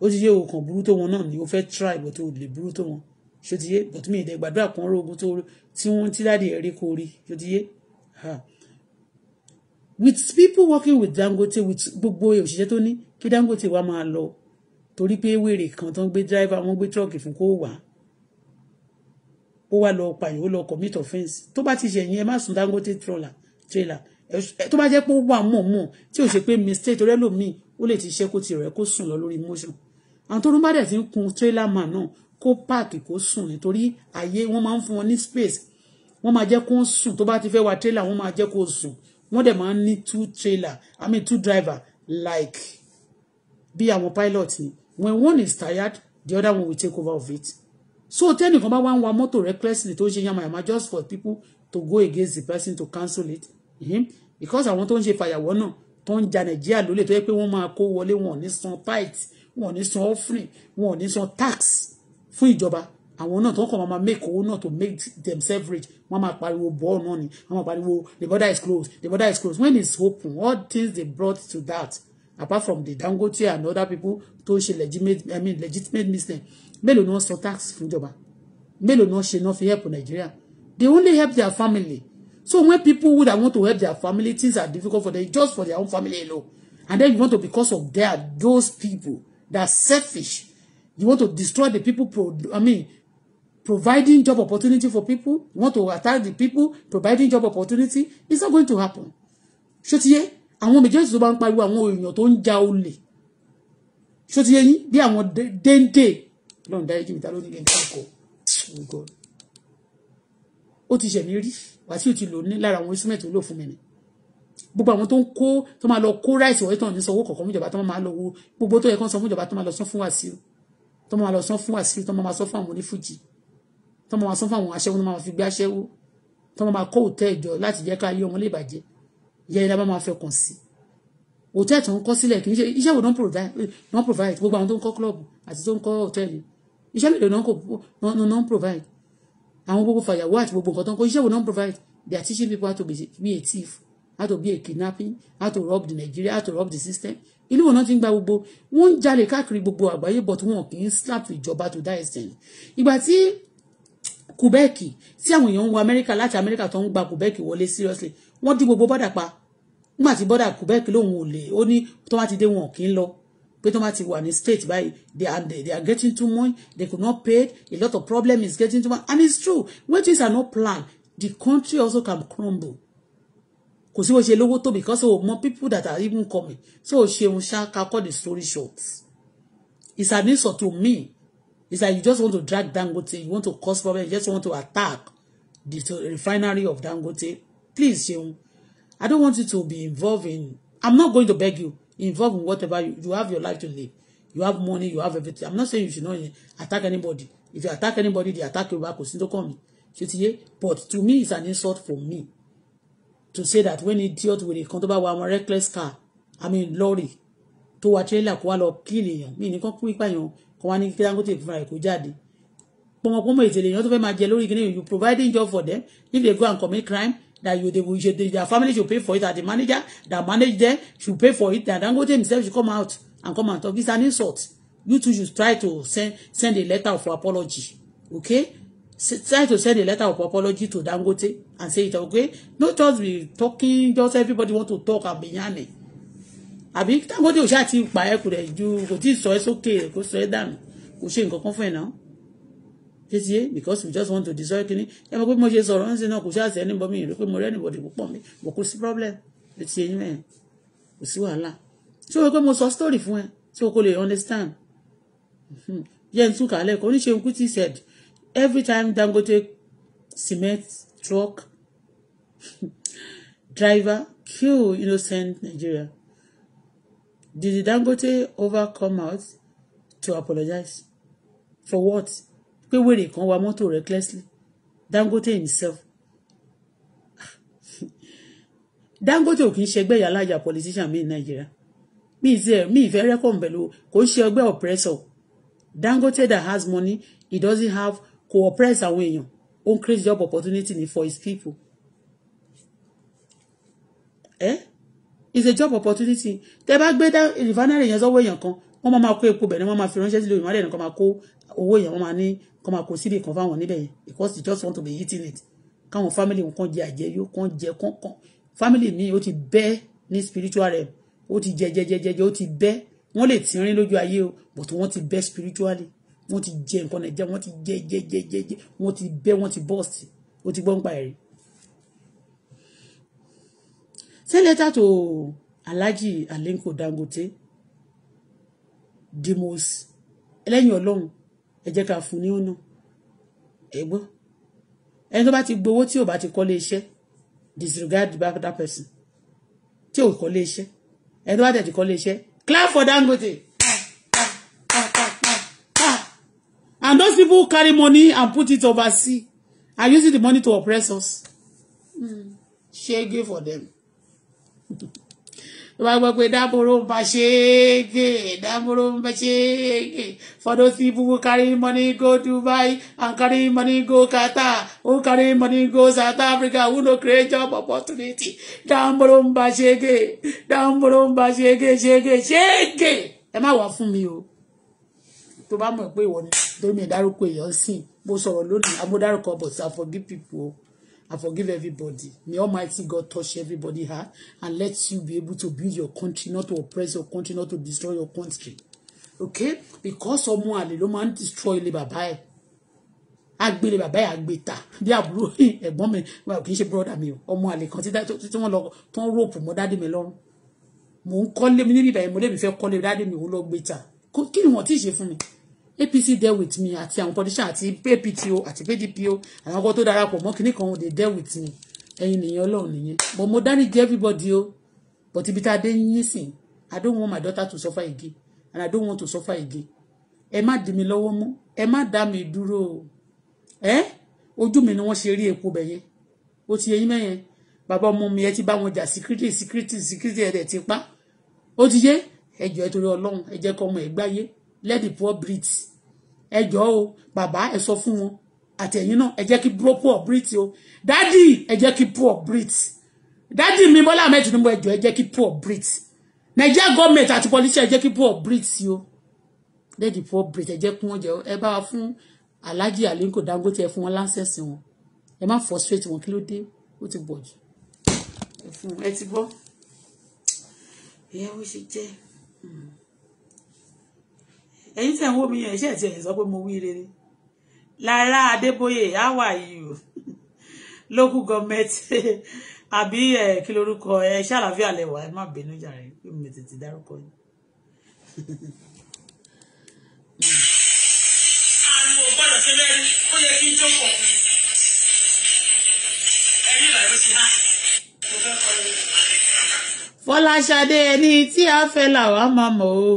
ó ti yé òkàn burú tó wọn náà ni o fẹ́ try but o lè burú tó wọn ṣó ti yé but mi ìdẹ gbàdúrà kan rogun tó tí wọ́n ti dádì ẹ̀rí kó rí ṣó ti yé with people working with Dangote with gbogbo òṣìṣẹ́ tó ní kí Dangote wa máa lọ torí pé wèrè kan tó ń gbé dráìvà wọn gbé tírọ̀kì fún kó wà ó wà lọ pààyàn ó lọ commit offence tó bá ti ṣẹ̀yìn ẹ má sùn Dangote trailer tó bá jẹ́ pé ó wà mọ̀ọ́mọ̀ tí ò ṣe pé mistake torí ẹlòmíì ó lè ti ṣe kó ti rẹ̀ kó sùn lọ lórí motion àwọn tó ń bá dẹ̀ ti ń kun trailer man náà kó páàkì kó sùn nítorí àyè wọ́n máa ń fún wọn ní space wọ́n máa jẹ́ kó sùn tó bá ti fẹ́ wa trailer wọ́n máa jẹ́ kó sùn wọ́n dẹ̀ máa ń ní two trailer i mean two driver like bí àwọn pilot ni when one is tired the other one will take over of it so tẹ́nìkan bá wá ń wa mọ́tò recklessly to change my yamayama just for people to go against the person to cancel it mm-hmm. because I want to change fàyàwọ́ náà tó ń ja nàìjíríà lólè tó yẹ pé wọ́n máa kó wọlé wọn ò ní san tithe wọn ò ní san offering wọn ò ní san tax fún ìjọba àwọn náà tó ń kọ́ make owó náà to make themselves rich wọ́n máa pariwo bọ́ọ̀ money. ni wọ́n pariwo the border is closed the border is closed when it's open all things they brought to that apart from the Dangote and other people tó ṣe legitimate i mean legitimate business mélòó ni wọ́n san tax fún ìjọba mélòó ni wọ́n ṣe náà fi help Nigeria they only help their family so when people would want to help their family things are difficult for them just for their own family alone and then you want to because of their those people that selfish you want to destroy the people pro i mean providing job opportunity for people you want to attack the people providing job opportunity it's not going to happen ṣé ti yé àwọn méjèèjì tó bá ń pariwo àwọn èèyàn tó ń ja olè ṣó ti yé yín bí àwọn déńdé lọ́nà dáríjì mi ta ló ní kí n kọ́ ọ̀gọ́ oh ó ti ṣẹ̀mí rí wàásù ti lò ní lára àwọn instrument tó lò fún mi ni gbogbo àwọn tó ń kó tó máa lọ kó ráìsì wọ́n tàn ní sanwó kọ̀ọ̀kan fúnjọba tó máa lọ wo gbogbo tó yẹ kán san fúnjọba tó máa lọ san fún wàsíù tó máa lọ san fún wàsíù tó máa san fún àwọn onífújì tó máa san fún àwọn aṣẹ́wó tó máa fi gbé aṣẹ́wó tó máa kó òtẹ́ ìjọ láti jẹ́ ká ayé ọmọ lè ìyẹn la bá máa fẹ́ kàn sí hòtẹ́ẹ̀lì tó ń kọ́ sílẹ̀ kì í ṣe iṣẹ́ wo don provide gbogbo àwọn tó ń kọ́ club àti tó ń kọ́ hòtẹ́ẹ̀lì iṣẹ́ mélòó non provide àwọn gbogbo fàyàwó àti gbogbo nǹkan tó ń kọ́ iṣẹ́ wo non provide they are teaching people how to be a thief how to be a kidnapping how to rob the Nigeria how to rob the system ìlú wọn náà ti ń gba gbogbo wọn ń jalè káàkiri gbogbo àgbáyé but wọn kì í slap ìjọba to die. extent ìgbà tí Quebec tí àwọn èèyàn ń wọ Amẹ́ríkà láti Amẹ́ríkà tó ń gba Quebec wọlé seriously wọ́n dí gbogbo bọ́dà pa nígbà tí bọ́dà kù bẹ́ẹ̀ kí lóun ò lè ó ní tó bá ti dé wọn ò kí ń lọ pé tó bá ti wà ní state báyìí they are they are getting too much they could not pay a lot of problem is getting too much and it's true when things are not planned the country also can crumble kò sí bó ṣe lówó tó because o mọ people that are even coming so o ṣeun ṣá ká call the story short it's an insult to me it's like you just want to drag Dangote you want to cause problem you just want to attack the refinery of Dangote please ṣeun i don't want you to be involved in i'm not going to beg you involved in whatever you, you have your life to live you have money you have everything i'm not saying you should not attack anybody if you attack anybody they attack you back kò sí tó kàn mí ṣètìyé but to me it's an insult for me to say that when idiot wèrè kan tó bá wa àwọn reckless car i mean lorry tó wa trailer kó wa lọ kílì èèyàn mí nìkan kú ipa èèyàn kan wá ní kí dangote fúnra ẹ̀ kó jáde pọmọpọmọ ètè lèèyàn tó fẹ́ máa jẹ lórí kí you providing job for them if they go and commit crime that you they will their family should pay for it that the manager that manage them should pay for it that Dangote himself should come out and come and talk it's an insult you two should try to send send a letter of apology okay S try to send a letter of apology to Dangote and say it okay not just be talking just everybody want to talk and be yarning àbí Dangote ò ṣáà ti pa ẹ kù rẹ ju kò tí ì sọ ẹ sókè kò ṣéṣiyé because we just want to destroy kínní ẹ mọ̀ pé mo ṣe sọ̀rọ̀ ń sin náà kò ṣe àṣẹ ẹnìbọn mi ìrò pé mo rẹ́ ẹnìbọ̀dì púpọ̀ mi mo kò sí problem ló ti yẹn mẹ́rin kò sí wàhálà ṣé o rò pé mo sọ story fún ẹ tí o kò lè understand yẹn hmm. tún kà á lẹ́kọ̀ọ́ oníṣẹ́ nkú ti said every time Dangote cement truck driver kill innocent Nigeria did Dangote over come out to apologize for what pé wèrè kan wa mọ́tò recklessly Dangote himself Dangote ò kì í ṣẹgbẹ́ yàláyà politician mi ní Nàìjíríà mi ì tiẹ̀ mi ì fẹ́ rẹ́kọ̀m pẹ̀lú kò ń ṣe ọgbẹ́ oppressor Dangote that has money he doesn't have kò oppress àwọn èèyàn ó ń create job opportunity ni for his people eh? it's a job opportunity tẹ bá gbé refinery yẹn sọ́wọ́ èèyàn kan wọ́n máa kó epo bẹ̀ ni máa fi ránṣẹ́ sílẹ̀ ìmọ̀lẹ́ nìkan máa kó owó yẹn wọ́n máa ní kọ́ máa kó síbì kan fáwọn níbẹ̀ yẹn because they just want to be eating it káwọn family nǹkan jẹ àjẹyó kan jẹ kọ̀ọ̀kan family mi ó ti bẹ́ ní spiritual realm ó ti jẹ jẹjẹjẹjẹ ó ti bẹ́ wọ́n lè tìrín lójú ayé o but wọ́n ti bẹ́ spiritually wọ́n ti jẹ nǹkan nàìjíríà wọ́n ti jẹ jẹjẹjẹjẹ wọ́n ti bẹ́ wọ́n ti bust ó ti gbọ́n pa ẹ̀rí. send letter to Alhaji Aliko Dangote demos ẹlẹ́yìn ọlọ́run ẹ jẹ́ ká fún ní ọ̀nà ẹ gbọ́ ẹni tó bá ti gbowó tí ò bá ti kọ́lé iṣẹ́ disregard back that person tí ò kọ́lé iṣẹ́ ẹni tó bá tẹ̀ ti kọ́lé iṣẹ́ clap for Dangote and those people who carry money and put it overseas are using the money to oppress us mm. shege for them. tó bá gbọ́ pé dábòrò ń bá ṣe é gè dábòrò ń money go Dubai and carry money go Qatar who money go South Africa who no create job opportunity dábòrò ń bá ṣe é ege dábòrò ń mi o ni mi I forgive everybody. May Almighty God touch everybody heart and let you be able to build your country, not to oppress your country, not to destroy your country. Okay? Because ọmọ àlè ló máa destroy ilé bàbá ẹ̀. Agbélé bàbá ẹ̀ àgbèta e bí àbúrò ẹ̀gbọ́n mi kì í ṣe brọ́dà mi o. Ọmọ àlè kan tí wọ́n lọ tó ń ròpù mọ́ dádì mi lọ́rùn. Mò ń kọ́lé mi níbi ìbàyẹn mo lè mi fẹ́ kọ́lé dádì mi ò apc deal with me àti àwọn politician àti apto àti pdpo àwọn ọkọ tó darapọ̀ mọ́ kínní kan they deal with me ẹ̀yin nìyẹn ọlọ́run nìyẹn but mo dáríjì everybody o but ibi tá a dé yín sìn i don't want my daughter to suffer again and i don't want to suffer again ẹ má dì mí lọ́wọ́ mú ẹ má dá mi dúró o ẹ ojú mi ni wọ́n ṣe rí epo bẹ̀ yẹn ó ti yẹyin mẹ́yẹn bàbá ọmọ mi ẹ ti bá wọn jà síkírítì síkírítì síkírítì ẹ̀ dẹ̀ ti pa ó ti yé ẹjọ́ ẹ torí ọlọ́run ẹ jẹ́ kọ́ ọmọ ẹ̀ gbáyé let the poor breathe ẹ jọ̀ọ́ o bàbá ẹ sọ fún wọn àtẹ̀yìn náà ẹ jẹ́ kí poor breathe o dádì ẹ jẹ́ kí poor breathe dádì mi Bọ́lá Ahmed Tinubu ẹ jọ̀ọ́ ẹ jẹ́ kí poor breathe Nigeria government àti politician ẹ jẹ́ kí poor breathe o let the poor breathe ẹ jẹ́ kí wọ́n jẹ ẹ bá wa fún Alhaji Aliko Dangote ẹ fún wọn láńsẹ̀sì wọn ẹ má frustrate wọn kí ló dé ó ti pọ̀ jù ẹ fún ẹ ti gbọ́ ìyẹn bó ṣe jẹ́. Mm ẹ̀yin tẹ̀ ń wò mí yẹn iṣẹ́ ìtì ẹ̀yìn sọ pé mo wí rere Lára Adébóyè how are you local government àbí ẹ̀ kí lorúkọ ẹ̀ ṣàlàfíà lẹ́wà ẹ má bínú jàre pé mi tètè dárúkọ yín. àrùn ò gbọ́dọ̀ ṣe bẹ́ẹ̀ ó yẹ kí n jókòó ẹ̀yìn ìbàdàn sí náà mo fẹ́ kọ́ lórí. Fọláṣadé ẹni tí a fẹ́ làwọn máa mọ̀ o.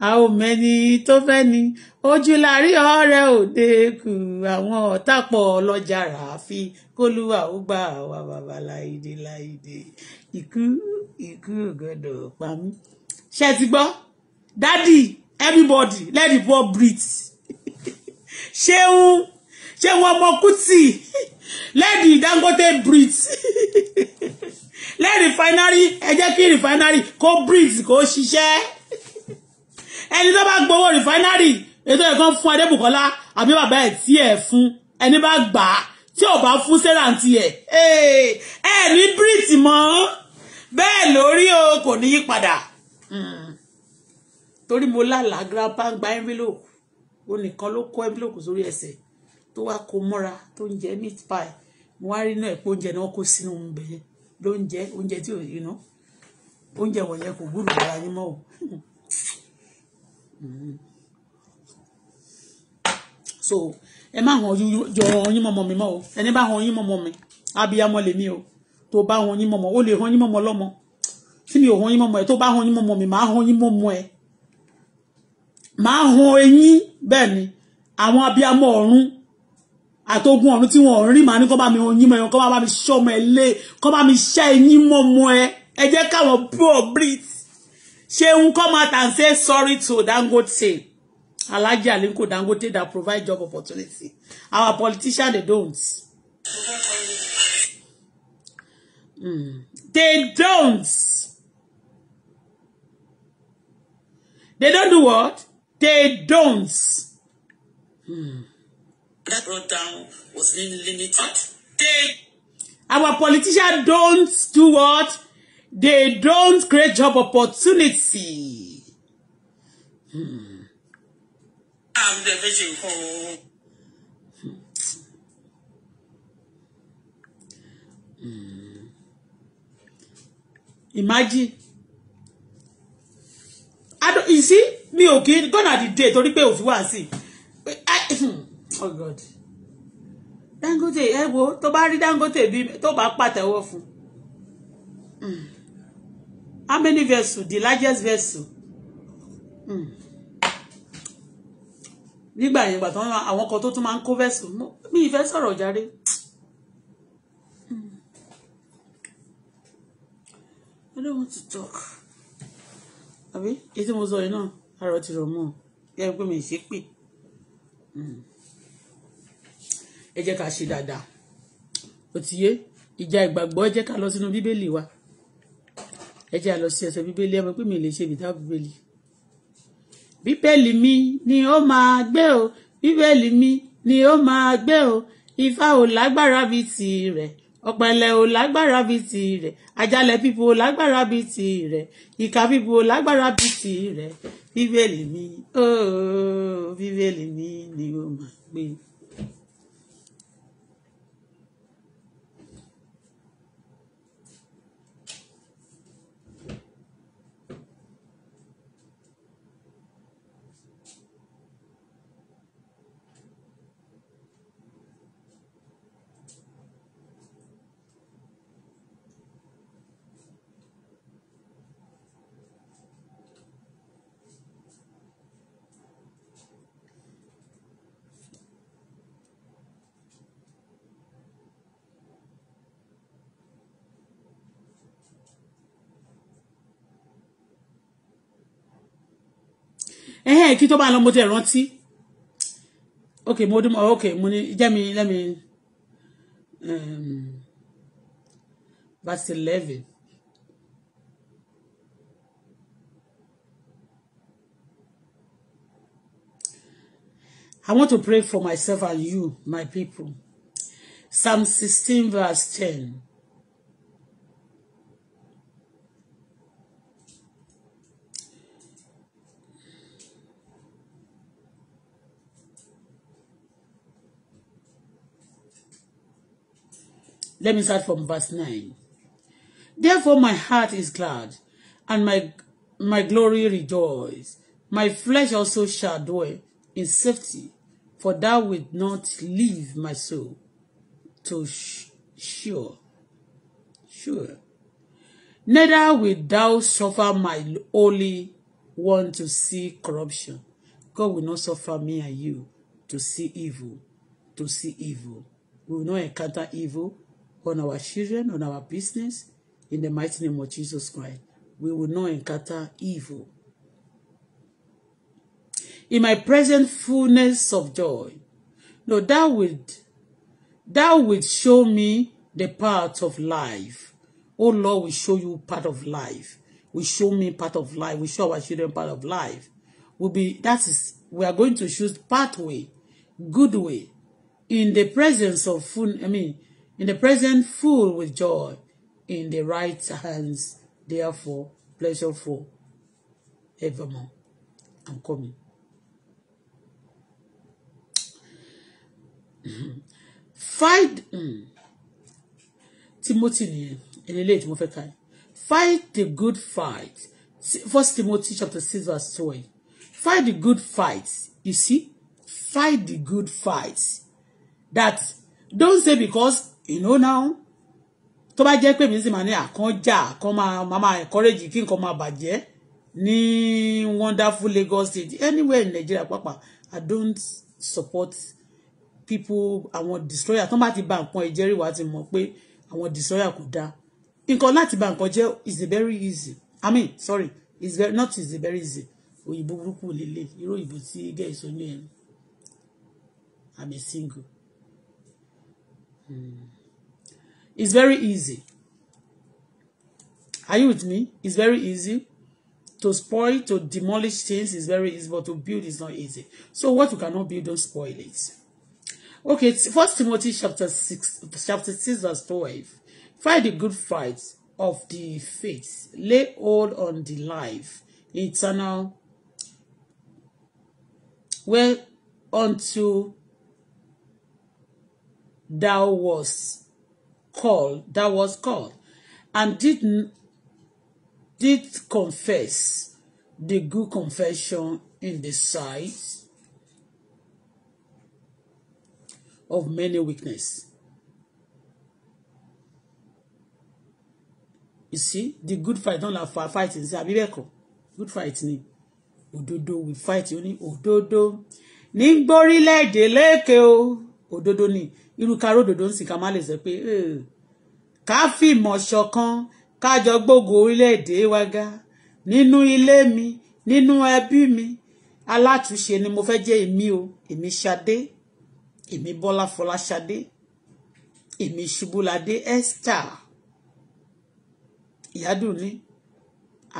How many tó fẹ́ ni ojú la rí ọ̀rẹ́ òde kù àwọn ọ̀tàpọ̀ ọlọ́jà ràáfi kólúwà ó gbà wá bàbá láìdè láìdè ikú ikú gbọ́dọ̀ pa mí. ṣé ti gbọ́ dádì everybody let the poor breathe ṣéun ṣéun ọmọ kùtì let the Dangote breathe let refinery ẹ jẹ́ kí refinery kó breathe kó ṣiṣẹ́ ẹni tó bá gbowó rìfáínárì ètò ẹ̀kan fún adébùkọ́lá àbí bàbá ẹ̀ tí ẹ̀ fún ẹni bá gbà á tí ò bá fún sarah ti ẹ̀ eh, ẹ̀ ní brit mọ́ bẹ́ẹ̀ lórí o kò ní yí padà hmm. torí mo lálàá grandpa ń gba envelope ó nìkan ló kó envelope sórí ẹsẹ̀ tó wá kó mọ́ra tó ń jẹ meat pie mo wá rí náà pé oúnjẹ náà kó sínú oúnjẹ lóúnjẹ oúnjẹ tí ò yín ná oúnjẹ wọ̀nyẹn kò gbúdọ̀ ara yín mọ́ o. so ẹ má hàn yọ ọyún mọ́mọ́ mi mọ́ o ẹni bá hàn ọyún mọ́mọ́ mi abiyamọ lèmi o tó bá hàn ọyún mọ́mọ́ o lè hàn ọyún mọ́mọ́ lọ́mọ tí mi ò hàn ọyún mọ́mọ́ ẹ tó bá hàn ọyún mọ́mọ́ mi máa hàn ọyún mọ́mọ́ ẹ máa hàn eyín bẹ́ẹ̀ ni àwọn abiyamọ ọ̀run àtògùn ọ̀run tí wọ́n rí màá ní kọ́ bá mi oyin mọ́ ẹ̀ kọ́ bá mi ṣọ́mọ ẹ̀ lé kọ́ bá mi ṣẹ́ eyín mọ́mọ́ ẹ ẹ jẹ́ káwọn bro breathe Shehu come out and say sorry to Dangote. Alhaji Aliko Dangote that provide job opportunity. Our politicians, they don't. Mm. They don't. They don't do what? They don't. Mm. That brought down was limited. They, our politicians don't do what? They don't create job opportunity. Hmm. I'm the vision Hmm. Imagine. I don't, you see, me okay, gone are the day, pay pé what I see. Oh God. Dangote, ẹ wo, tó bá rí Dangote bí, tó bá pàtẹ́wọ́ fún. Mm. How many vessels? The largest vessel. Hmm. Nígbà yẹn gbà tán àwọn kan tó tún máa ń kó vessel mi ìfẹ́ sọ̀rọ̀ járe. Hmm. I don't want to talk. Àbí ètò mo sọ yìí náà àrò ti rọ̀ mọ́ ọ yẹ pé mi ṣe pè. Hmm. Ẹ jẹ́ ká ṣe dáadáa. Ó ti yé ìjà ìgbàgbọ́ ẹ jẹ́ ká lọ sínú Bíbélì wa ẹ jẹ́ àlọ́ sí ẹsẹ̀ bíbélì ẹ mọ̀ pé mi lè ṣe bìtá bíbélì bíbélì mi ni ó máa gbé o bíbélì mi ni ó máa gbé o ifá ò lágbára bíi tirẹ̀ ọ̀pẹ̀lẹ̀ ò lágbára bíi tirẹ̀ àjàlẹ̀ pípo ò lágbára bíi tirẹ̀ ìkà pípo ò lágbára bíi tirẹ̀ bíbélì mi ooo oh, bíbélì mi ni ó máa gbé o. ẹ̀hẹ́n kí tó bá lọ mo ti rántí ok mo dún mọ́ ok mo ní jẹ́ mi let me um, verse eleven. I want to pray for myself and you, my people. Psalm 16, verse 10. Let me start from verse 9. Therefore my heart is glad, and my, my glory rejoice. My flesh also shall dwell in safety, for thou wilt not leave my soul to sh sure. Sure. Neither wilt thou suffer my holy one to see corruption. God will not suffer me and you to see evil, to see evil. We will not encounter evil on our children, on our business. In the mighty name of Jesus Christ, we will not encounter evil. In my present fullness of joy, no, that would that would show me the part of life. Oh Lord, we show you part of life. We show me part of life. We show our children part of life. We'll be that is we are going to choose pathway, good way, in the presence of full. I mean, in the present full with joy, in the right hands, therefore, pleasureful evermore. I'm coming. Fight mm, Timothy In eléyìí tí mo fight the good fight First Timothy chapter six verse twelve fight the good fight you see fight the good fight that don't say because you know now tó bá jẹ́ pé mi sì máa ní àkànjà kan máa máa encourage kí nǹkan máa bàjẹ́ ní wonderful Lagos state anywhere in Nigeria pàápàá I don't support people àwọn destroyer tó bá ti ba nǹkan ẹ̀jẹ̀ rí wa ti mọ̀ pé àwọn destroyer kò dáa nǹkan láti ba nǹkan jẹ́ is very easy I mean sorry is very not is very easy òyìnbó burúkú lélẹ̀ irú òyìnbó tí gẹ̀ẹ́ sọ ní ẹ̀rù I'm a single. Mm. It's very easy. Are you with me? It's very easy. To spoil, to demolish things is very easy, but to build is not easy. So what you cannot build, don't spoil it. Okay, First Timothy chapter 6, chapter 6 verse 12. Fight the good fight of the faith. Lay hold on the life, eternal, well, unto thou wast called that was called and did did confess the good confession in the sight of many witnesses. You see, the good fight don't have for fighting. Àbí bẹ́ẹ̀ kọ́, good fight ni. Òdodo we fight, only ní òdodo. Ní gbórílẹ̀-èdè lékè o, òdodo ni irú karó òdòdó ń sìn ká má lè sọ pé ká fìmọ̀ ṣọ̀kan ká jọ gbógo orílẹ̀-èdè wa ga nínú ilé mi nínú ẹbí mi alátúnṣe ni mo fẹ́ jẹ́ èmi o èmi Ṣadé èmi Bọ́lá Fọláṣadé èmi Ṣubúladé Esther ìyádùnní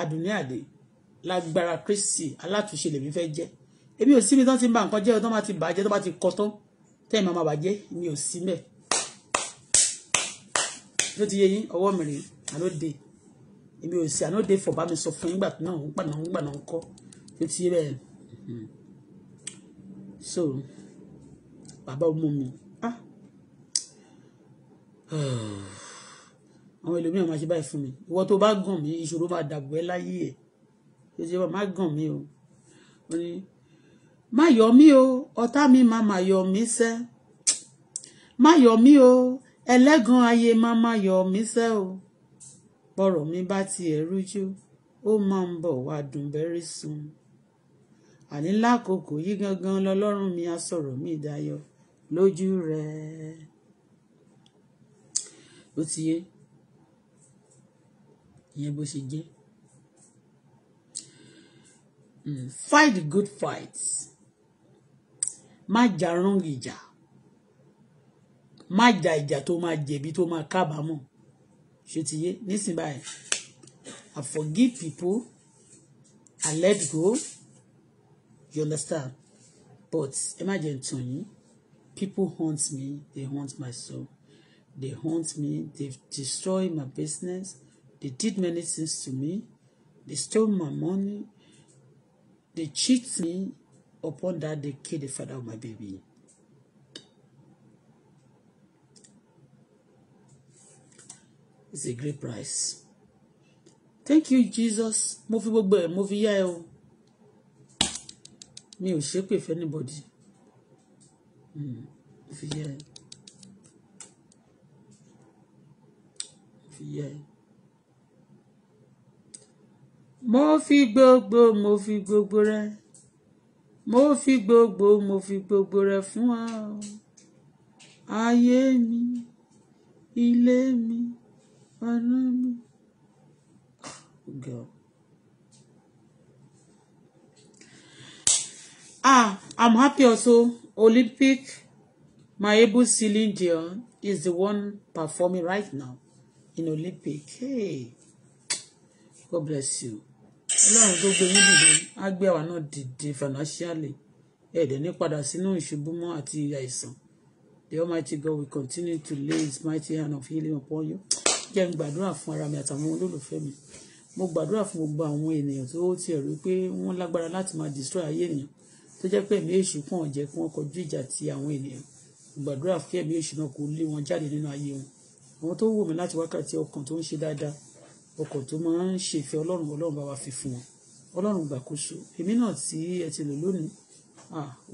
àdùnní àdè lágbára Kristi alátúnṣe lèmi fẹ́ jẹ́ èmi ò síbi tán ti ń ba nǹkan jẹ́ tán bá ti bàjẹ́ tán bá ti kọ tán tẹ́ ẹ̀ máa máa bàjẹ́ mi ò sí mẹ́ ló ti yé yín ọwọ́ mi rèé àló dé èmi ò sí àló dé fọ̀ bá mi sọ fún yígbà náà ń gbà náà ń gbà náà ń kọ́ ló ti yé bẹ́ẹ̀ mm-hmm. so bàbá ọmọ mi ah àwọn ẹlòmíràn máa ṣe báyìí fún mi ìwọ tó bá gàn mí ìṣòro máa dàbò ẹ láyé ẹ ló ti yé bá má gàn mí o ó ní má o ọ̀tá mi máa má yọ sẹ́ má o ẹlẹ́gàn ayé máa má yọ sẹ́ o bọ́rọ̀ mi bá tiẹ̀ rújú ó máa ń bọ̀ wá dùn very soon àní lákòókò yìí gangan lọlọ́run mi á sọ̀rọ̀ mi dayọ̀ lójú rẹ̀ ó ti yé ìyẹn bó ṣe jẹ́ hmm, fight the good fights má jà rán ìjà má jà ìjà tó máa jẹ̀bi tó máa kábàámọ̀ ṣe ti yé nísìnyí báyìí I forgive people I let go you understand but ẹ má jẹ́ ntàn yín people haunt me they haunt my soul they haunt me they destroy my business they did many things to me they stole my money they cheat me Upon that, day, killed the father of my baby. It's a great price. Thank you, Jesus. Movie fi movie ẹ̀, mo fi yá ẹ o. anybody. Hmm, mo fi yá ẹ. Mo fi yá ẹ. Mo fi gbogbo, mo fi gbogbo rẹ̀ mo fi gbogbo mo fi gbogbo rẹ̀ fún ọ ayé mi ilé mi ọ̀nà mi. Ah, I'm happy also. Olympic, my able Celine is the one performing right now in Olympic. Hey, God bless you ọlọ́run tó gbé yín dìde á gbé àwa náà dìde financially ẹ̀ẹ́dẹ̀ ní padà sínú ìṣubú mọ́ àti àìsàn the almighty God will continue to lay his mighty hand of healing upon you jẹ́ n gbàdúrà fún ara mi àtàwọn olólùfẹ́ mi mo gbàdúrà fún gbogbo àwọn ènìyàn tó ti ẹ̀rù pé wọ́n lágbára láti máa destroy ayé ènìyàn tó jẹ́ pé ẹ̀mí èṣù kàn jẹ́ kí wọ́n kọjú ìjà ti àwọn ènìyàn mo gbàdúrà fún ẹ̀mí èṣù náà kó lé wọn jáde nínú ayé wọn àwọn tó wù mí láti wákàtí ọkàn tó ń ṣe dáadáa ọkọ̀ tó máa ń ṣe ìfẹ́ ọlọ́run ọlọ́run bá wa fi fún wọn ọlọ́run gbàkóso èmi náà tí ẹ ti lò lónìí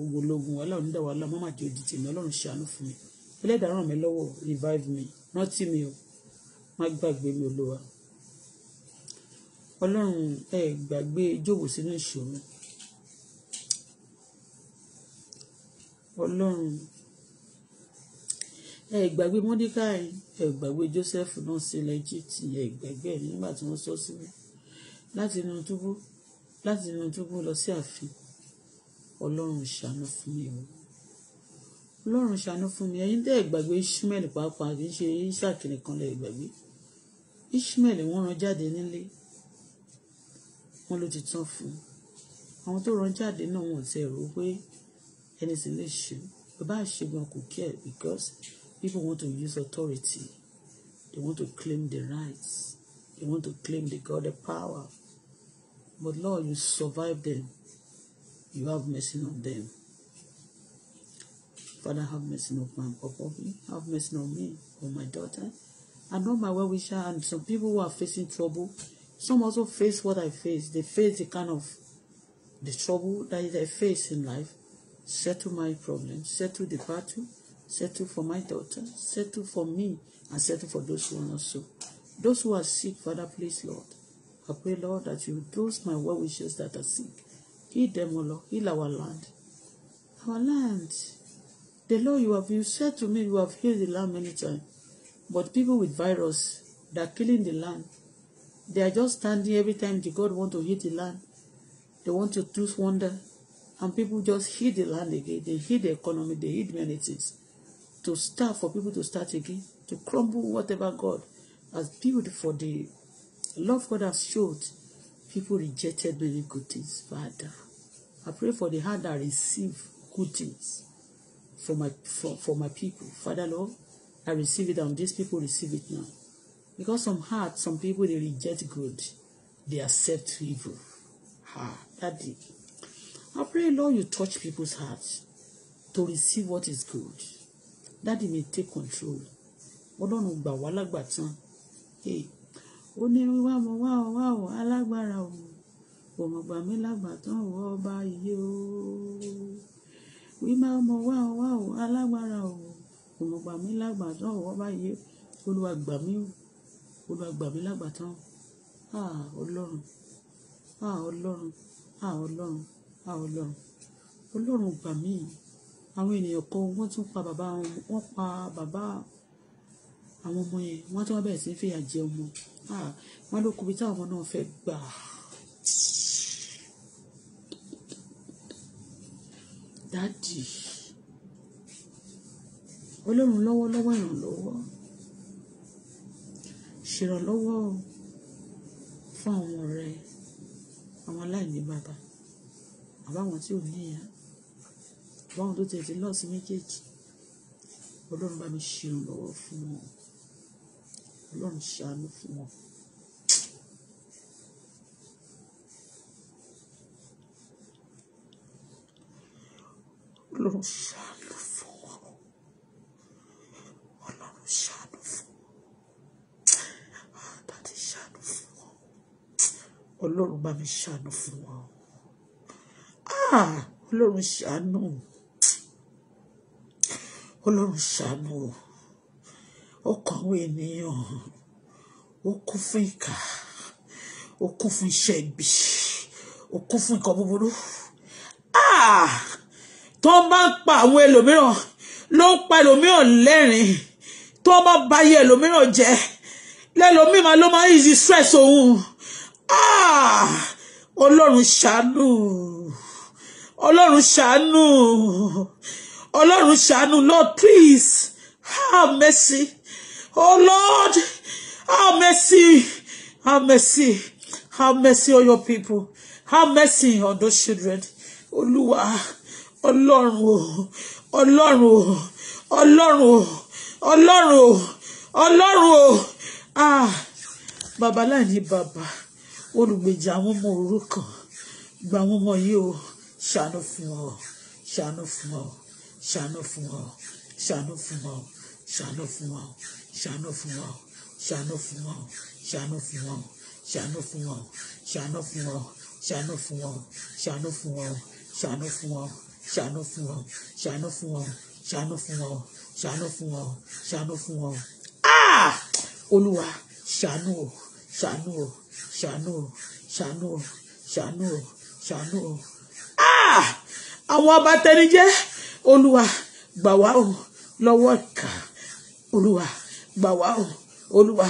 ogun ológun wàhálà onídàá mọ́mà jẹ́ odi tèmi ọlọ́run ṣàánú fún mi ẹlẹ́dàá ràn mí lọ́wọ́ revive me rántí mi o má gbàgbé mi olúwa ọlọ́run ẹ gbàgbé jókòó sínú ìṣòro ọlọ́run ẹ gbàgbé mordecai ẹ gbàgbé joseph náà sí lẹ́jìtì ẹ gbàgbé ẹ nígbà tí wọ́n sọ sílẹ̀ láti inú túbú láti inú túbú lọ sí ààfin ọlọ́run ṣàánú fún mi o ọlọ́run ṣàánú fún mi ẹ̀yin tẹ́ ẹ gbàgbé ishmael pàápàá kì í ṣe isaac nìkan lẹ gbàgbé ishmael wọ́n rán jáde nílé wọ́n ló ti tán fún àwọn tó rán jáde náà wọ́n ti rò pé ẹni sì lè ṣe bàbá àṣegun kò kí ẹ because People want to use authority. They want to claim the rights. They want to claim the God of power. But Lord, you survive them. You have mercy on them. Father, have mercy on my upon me. Have mercy on me, on my daughter, I know my well-wisher, and some people who are facing trouble. Some also face what I face. They face the kind of the trouble that they face in life. Settle my problem. Settle the battle. Settle for my daughter. Settle for me. And settle for those who are not so. Those who are sick, Father, please, Lord. I pray, Lord, that you, those my well wishes that are sick, heal them, O Lord. Heal our land. Our land. The Lord, you have you said to me, you have healed the land many times. But people with virus, they are killing the land. They are just standing every time the God want to heal the land. They want to do wonder. And people just heal the land again. They heal the economy. They heal many things to start for people to start again, to crumble whatever God has built for the love God has showed. People rejected many good things, Father. I pray for the hand that receive good things for my for, for my people. Father Lord, I receive it and these people receive it now. Because some heart, some people they reject good, they accept evil. Ha, daddy. I pray, Lord, you touch people's hearts to receive what is good dáàdì mi take control ọlọ́run gbà wá lágbà tán ó ní wá mo wá o wá o alágbára o kò mọ̀ gbà mí lágbà tán o ọba yìí o wí má mo wá o wá o alágbára o kò mọ̀ gbà mí lágbà tán o ọba yìí olúwa mí o mí lágbà tán o ọlọ́run ọlọ́run ọlọ́run ọlọ́run ọlọ́run gbà mí yìí àwọn ènìyàn kan wọ́n tún pa bàbá wọn wọ́n pa bàbá àwọn ọmọ yẹn wọ́n tún wá bẹ̀rẹ̀ sí í fìyà jẹ ọmọ wọ́n ló kó ibi táwọn ọmọ náà fẹ́ gbà. dáàdì ọlọ́run lọ́wọ́lọ́wọ́ ìrànlọ́wọ́ ṣèrànlọ́wọ́ fún àwọn ọ̀rẹ́ àwọn aláìní bàbá àbáwọn tí ò ní ìyá báwọn tó tiẹ̀ ti lọ́ọ̀sì méjèèjì ọlọ́run bá mi ṣe ìrànlọ́wọ́ fún wọn ọlọ́run ṣàánú fún wọn. ọlọ́run ṣàánú fún wọn ọlọ́run ṣàánú fún wọn àtàtì ṣàánú fún wọn ọlọ́run bá mi ṣàánú fún wọn ah! ọlọ́run ṣàánú ọlọ́run ṣàánú ọkàn àwọn ènìyàn ó kún fún ìkà ó kún fún iṣẹ́ ibi ó kún fún nǹkan búburú ah! tó bá ń pa àwọn ẹlòmíràn ló ń pa ẹlòmíràn lẹ́rìn tó bá ba ayé ẹlòmíràn jẹ́ lẹ́lòmíràn ló máa ń yí stress òun ah! ọlọ́run ṣàánú ọlọ́run ṣàánú ọlọ́run ṣàánú lord please how mercy oh lord how mercy how mercy how mercy on your people how mercy on those children olúwa ọlọ́run o ọlọ́run o ọlọ́run o ọlọ́run o ọlọ́run o ah bàbá láìní bàbá olùgbèjà àwọn ọmọ òrukàn gba àwọn ọmọ yìí o ṣàánú fún ọ ṣàánú fún ọ ṣàánú fún wa o ṣàánú fún wa o ṣàánú fún wa o ṣàánú fún wa o ṣàánú fún wa o ṣàánú fún wa o ṣàánú fún wa o ṣàánú fún wa ṣàánú fún wa ṣàánú fún wa ṣàánú fún wa ṣàánú fún wa ṣàánú fún wa ṣàánú fún wa ṣàánú fún wa ṣàánú fún wa o ah olúwa ṣàánú o ṣàánú o ṣàánú o ṣàánú o ṣàánú o ṣàánú o ah àwọn ọba tẹni jẹ́ olúwa gbà wá o lọ́wọ́ ìkà olúwa gbà wá o olúwa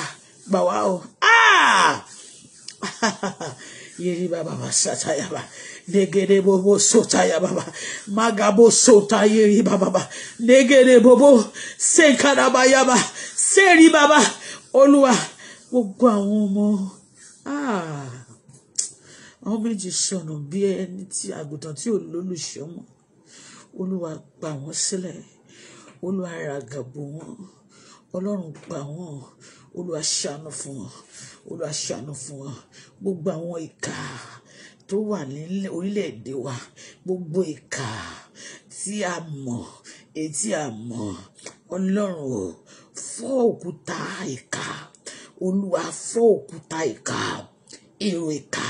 gbà wá o ah! yeri baba ba sata yaba negere bobo sota yaba ba magabo sota yeri baba ba negere bobo sekara ba seri baba Olua gbogbo àwọn ọmọ àwọn ah! méjì sọnù bí ẹni tí àgùntàn tí ò lólùṣọ́ olúwa gbà wọ́n sílẹ̀ olúwa ràgàbò wọn ọlọ́run gbà wọ́n olúwa ṣàánú fún wọn olúwa ṣàánú fún wọn gbogbo àwọn ìkà tó wà ní orílẹ̀-èdè wa gbogbo ìkà tí a mọ̀ etí a mọ̀ ọlọ́run o fọ́ òkúta ìkà olúwa fọ́ òkúta ìkà èrò ìkà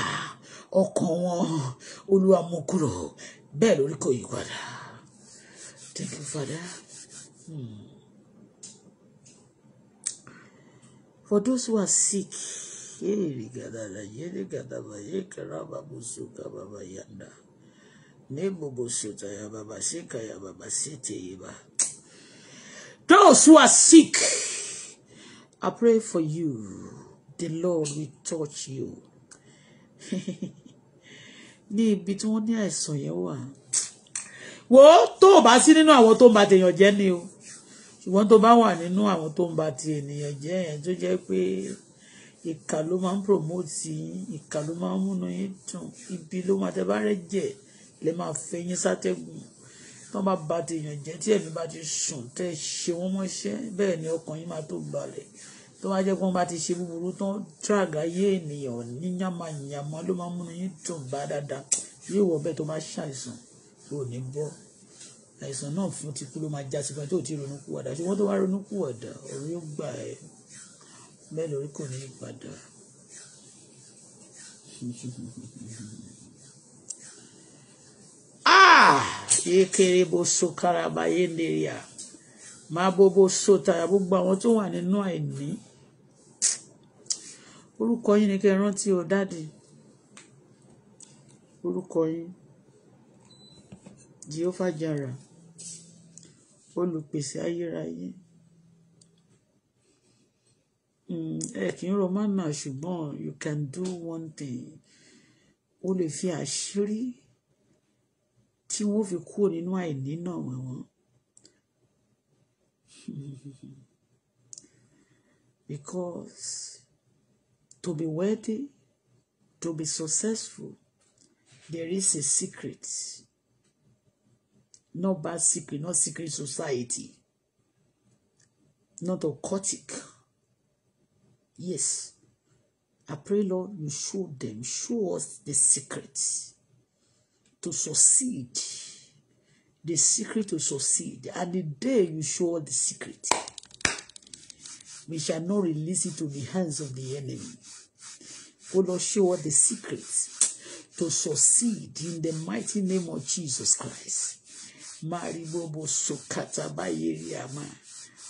ọkàn wọn olúwa mú kúrò bẹ́ẹ̀ lórí kò yí padà. Thank you, Father. Hmm. For those who are sick, those who are sick, I pray for you. The Lord will touch you. ní ibi tí wọ́n ní àìsàn wo tó o bá sí nínú àwọn tó ń ba tèèyàn jẹ́ ni o ṣùgbọ́n tó bá wà nínú àwọn tó ń ba ti ènìyàn jẹ́ yẹn tó jẹ́ pé ìkà ló máa ń promote yín ìkà ló máa ń múnú yín dùn ibi ló máa tẹ bá rẹ jẹ lẹ máa fẹ́ yín sátẹ́gùn tó bá ba tèèyàn jẹ́ tí ẹ̀mí bá ti sùn tẹ́ ṣe wọ́n mọ́ṣẹ́ bẹ́ẹ̀ ni ọkàn yín máa tó balẹ̀ tó bá jẹ́ pé wọ́n bá ti ṣe búburú tán drag ayé ènìyàn ní yàmàyàmà ló máa ń múnú yín dùn bá dáadáa yóò wọ tó bá ṣàìsàn yóò ní bọ́ àìsàn náà fún ti kú ló máa já sí fún ẹ tó ti ronú kú wàdà ṣùgbọ́n tó wá ronú kú wàdà orí ó gbà ẹ́ bẹ́ẹ̀ lórí kò ní ìpadà. Ah! yékèrè bó so karaba yé nìyà máa bó bó so tara gbogbo àwọn tó wà nínú àìní orúkọ yín ni kẹ́ rántí o dáàdì orúkọ yín Jehovah Jireh olùpèsè ayérayé hmm, ẹ kì í romana ṣùgbọ́n you can do one thing o lè fi àṣírí tí wọ́n fi kúrò nínú àìní náà wẹ̀ wọ́n because to be worthy to be successful there is a secret not bad secret not secret society not occultic yes I pray Lord you show them show us the secret to succeed the secret to succeed and the day you show us the secret we shall not release it to the hands of the enemy. O oh, Lord, show us the secret to succeed in the mighty name of Jesus Christ maribobo sokata bayeriama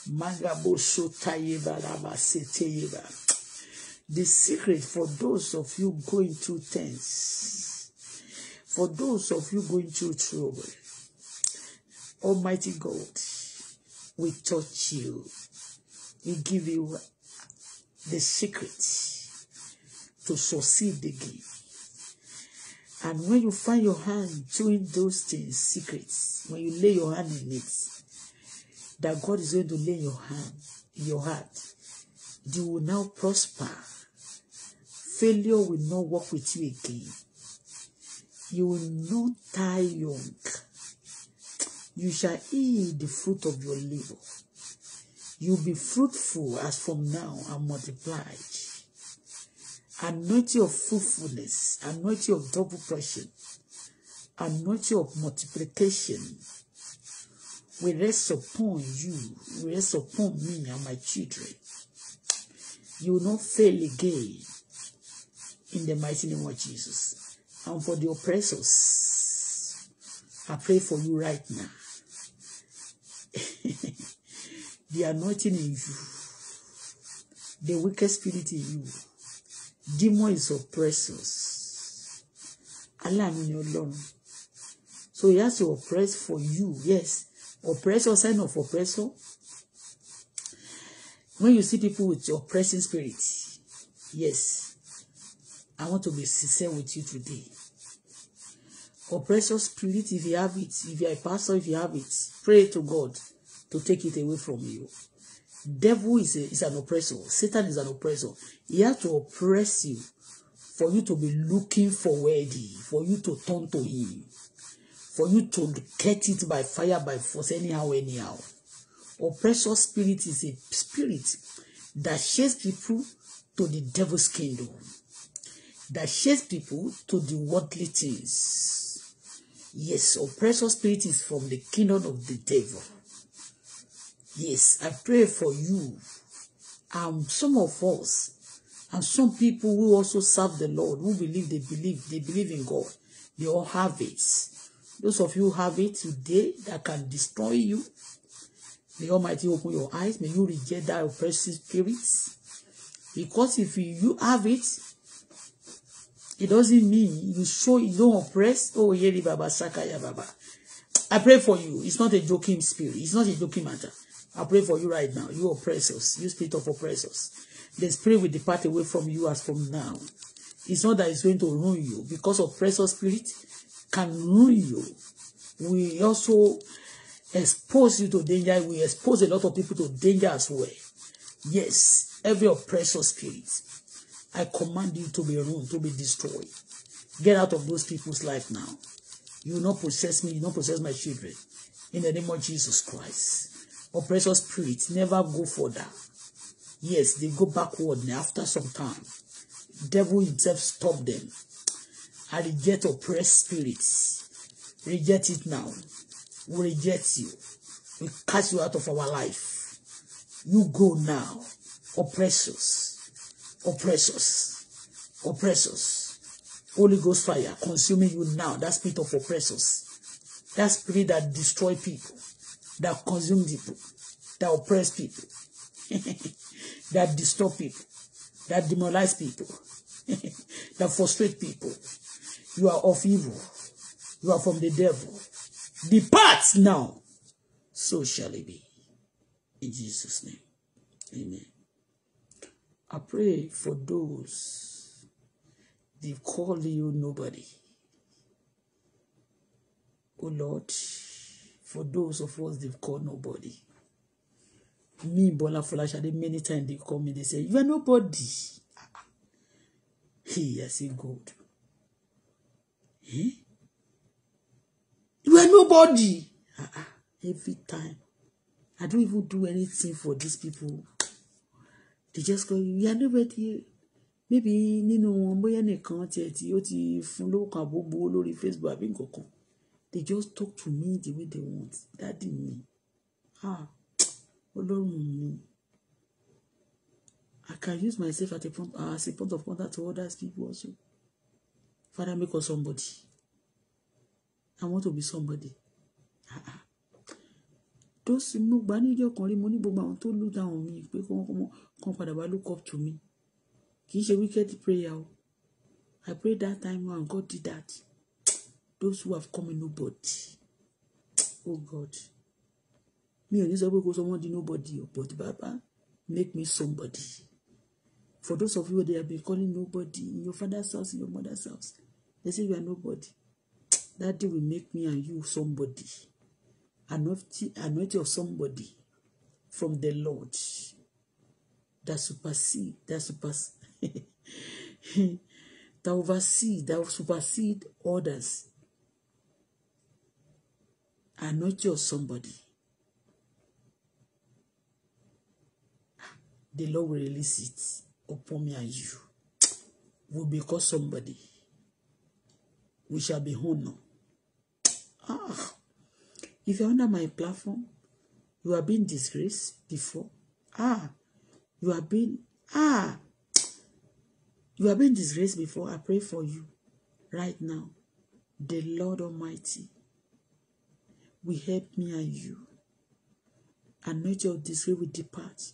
magabo sotayeba labaseteyeba the secret for those of you going through things for those of you going through trouble almighty god we touch you we give you the secret to succeed again and when you find your hand doing those things secrets when you lay your hand in it, that God is going to lay your hand, your heart, you will now prosper. Failure will not work with you again. You will not die young. You shall eat the fruit of your labor. You'll be fruitful as from now and multiplied. Anointing of fruitfulness, anointing of double blessing. anointing of multiplication will rest upon you, will rest upon me and my children. You will not fail again in the mighty name of Jesus. And for the oppressors, I pray for you right now. the anointing in you, the wicked spirit in you, demon is oppressors. Aláàánú ni Ọlọ́run. So he has to oppress for you. Yes. oppressor sign of oppressor. When you see people with oppressing spirit, yes. I want to be sincere with you today. Oppressor spirit, if you have it, if you are a pastor, if you have it, pray to God to take it away from you. Devil is, a, is an oppressor. Satan is an oppressor. He has to oppress you for you to be looking for worthy, for you to turn to him for you to get it by fire, by force, anyhow, anyhow. Oppressor spirit is a spirit that shakes people to the devil's kingdom, that shakes people to the worldly things. Yes, oppressor spirit is from the kingdom of the devil. Yes, I pray for you and some of us and some people who also serve the Lord, who believe they believe, they believe in God. They all have it Those of you have it today that can destroy you. May Almighty open your eyes. May you reject that oppressive spirit. Because if you have it, it doesn't mean you show you don't oppress. Oh, Yeri Baba Sakaya Baba. I pray for you. It's not a joking spirit. It's not a joking matter. I pray for you right now. You oppressors. You spirit of oppressors. The spirit will depart away from you as from now. It's not that it's going to ruin you because of oppressor spirit can ruin you. We also expose you to danger. We expose a lot of people to danger as well. Yes, every oppressor spirit, I command you to be ruined, to be destroyed. Get out of those people's life now. You will not possess me, you will not possess my children. In the name of Jesus Christ. Oppressor spirits never go further. Yes, they go backward after some time. Devil himself stop them. I reject oppressed spirits. Reject it now. We reject you. We cast you out of our life. You go now. Oppressors. Oppressors. Oppressors. Holy Ghost fire consuming you now. That spirit of oppressors. That spirit that destroy people. That consume people. That oppress people. that disturb people. That demoralize people. that frustrate people. You are of evil. You are from the devil. Depart now. So shall it be. In Jesus' name. Amen. I pray for those they call you nobody. Oh Lord, for those of us they've called nobody. Me, Bola they many times they call me, they say, You are nobody. Ah, ah. He, I say, good. Hmm? You are nobody. Uh-uh. Every time. I don't even do anything for these people. They just go, you are nobody. Maybe nínú wọn bóyá nìkan tiẹ̀ tí ó ti fún lówó kan àbógbó lórí Facebook àbí nǹkan kan. They just talk to me the way they want. Dádì mi. Ah, Ọlọ́run mi. I can use myself as a point, as a point of contact to others people also. Father, make us somebody. I want to be somebody. Tó sì mú gbà níjọ́ kan rí mo ní gbogbo àwọn tó lù dáhùn mi pé kàn padà wá look up to me. Kì í ṣe wicked prayer o. I prayed that time and God did that. Those who have come in nobody. Oh God. Mi ò ní sọ pé kó sọ wọ́n di nobody o, but Baba make me somebody. For those of you, who they have been calling nobody in your father's house, in your mother's house. They say you are nobody. That day will make me and you somebody. Anointing, anointing of somebody from the Lord that supersede, that supersede, that oversee, that supersede others. Anointing of somebody. The Lord will release it upon me and you we'll be called somebody. We shall be honored. Ah, if you're under my platform, you have been disgraced before. Ah, you have been ah, you have been disgraced before. I pray for you right now. The Lord Almighty will help me and you. Anoint of disgrace will depart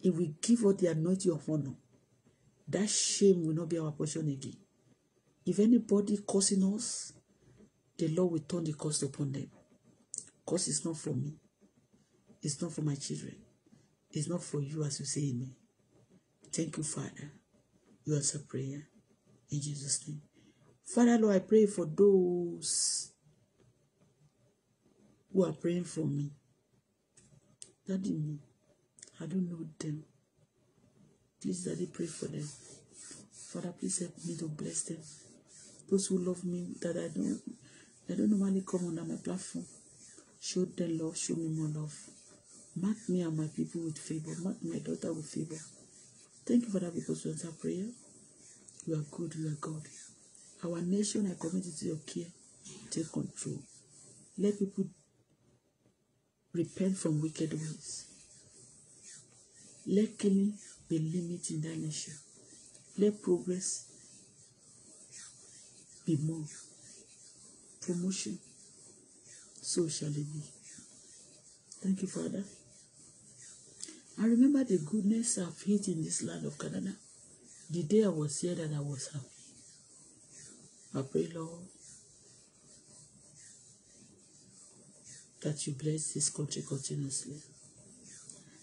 He will give us the anointing of honor. That shame will not be our portion again. If anybody cursing us, the Lord will turn the curse upon them. Curse is not for me. It's not for my children. It's not for you as you say amen. Thank you, Father. You answer prayer. In Jesus' name. Father, Lord, I pray for those who are praying for me. Daddy, me. I don't know them. Please, Daddy, pray for them. Father, please help me to bless them. Those who love me that I don't, I don't normally come under my platform. Show them love. Show me more love. Mark me and my people with favor. Mark my daughter with favor. Thank you, Father, because you answer prayer. You are good. You are God. Our nation, I commit it to your care. Take control. Let people repent from wicked ways. Let killing be limited in that nation. Let progress be more. Promotion. So shall it be. Thank you, Father. I remember the goodness I've hit in this land of Canada. The day I was here that I was happy. I pray, Lord, that you bless this country continuously.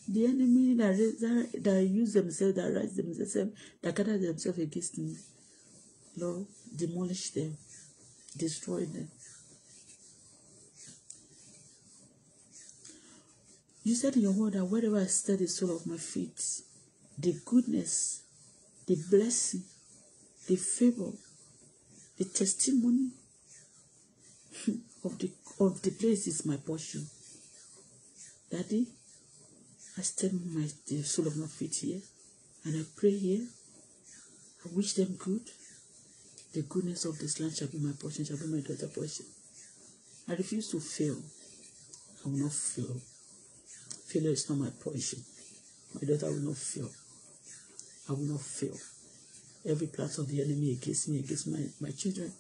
The enemy that, that, that use themselves, that rise themselves, that gather themselves against me, Lord, demolish them, destroy them. You said in your word that wherever I stand, the sole of my feet, the goodness, the blessing, the favor, the testimony of the of the place is my portion. Daddy, I stand my the soul of my feet here and I pray here. I wish them good. The goodness of this land shall be my portion, shall be my daughter's portion. I refuse to fail. I will not fail. Failure is not my portion. My daughter will not fail. I will not fail. Every plot of the enemy against me, against my, my children,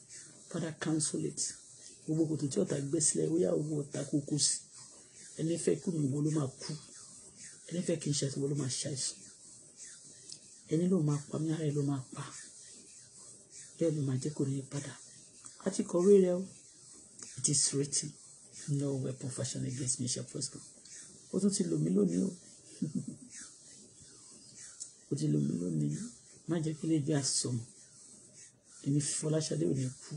Father, cancel it. ẹni fẹ́ kí n ṣàìsàn wo ló máa ṣàìsàn ẹni ló máa pa mí ara ẹ ló máa pa bẹ́ẹ̀ ló máa jẹ́ ní padà a ti kọ̀wé rẹ o it is written no weapon fashioned against me shall prosper o tún ti lò mí lónìí o o ti lò mí lónìí má jẹ́ kí lè jẹ́ àsọmù èmi Fọláṣadé ò ní kú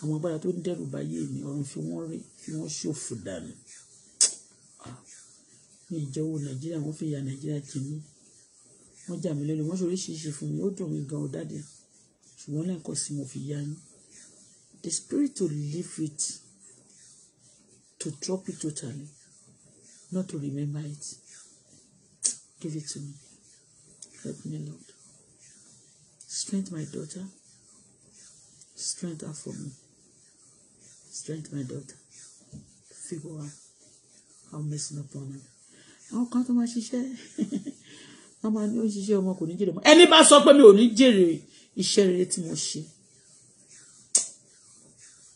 àwọn agbára tó ń dẹ́rù báyé mi ọ̀run fi wọ́n rí fi wọ́n ṣòfò dànù ah ní ìjọwọ́ nàìjíríà wọ́n fi ya nàìjíríà jẹ wọ́n jà mí lẹ́nu wọ́n ṣe oríṣiríṣi fún mi ó dùn mí gan ọ̀dàdì ṣùgbọ́n lẹ́ẹ̀kan sí mo fi yá yín the spirit to leave it to drop it totally not to remember it give it to me help me Lord strength my daughter strength her for me strength my daughter figure out how I'm messing up on her àwọn kan tó máa ṣiṣẹ́ wọ́n máa ní ó ń ṣiṣẹ́ ọmọ kò ní jèrè mọ́ ẹni bá sọ pé mi ò ní jèrè iṣẹ́ rere tí mo ṣe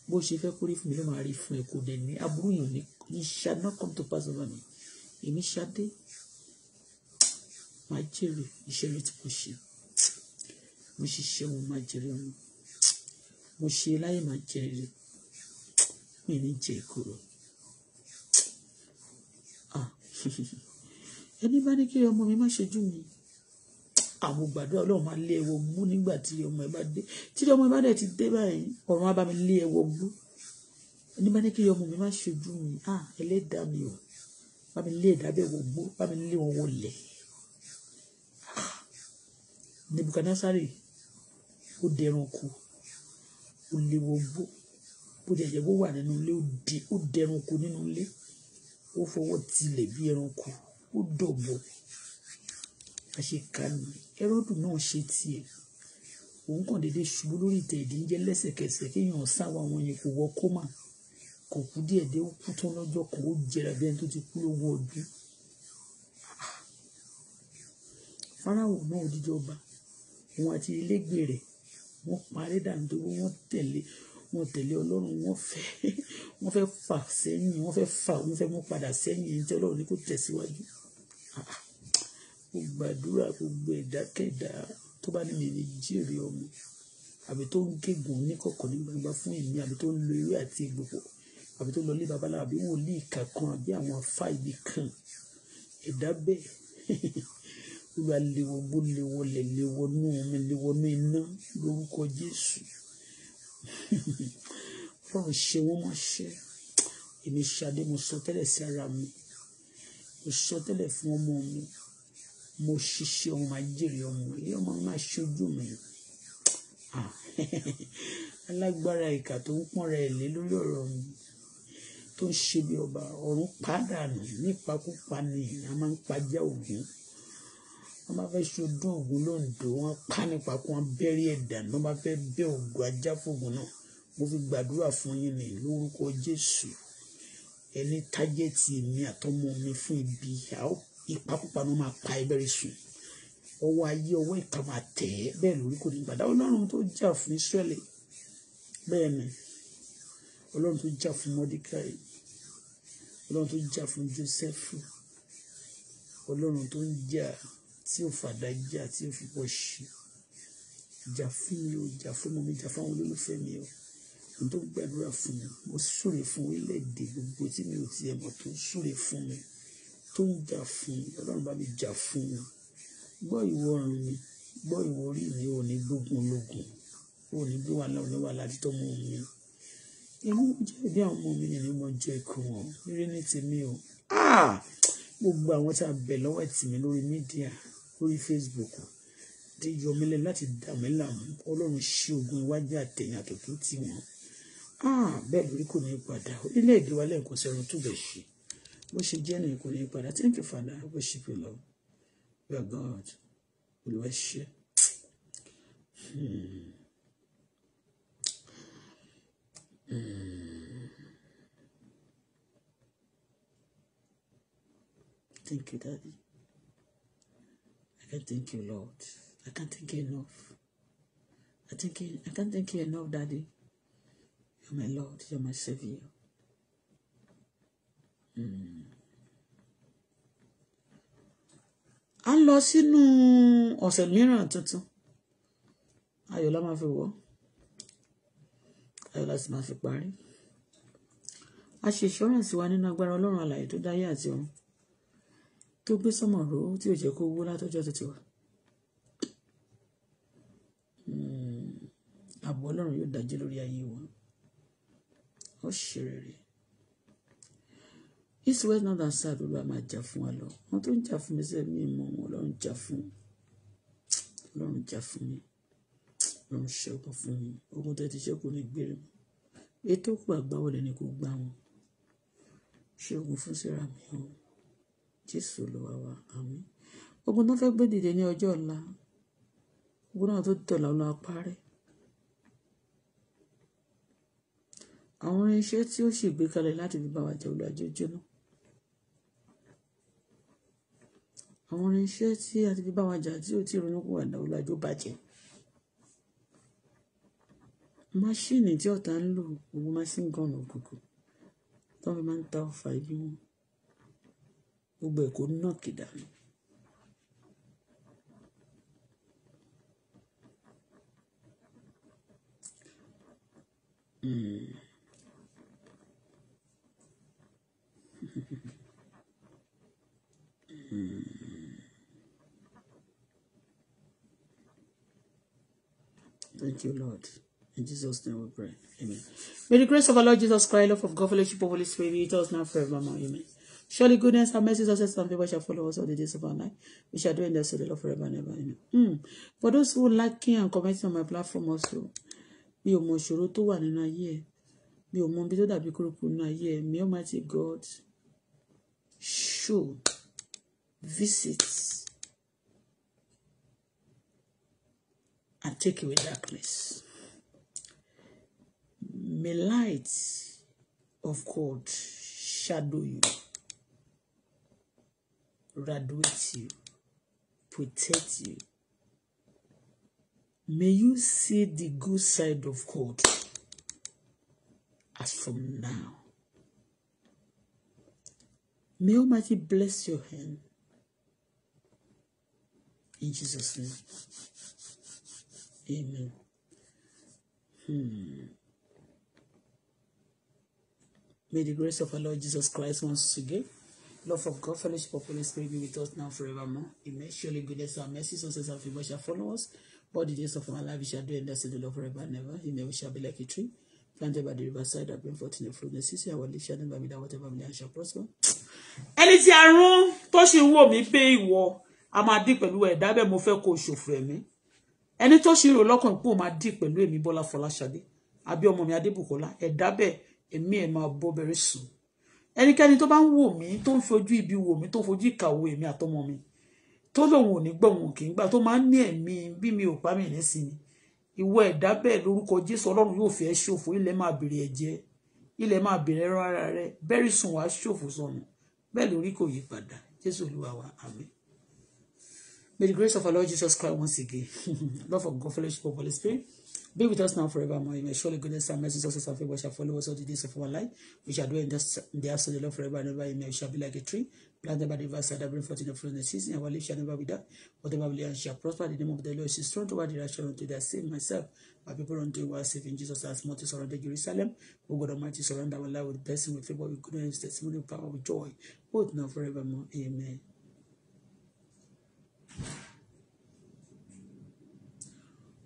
bó ṣe fẹ́ kórè fún mi ló máa rí fún ẹ kò dẹ̀ ní aburú yàn ní you not come to pass over me èmi ṣadé máa jèrè iṣẹ́ rere tí mo ṣe mo ṣiṣẹ́ wọn máa jèrè wọn mo ṣe láyé máa jèrè mi ní jẹ ìkorò. ẹni bá ní kí ọmọ mi má ṣe jù mí àwọn gbàdúrà ọlọ́run máa lé ẹwọ mú nígbà tí ọmọ ẹ bá dé tí ọmọ ẹ bá dẹ̀ ti dé báyìí ọ̀run á bá mi lé ẹwọ mú ẹni bá ní kí ọmọ mi má ṣe jù mí à ẹlẹ́dàá mi ò bá mi lé ẹ̀dá bẹ́ẹ̀ wọ mú bá mi lé wọn wọlé ah! nebukadnasari ó dẹran kú ó lé wọ bó jẹjẹ bó wà nínú ilé ó dẹran kú nínú ilé ó fọwọ́ tilẹ̀ bí ẹranko ó dọ̀bọ àṣekánu ẹrọ́dù náà ṣe tiẹ̀ òun kàn déédéé ṣubú lórí ìtẹ̀ ìdíjẹ́ lẹ́sẹ̀kẹsẹ̀ kéèyàn sáwọn àwọn yẹn kò wọ kómà kò kú díẹ̀ dé ó kú tán lọ́jọ́ kan ó jẹrà bí ẹni tó ti kú lówó ọdún fáráwò náà òdìjọba òun àti ilégbè rẹ̀ wọ́n parí dàǹdóró wọ́n tẹ̀lé wọ́n tẹ̀lé ọlọ́run wọ́n fẹ́ wọ́n fẹ́ fà sẹ́yìn wọ́n fẹ́ fà wọ́n fẹ́ mú padà sẹ́yìn ẹni tí ọlọ́run ní kò tẹ̀síwájú ah, gbogbo àdúrà gbogbo ìdákẹ́dá tó bá ní mi ní jèrè ọmọ àbí tó ń gégùn níkọ̀kọ̀ ní gbangba fún èmi àbí tó ń lo ewé àti egbò pọ̀ àbí tó lọ lé babaláwo àbí wòlíì kankan àbí àwọn afá ibi kan ẹ̀dá bẹ́ẹ̀ olùwà léwọ́ gbó léwọ́ lẹ̀ léwọ́ nú omi léwọ́ nú iná lórúkọ Jésù fọlọ́n ṣe wọ́n mọ́ ṣe èmi ṣadé mo sọ tẹ́lẹ̀ sí ara mi mo sọ tẹ́lẹ̀ fún ọmọ mi mo ṣiṣẹ́ ọmọ ajẹ́rìí ọmọ ilé ọmọ mi máa ṣojú mi alágbára ìkà tó ń pọ́nra ẹ̀ lé lórí ọ̀rọ̀ mi tó ń ṣe bí ọba ọ̀run padà nípa kópa ni a máa ń pajá ògún wọ́n bá fẹ́ ṣọdún ògùn lóńdó wọ́n pa nípa kó wọ́n bẹ́rí ẹ̀dà ní wọ́n bá fẹ́ bẹ́ ògùn ajá fògùn náà mo fi gbàdúrà fún yín ní lórúkọ Jésù ẹni tájẹ́tì mi àtọmọ mi fún ibi ìpakúpa ni wọ́n máa pa ẹ bẹ́rẹ̀ sùn ọwọ́ ayé ọwọ́ ìka máa tẹ̀ ẹ́ bẹ́ẹ̀ lórí kò ní gbàdá ọlọ́run tó jà fún Ísírẹ́lì bẹ́ẹ̀ ni ọlọ́run tó jà fún Mọ́díkàì ọlọ́run tó jà fún Jósẹ́fù ọlọ́run tó ń jà fún tí ò fàdá jà tí ò fipọ̀ ṣe jà fún mi o jà fún ọmọ mi jà fún àwọn olólùfẹ́ mi o n tó gbàdúrà fún mi mo súre fún orílẹ̀-èdè gbogbo tí mi ò tiẹ̀ mọ̀ tó súre fún mi tó ń jà fún mi ọlọ́run bá mi jà fún mi gbọ́ ìwọ ọrùn mi gbọ́ ìwọ orí mi ò ní gbógun ológun ò ní gbé wàhálà òní wàhálà títọ́ mọ́ mi inú jẹ̀bi àwọn ọmọ mi nìyẹn mo jẹ́ ikú wọn eré ní tèmi o ah! gbogbo àwọn tí a bẹ̀ lọ́wọ́ ẹ̀tì mi lórí mídíà lórí Facebook tí yọ mí lẹ́nu láti dà mí láàmú ọlọ́run ṣí ogun iwájú àtẹ̀yìn àtòkè tì wọ́n ah, bẹ́ẹ̀ lórí kò ní padà orílẹ̀-èdè wa lẹ́ẹ̀kan sẹ́run tó bẹ̀ ṣe bó ṣe jẹ́ nìyẹn kò ní padà thank you Father worship you Lord you are God olùwẹ̀ ṣe. Hmm. Hmm. Thank you, Daddy. I thank you, Lord. I can't thank you enough. I thank you. I can't thank you enough, Daddy. You're my Lord. You're my Savior. Mm. a lọ sínú ọ̀sẹ̀ mìíràn tuntun ayọ̀ la máa fi wọ̀ ayọ̀ la sì máa fi parí a ṣe ìṣọ́ràn sí wa nínú agbára ọlọ́run alààyè tó dáyé àti ọ̀run tó gbé sọmọ ró tí ò jẹ́ kó wó látọjọ́ tó ti wà ààbò hmm, Ọlọ́run yóò dájú lórí ayé wọn ó ṣe rere east west north and south olúwa máa jà fún wa lọ wọn tó ń jà fún mi sẹ́ẹ̀ mí mọ́ wọn Ọlọ́run jà fún Ọlọ́run jà fún mi Ọlọ́run ṣẹ́gun fún mi ogun tó ti ṣẹ́gun ní gbére mi ètò kù àgbáwọlẹ̀ ni kò gbá wọn ṣẹ́gun fún síra mi ọ̀hún jésù olúwa wa àmín ogun náà fẹ́ gbé dìde ní ọjọ́ ọ̀la ogun náà tó dọ̀là ọ̀la parẹ́ àwọn irinṣẹ́ tí ó sì gbé kalẹ̀ láti fi bá wa jẹ olùdájọ́ jóná àwọn irinṣẹ́ tí a ti fi bá wa jà tí ò tí ì ronú kó wà náà olùdájọ́ bàjẹ́ máṣíìnì tí ọ̀tá ń lò ogun máṣíìnì gan-an òkùnkùn tó fi máa ń ta ọ̀fà ibi wọn gbogbo ẹ̀ kó ná kìdánù. Thank you, Lord. In Jesus' name we pray. Amen. May the grace of our Lord Jesus Christ, love of God, fellowship of Holy Spirit, be with us now forevermore. Amen. Surely goodness and mercy, success, and favor shall follow us all the days of our life. We shall do in the city of forever and ever. Amen. Mm. For those who like and comment on my platform also, mi ò mọ ìṣòro tó wà nínú ayé ẹ mi ò that be tó dàbí kúrúkú nínú ayé ẹ may Almighty God show visits and take away darkness may light of God shadow you graduate you, protect you. May you see the good side of God as from now. May Almighty bless your hand. In Jesus' name. Amen. Hmm. May the grace of our Lord Jesus Christ once again Love of God, fellowship of Holy Spirit be with us now forevermore. Amen. Surely goodness and mercy, success and favor shall follow us. All the days of our life we shall do and that's the Lord forever and ever. Amen. We shall be like a tree planted by the riverside that bring forth in the fruit of the season. Our leaf shall never be that whatever we shall prosper. Ẹni tí àrùn tó ṣe wò mí pé ìwọ a máa dì pẹ̀lú ẹ̀dá bẹ́ẹ̀ mo fẹ́ kó ṣòfò ẹ̀mí. Ẹni tó ṣe rò lọ́kàn pé ó máa dì pẹ̀lú èmi Bọ́lá Fọláṣadé àbí ọmọ mi Adébùkọ́lá ẹ̀dá bẹ́ẹ̀ èmi ẹ̀ máa bọ́ bẹ̀rẹ̀ sùn ẹnikẹ́ni tó bá ń wò mí tó ń fojú ibi wò mí tó ń fojú ìkà wò èmi àtọmọ mi tó lòun ò ní gbọ́ òun kì í gbà tó máa ń ní ẹ̀mí bí mi ò pa mí nísìnyí ìwọ ẹ̀dá bẹ́ẹ̀ lórúkọ Jésù Ọlọ́run yóò fi ẹ́ ṣòfò ilẹ̀ máa bèrè ẹ̀jẹ̀ ilẹ̀ máa bèrè ẹran ara rẹ bẹ́ẹ̀rì sùn wá ṣòfò sọnù bẹ́ẹ̀ lórí kò yí padà Jésù Olúwa wa àmín. May the grace of our Lord Jesus Christ once again, love of God, fellowship of Holy Spirit. Be with us now forevermore. You may surely goodness and mercy, success and favor shall follow us all the days of our life. We shall dwell in the, house of the Lord forever and ever. Amen. We shall be like a tree planted by the riverside that bring forth in the fruit of the season. Our leaf shall never be dark. Whatever we learn shall prosper. In the name of the Lord. She strong toward the righteous unto their save myself. My people unto you are safe in Jesus as much as surrounded Jerusalem. O God Almighty, surround our life with blessing, with favor, with goodness, testimony, with power, with joy. Both now forevermore. Amen.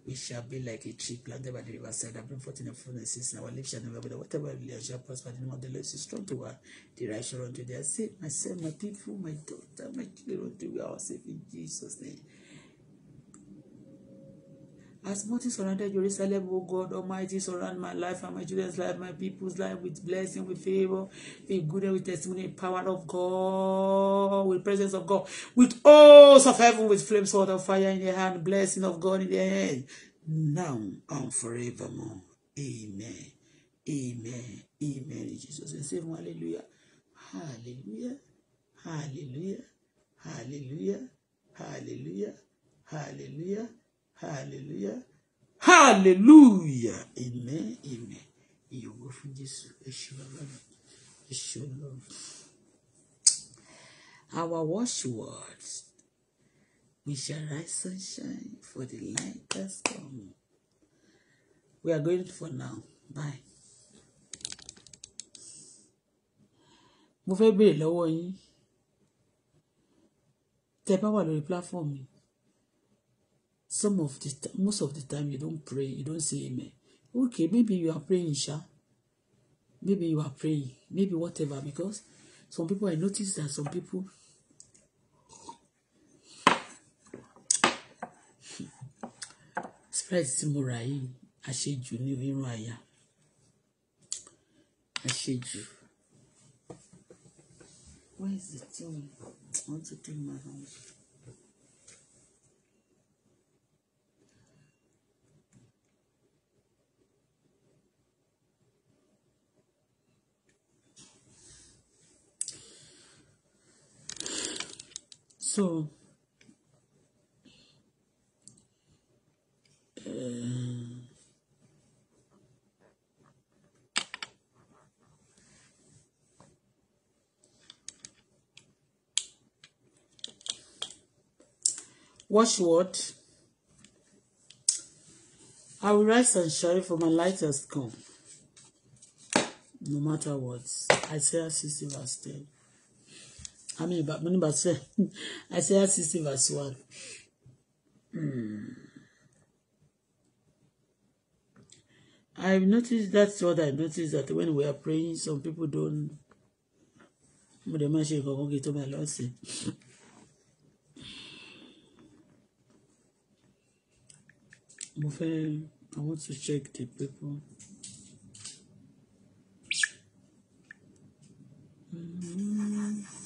We shall be like a tree planted by the riverside that bring forth in the fullness season. Our lips shall never be the whatever we shall prosper. The name of the Lord is strong to her. The right shall run to their safe. son my people, my daughter, my children, to our safe in Jesus' name. As nothing surrounded Jerusalem, O God Almighty, surround my life and my children's life, my people's life with blessing, with favor, with goodness, with testimony, power of God, with presence of God, with hosts of heaven, with flames, sword of fire in the hand, blessing of God in the hand, now and forevermore. Amen. Amen. Amen. In Jesus' name, say hallelujah. Hallelujah. Hallelujah. Hallelujah. Hallelujah. Hallelujah hallelujah hallelujah amen amen ìyòwò fún jésù èṣù ọlọ́run èṣù ọlọ́run our watchwords we shall rise and shine for the light has come we are going for now bye. mo fẹ́ béèrè lọ́wọ́ yín tẹ́ bá wà lórí platform mi some of the most of the time you don't pray you don't say amen okay maybe you are praying sha maybe you are praying maybe whatever because some people I notice that some people spread tí mo rà irun àyà àṣejù where is the thing I want to clean my house. so uh, watch what I will rise and shine for my light has come no matter what Isaiah 60 verse 10 I mean, but many number I Isaiah 60 verse 1. Hmm. I've noticed that's what I noticed that when we are praying, some people don't. Mo dẹ̀ máa ṣe nǹkan kan kí I want to check the people. Mm-hmm.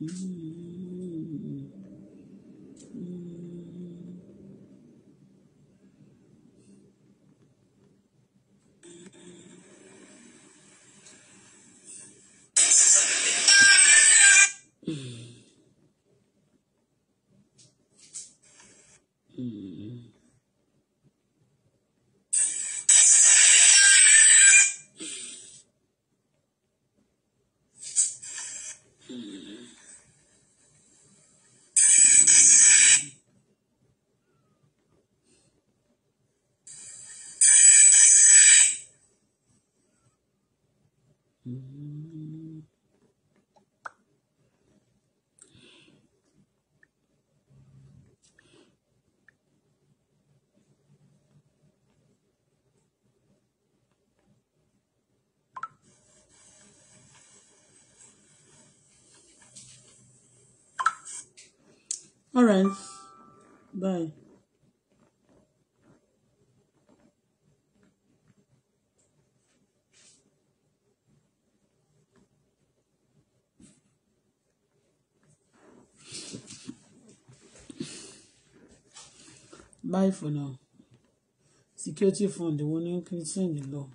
嗯嗯。All right. Bye. Bye for now. Security fund, the one you can send the law.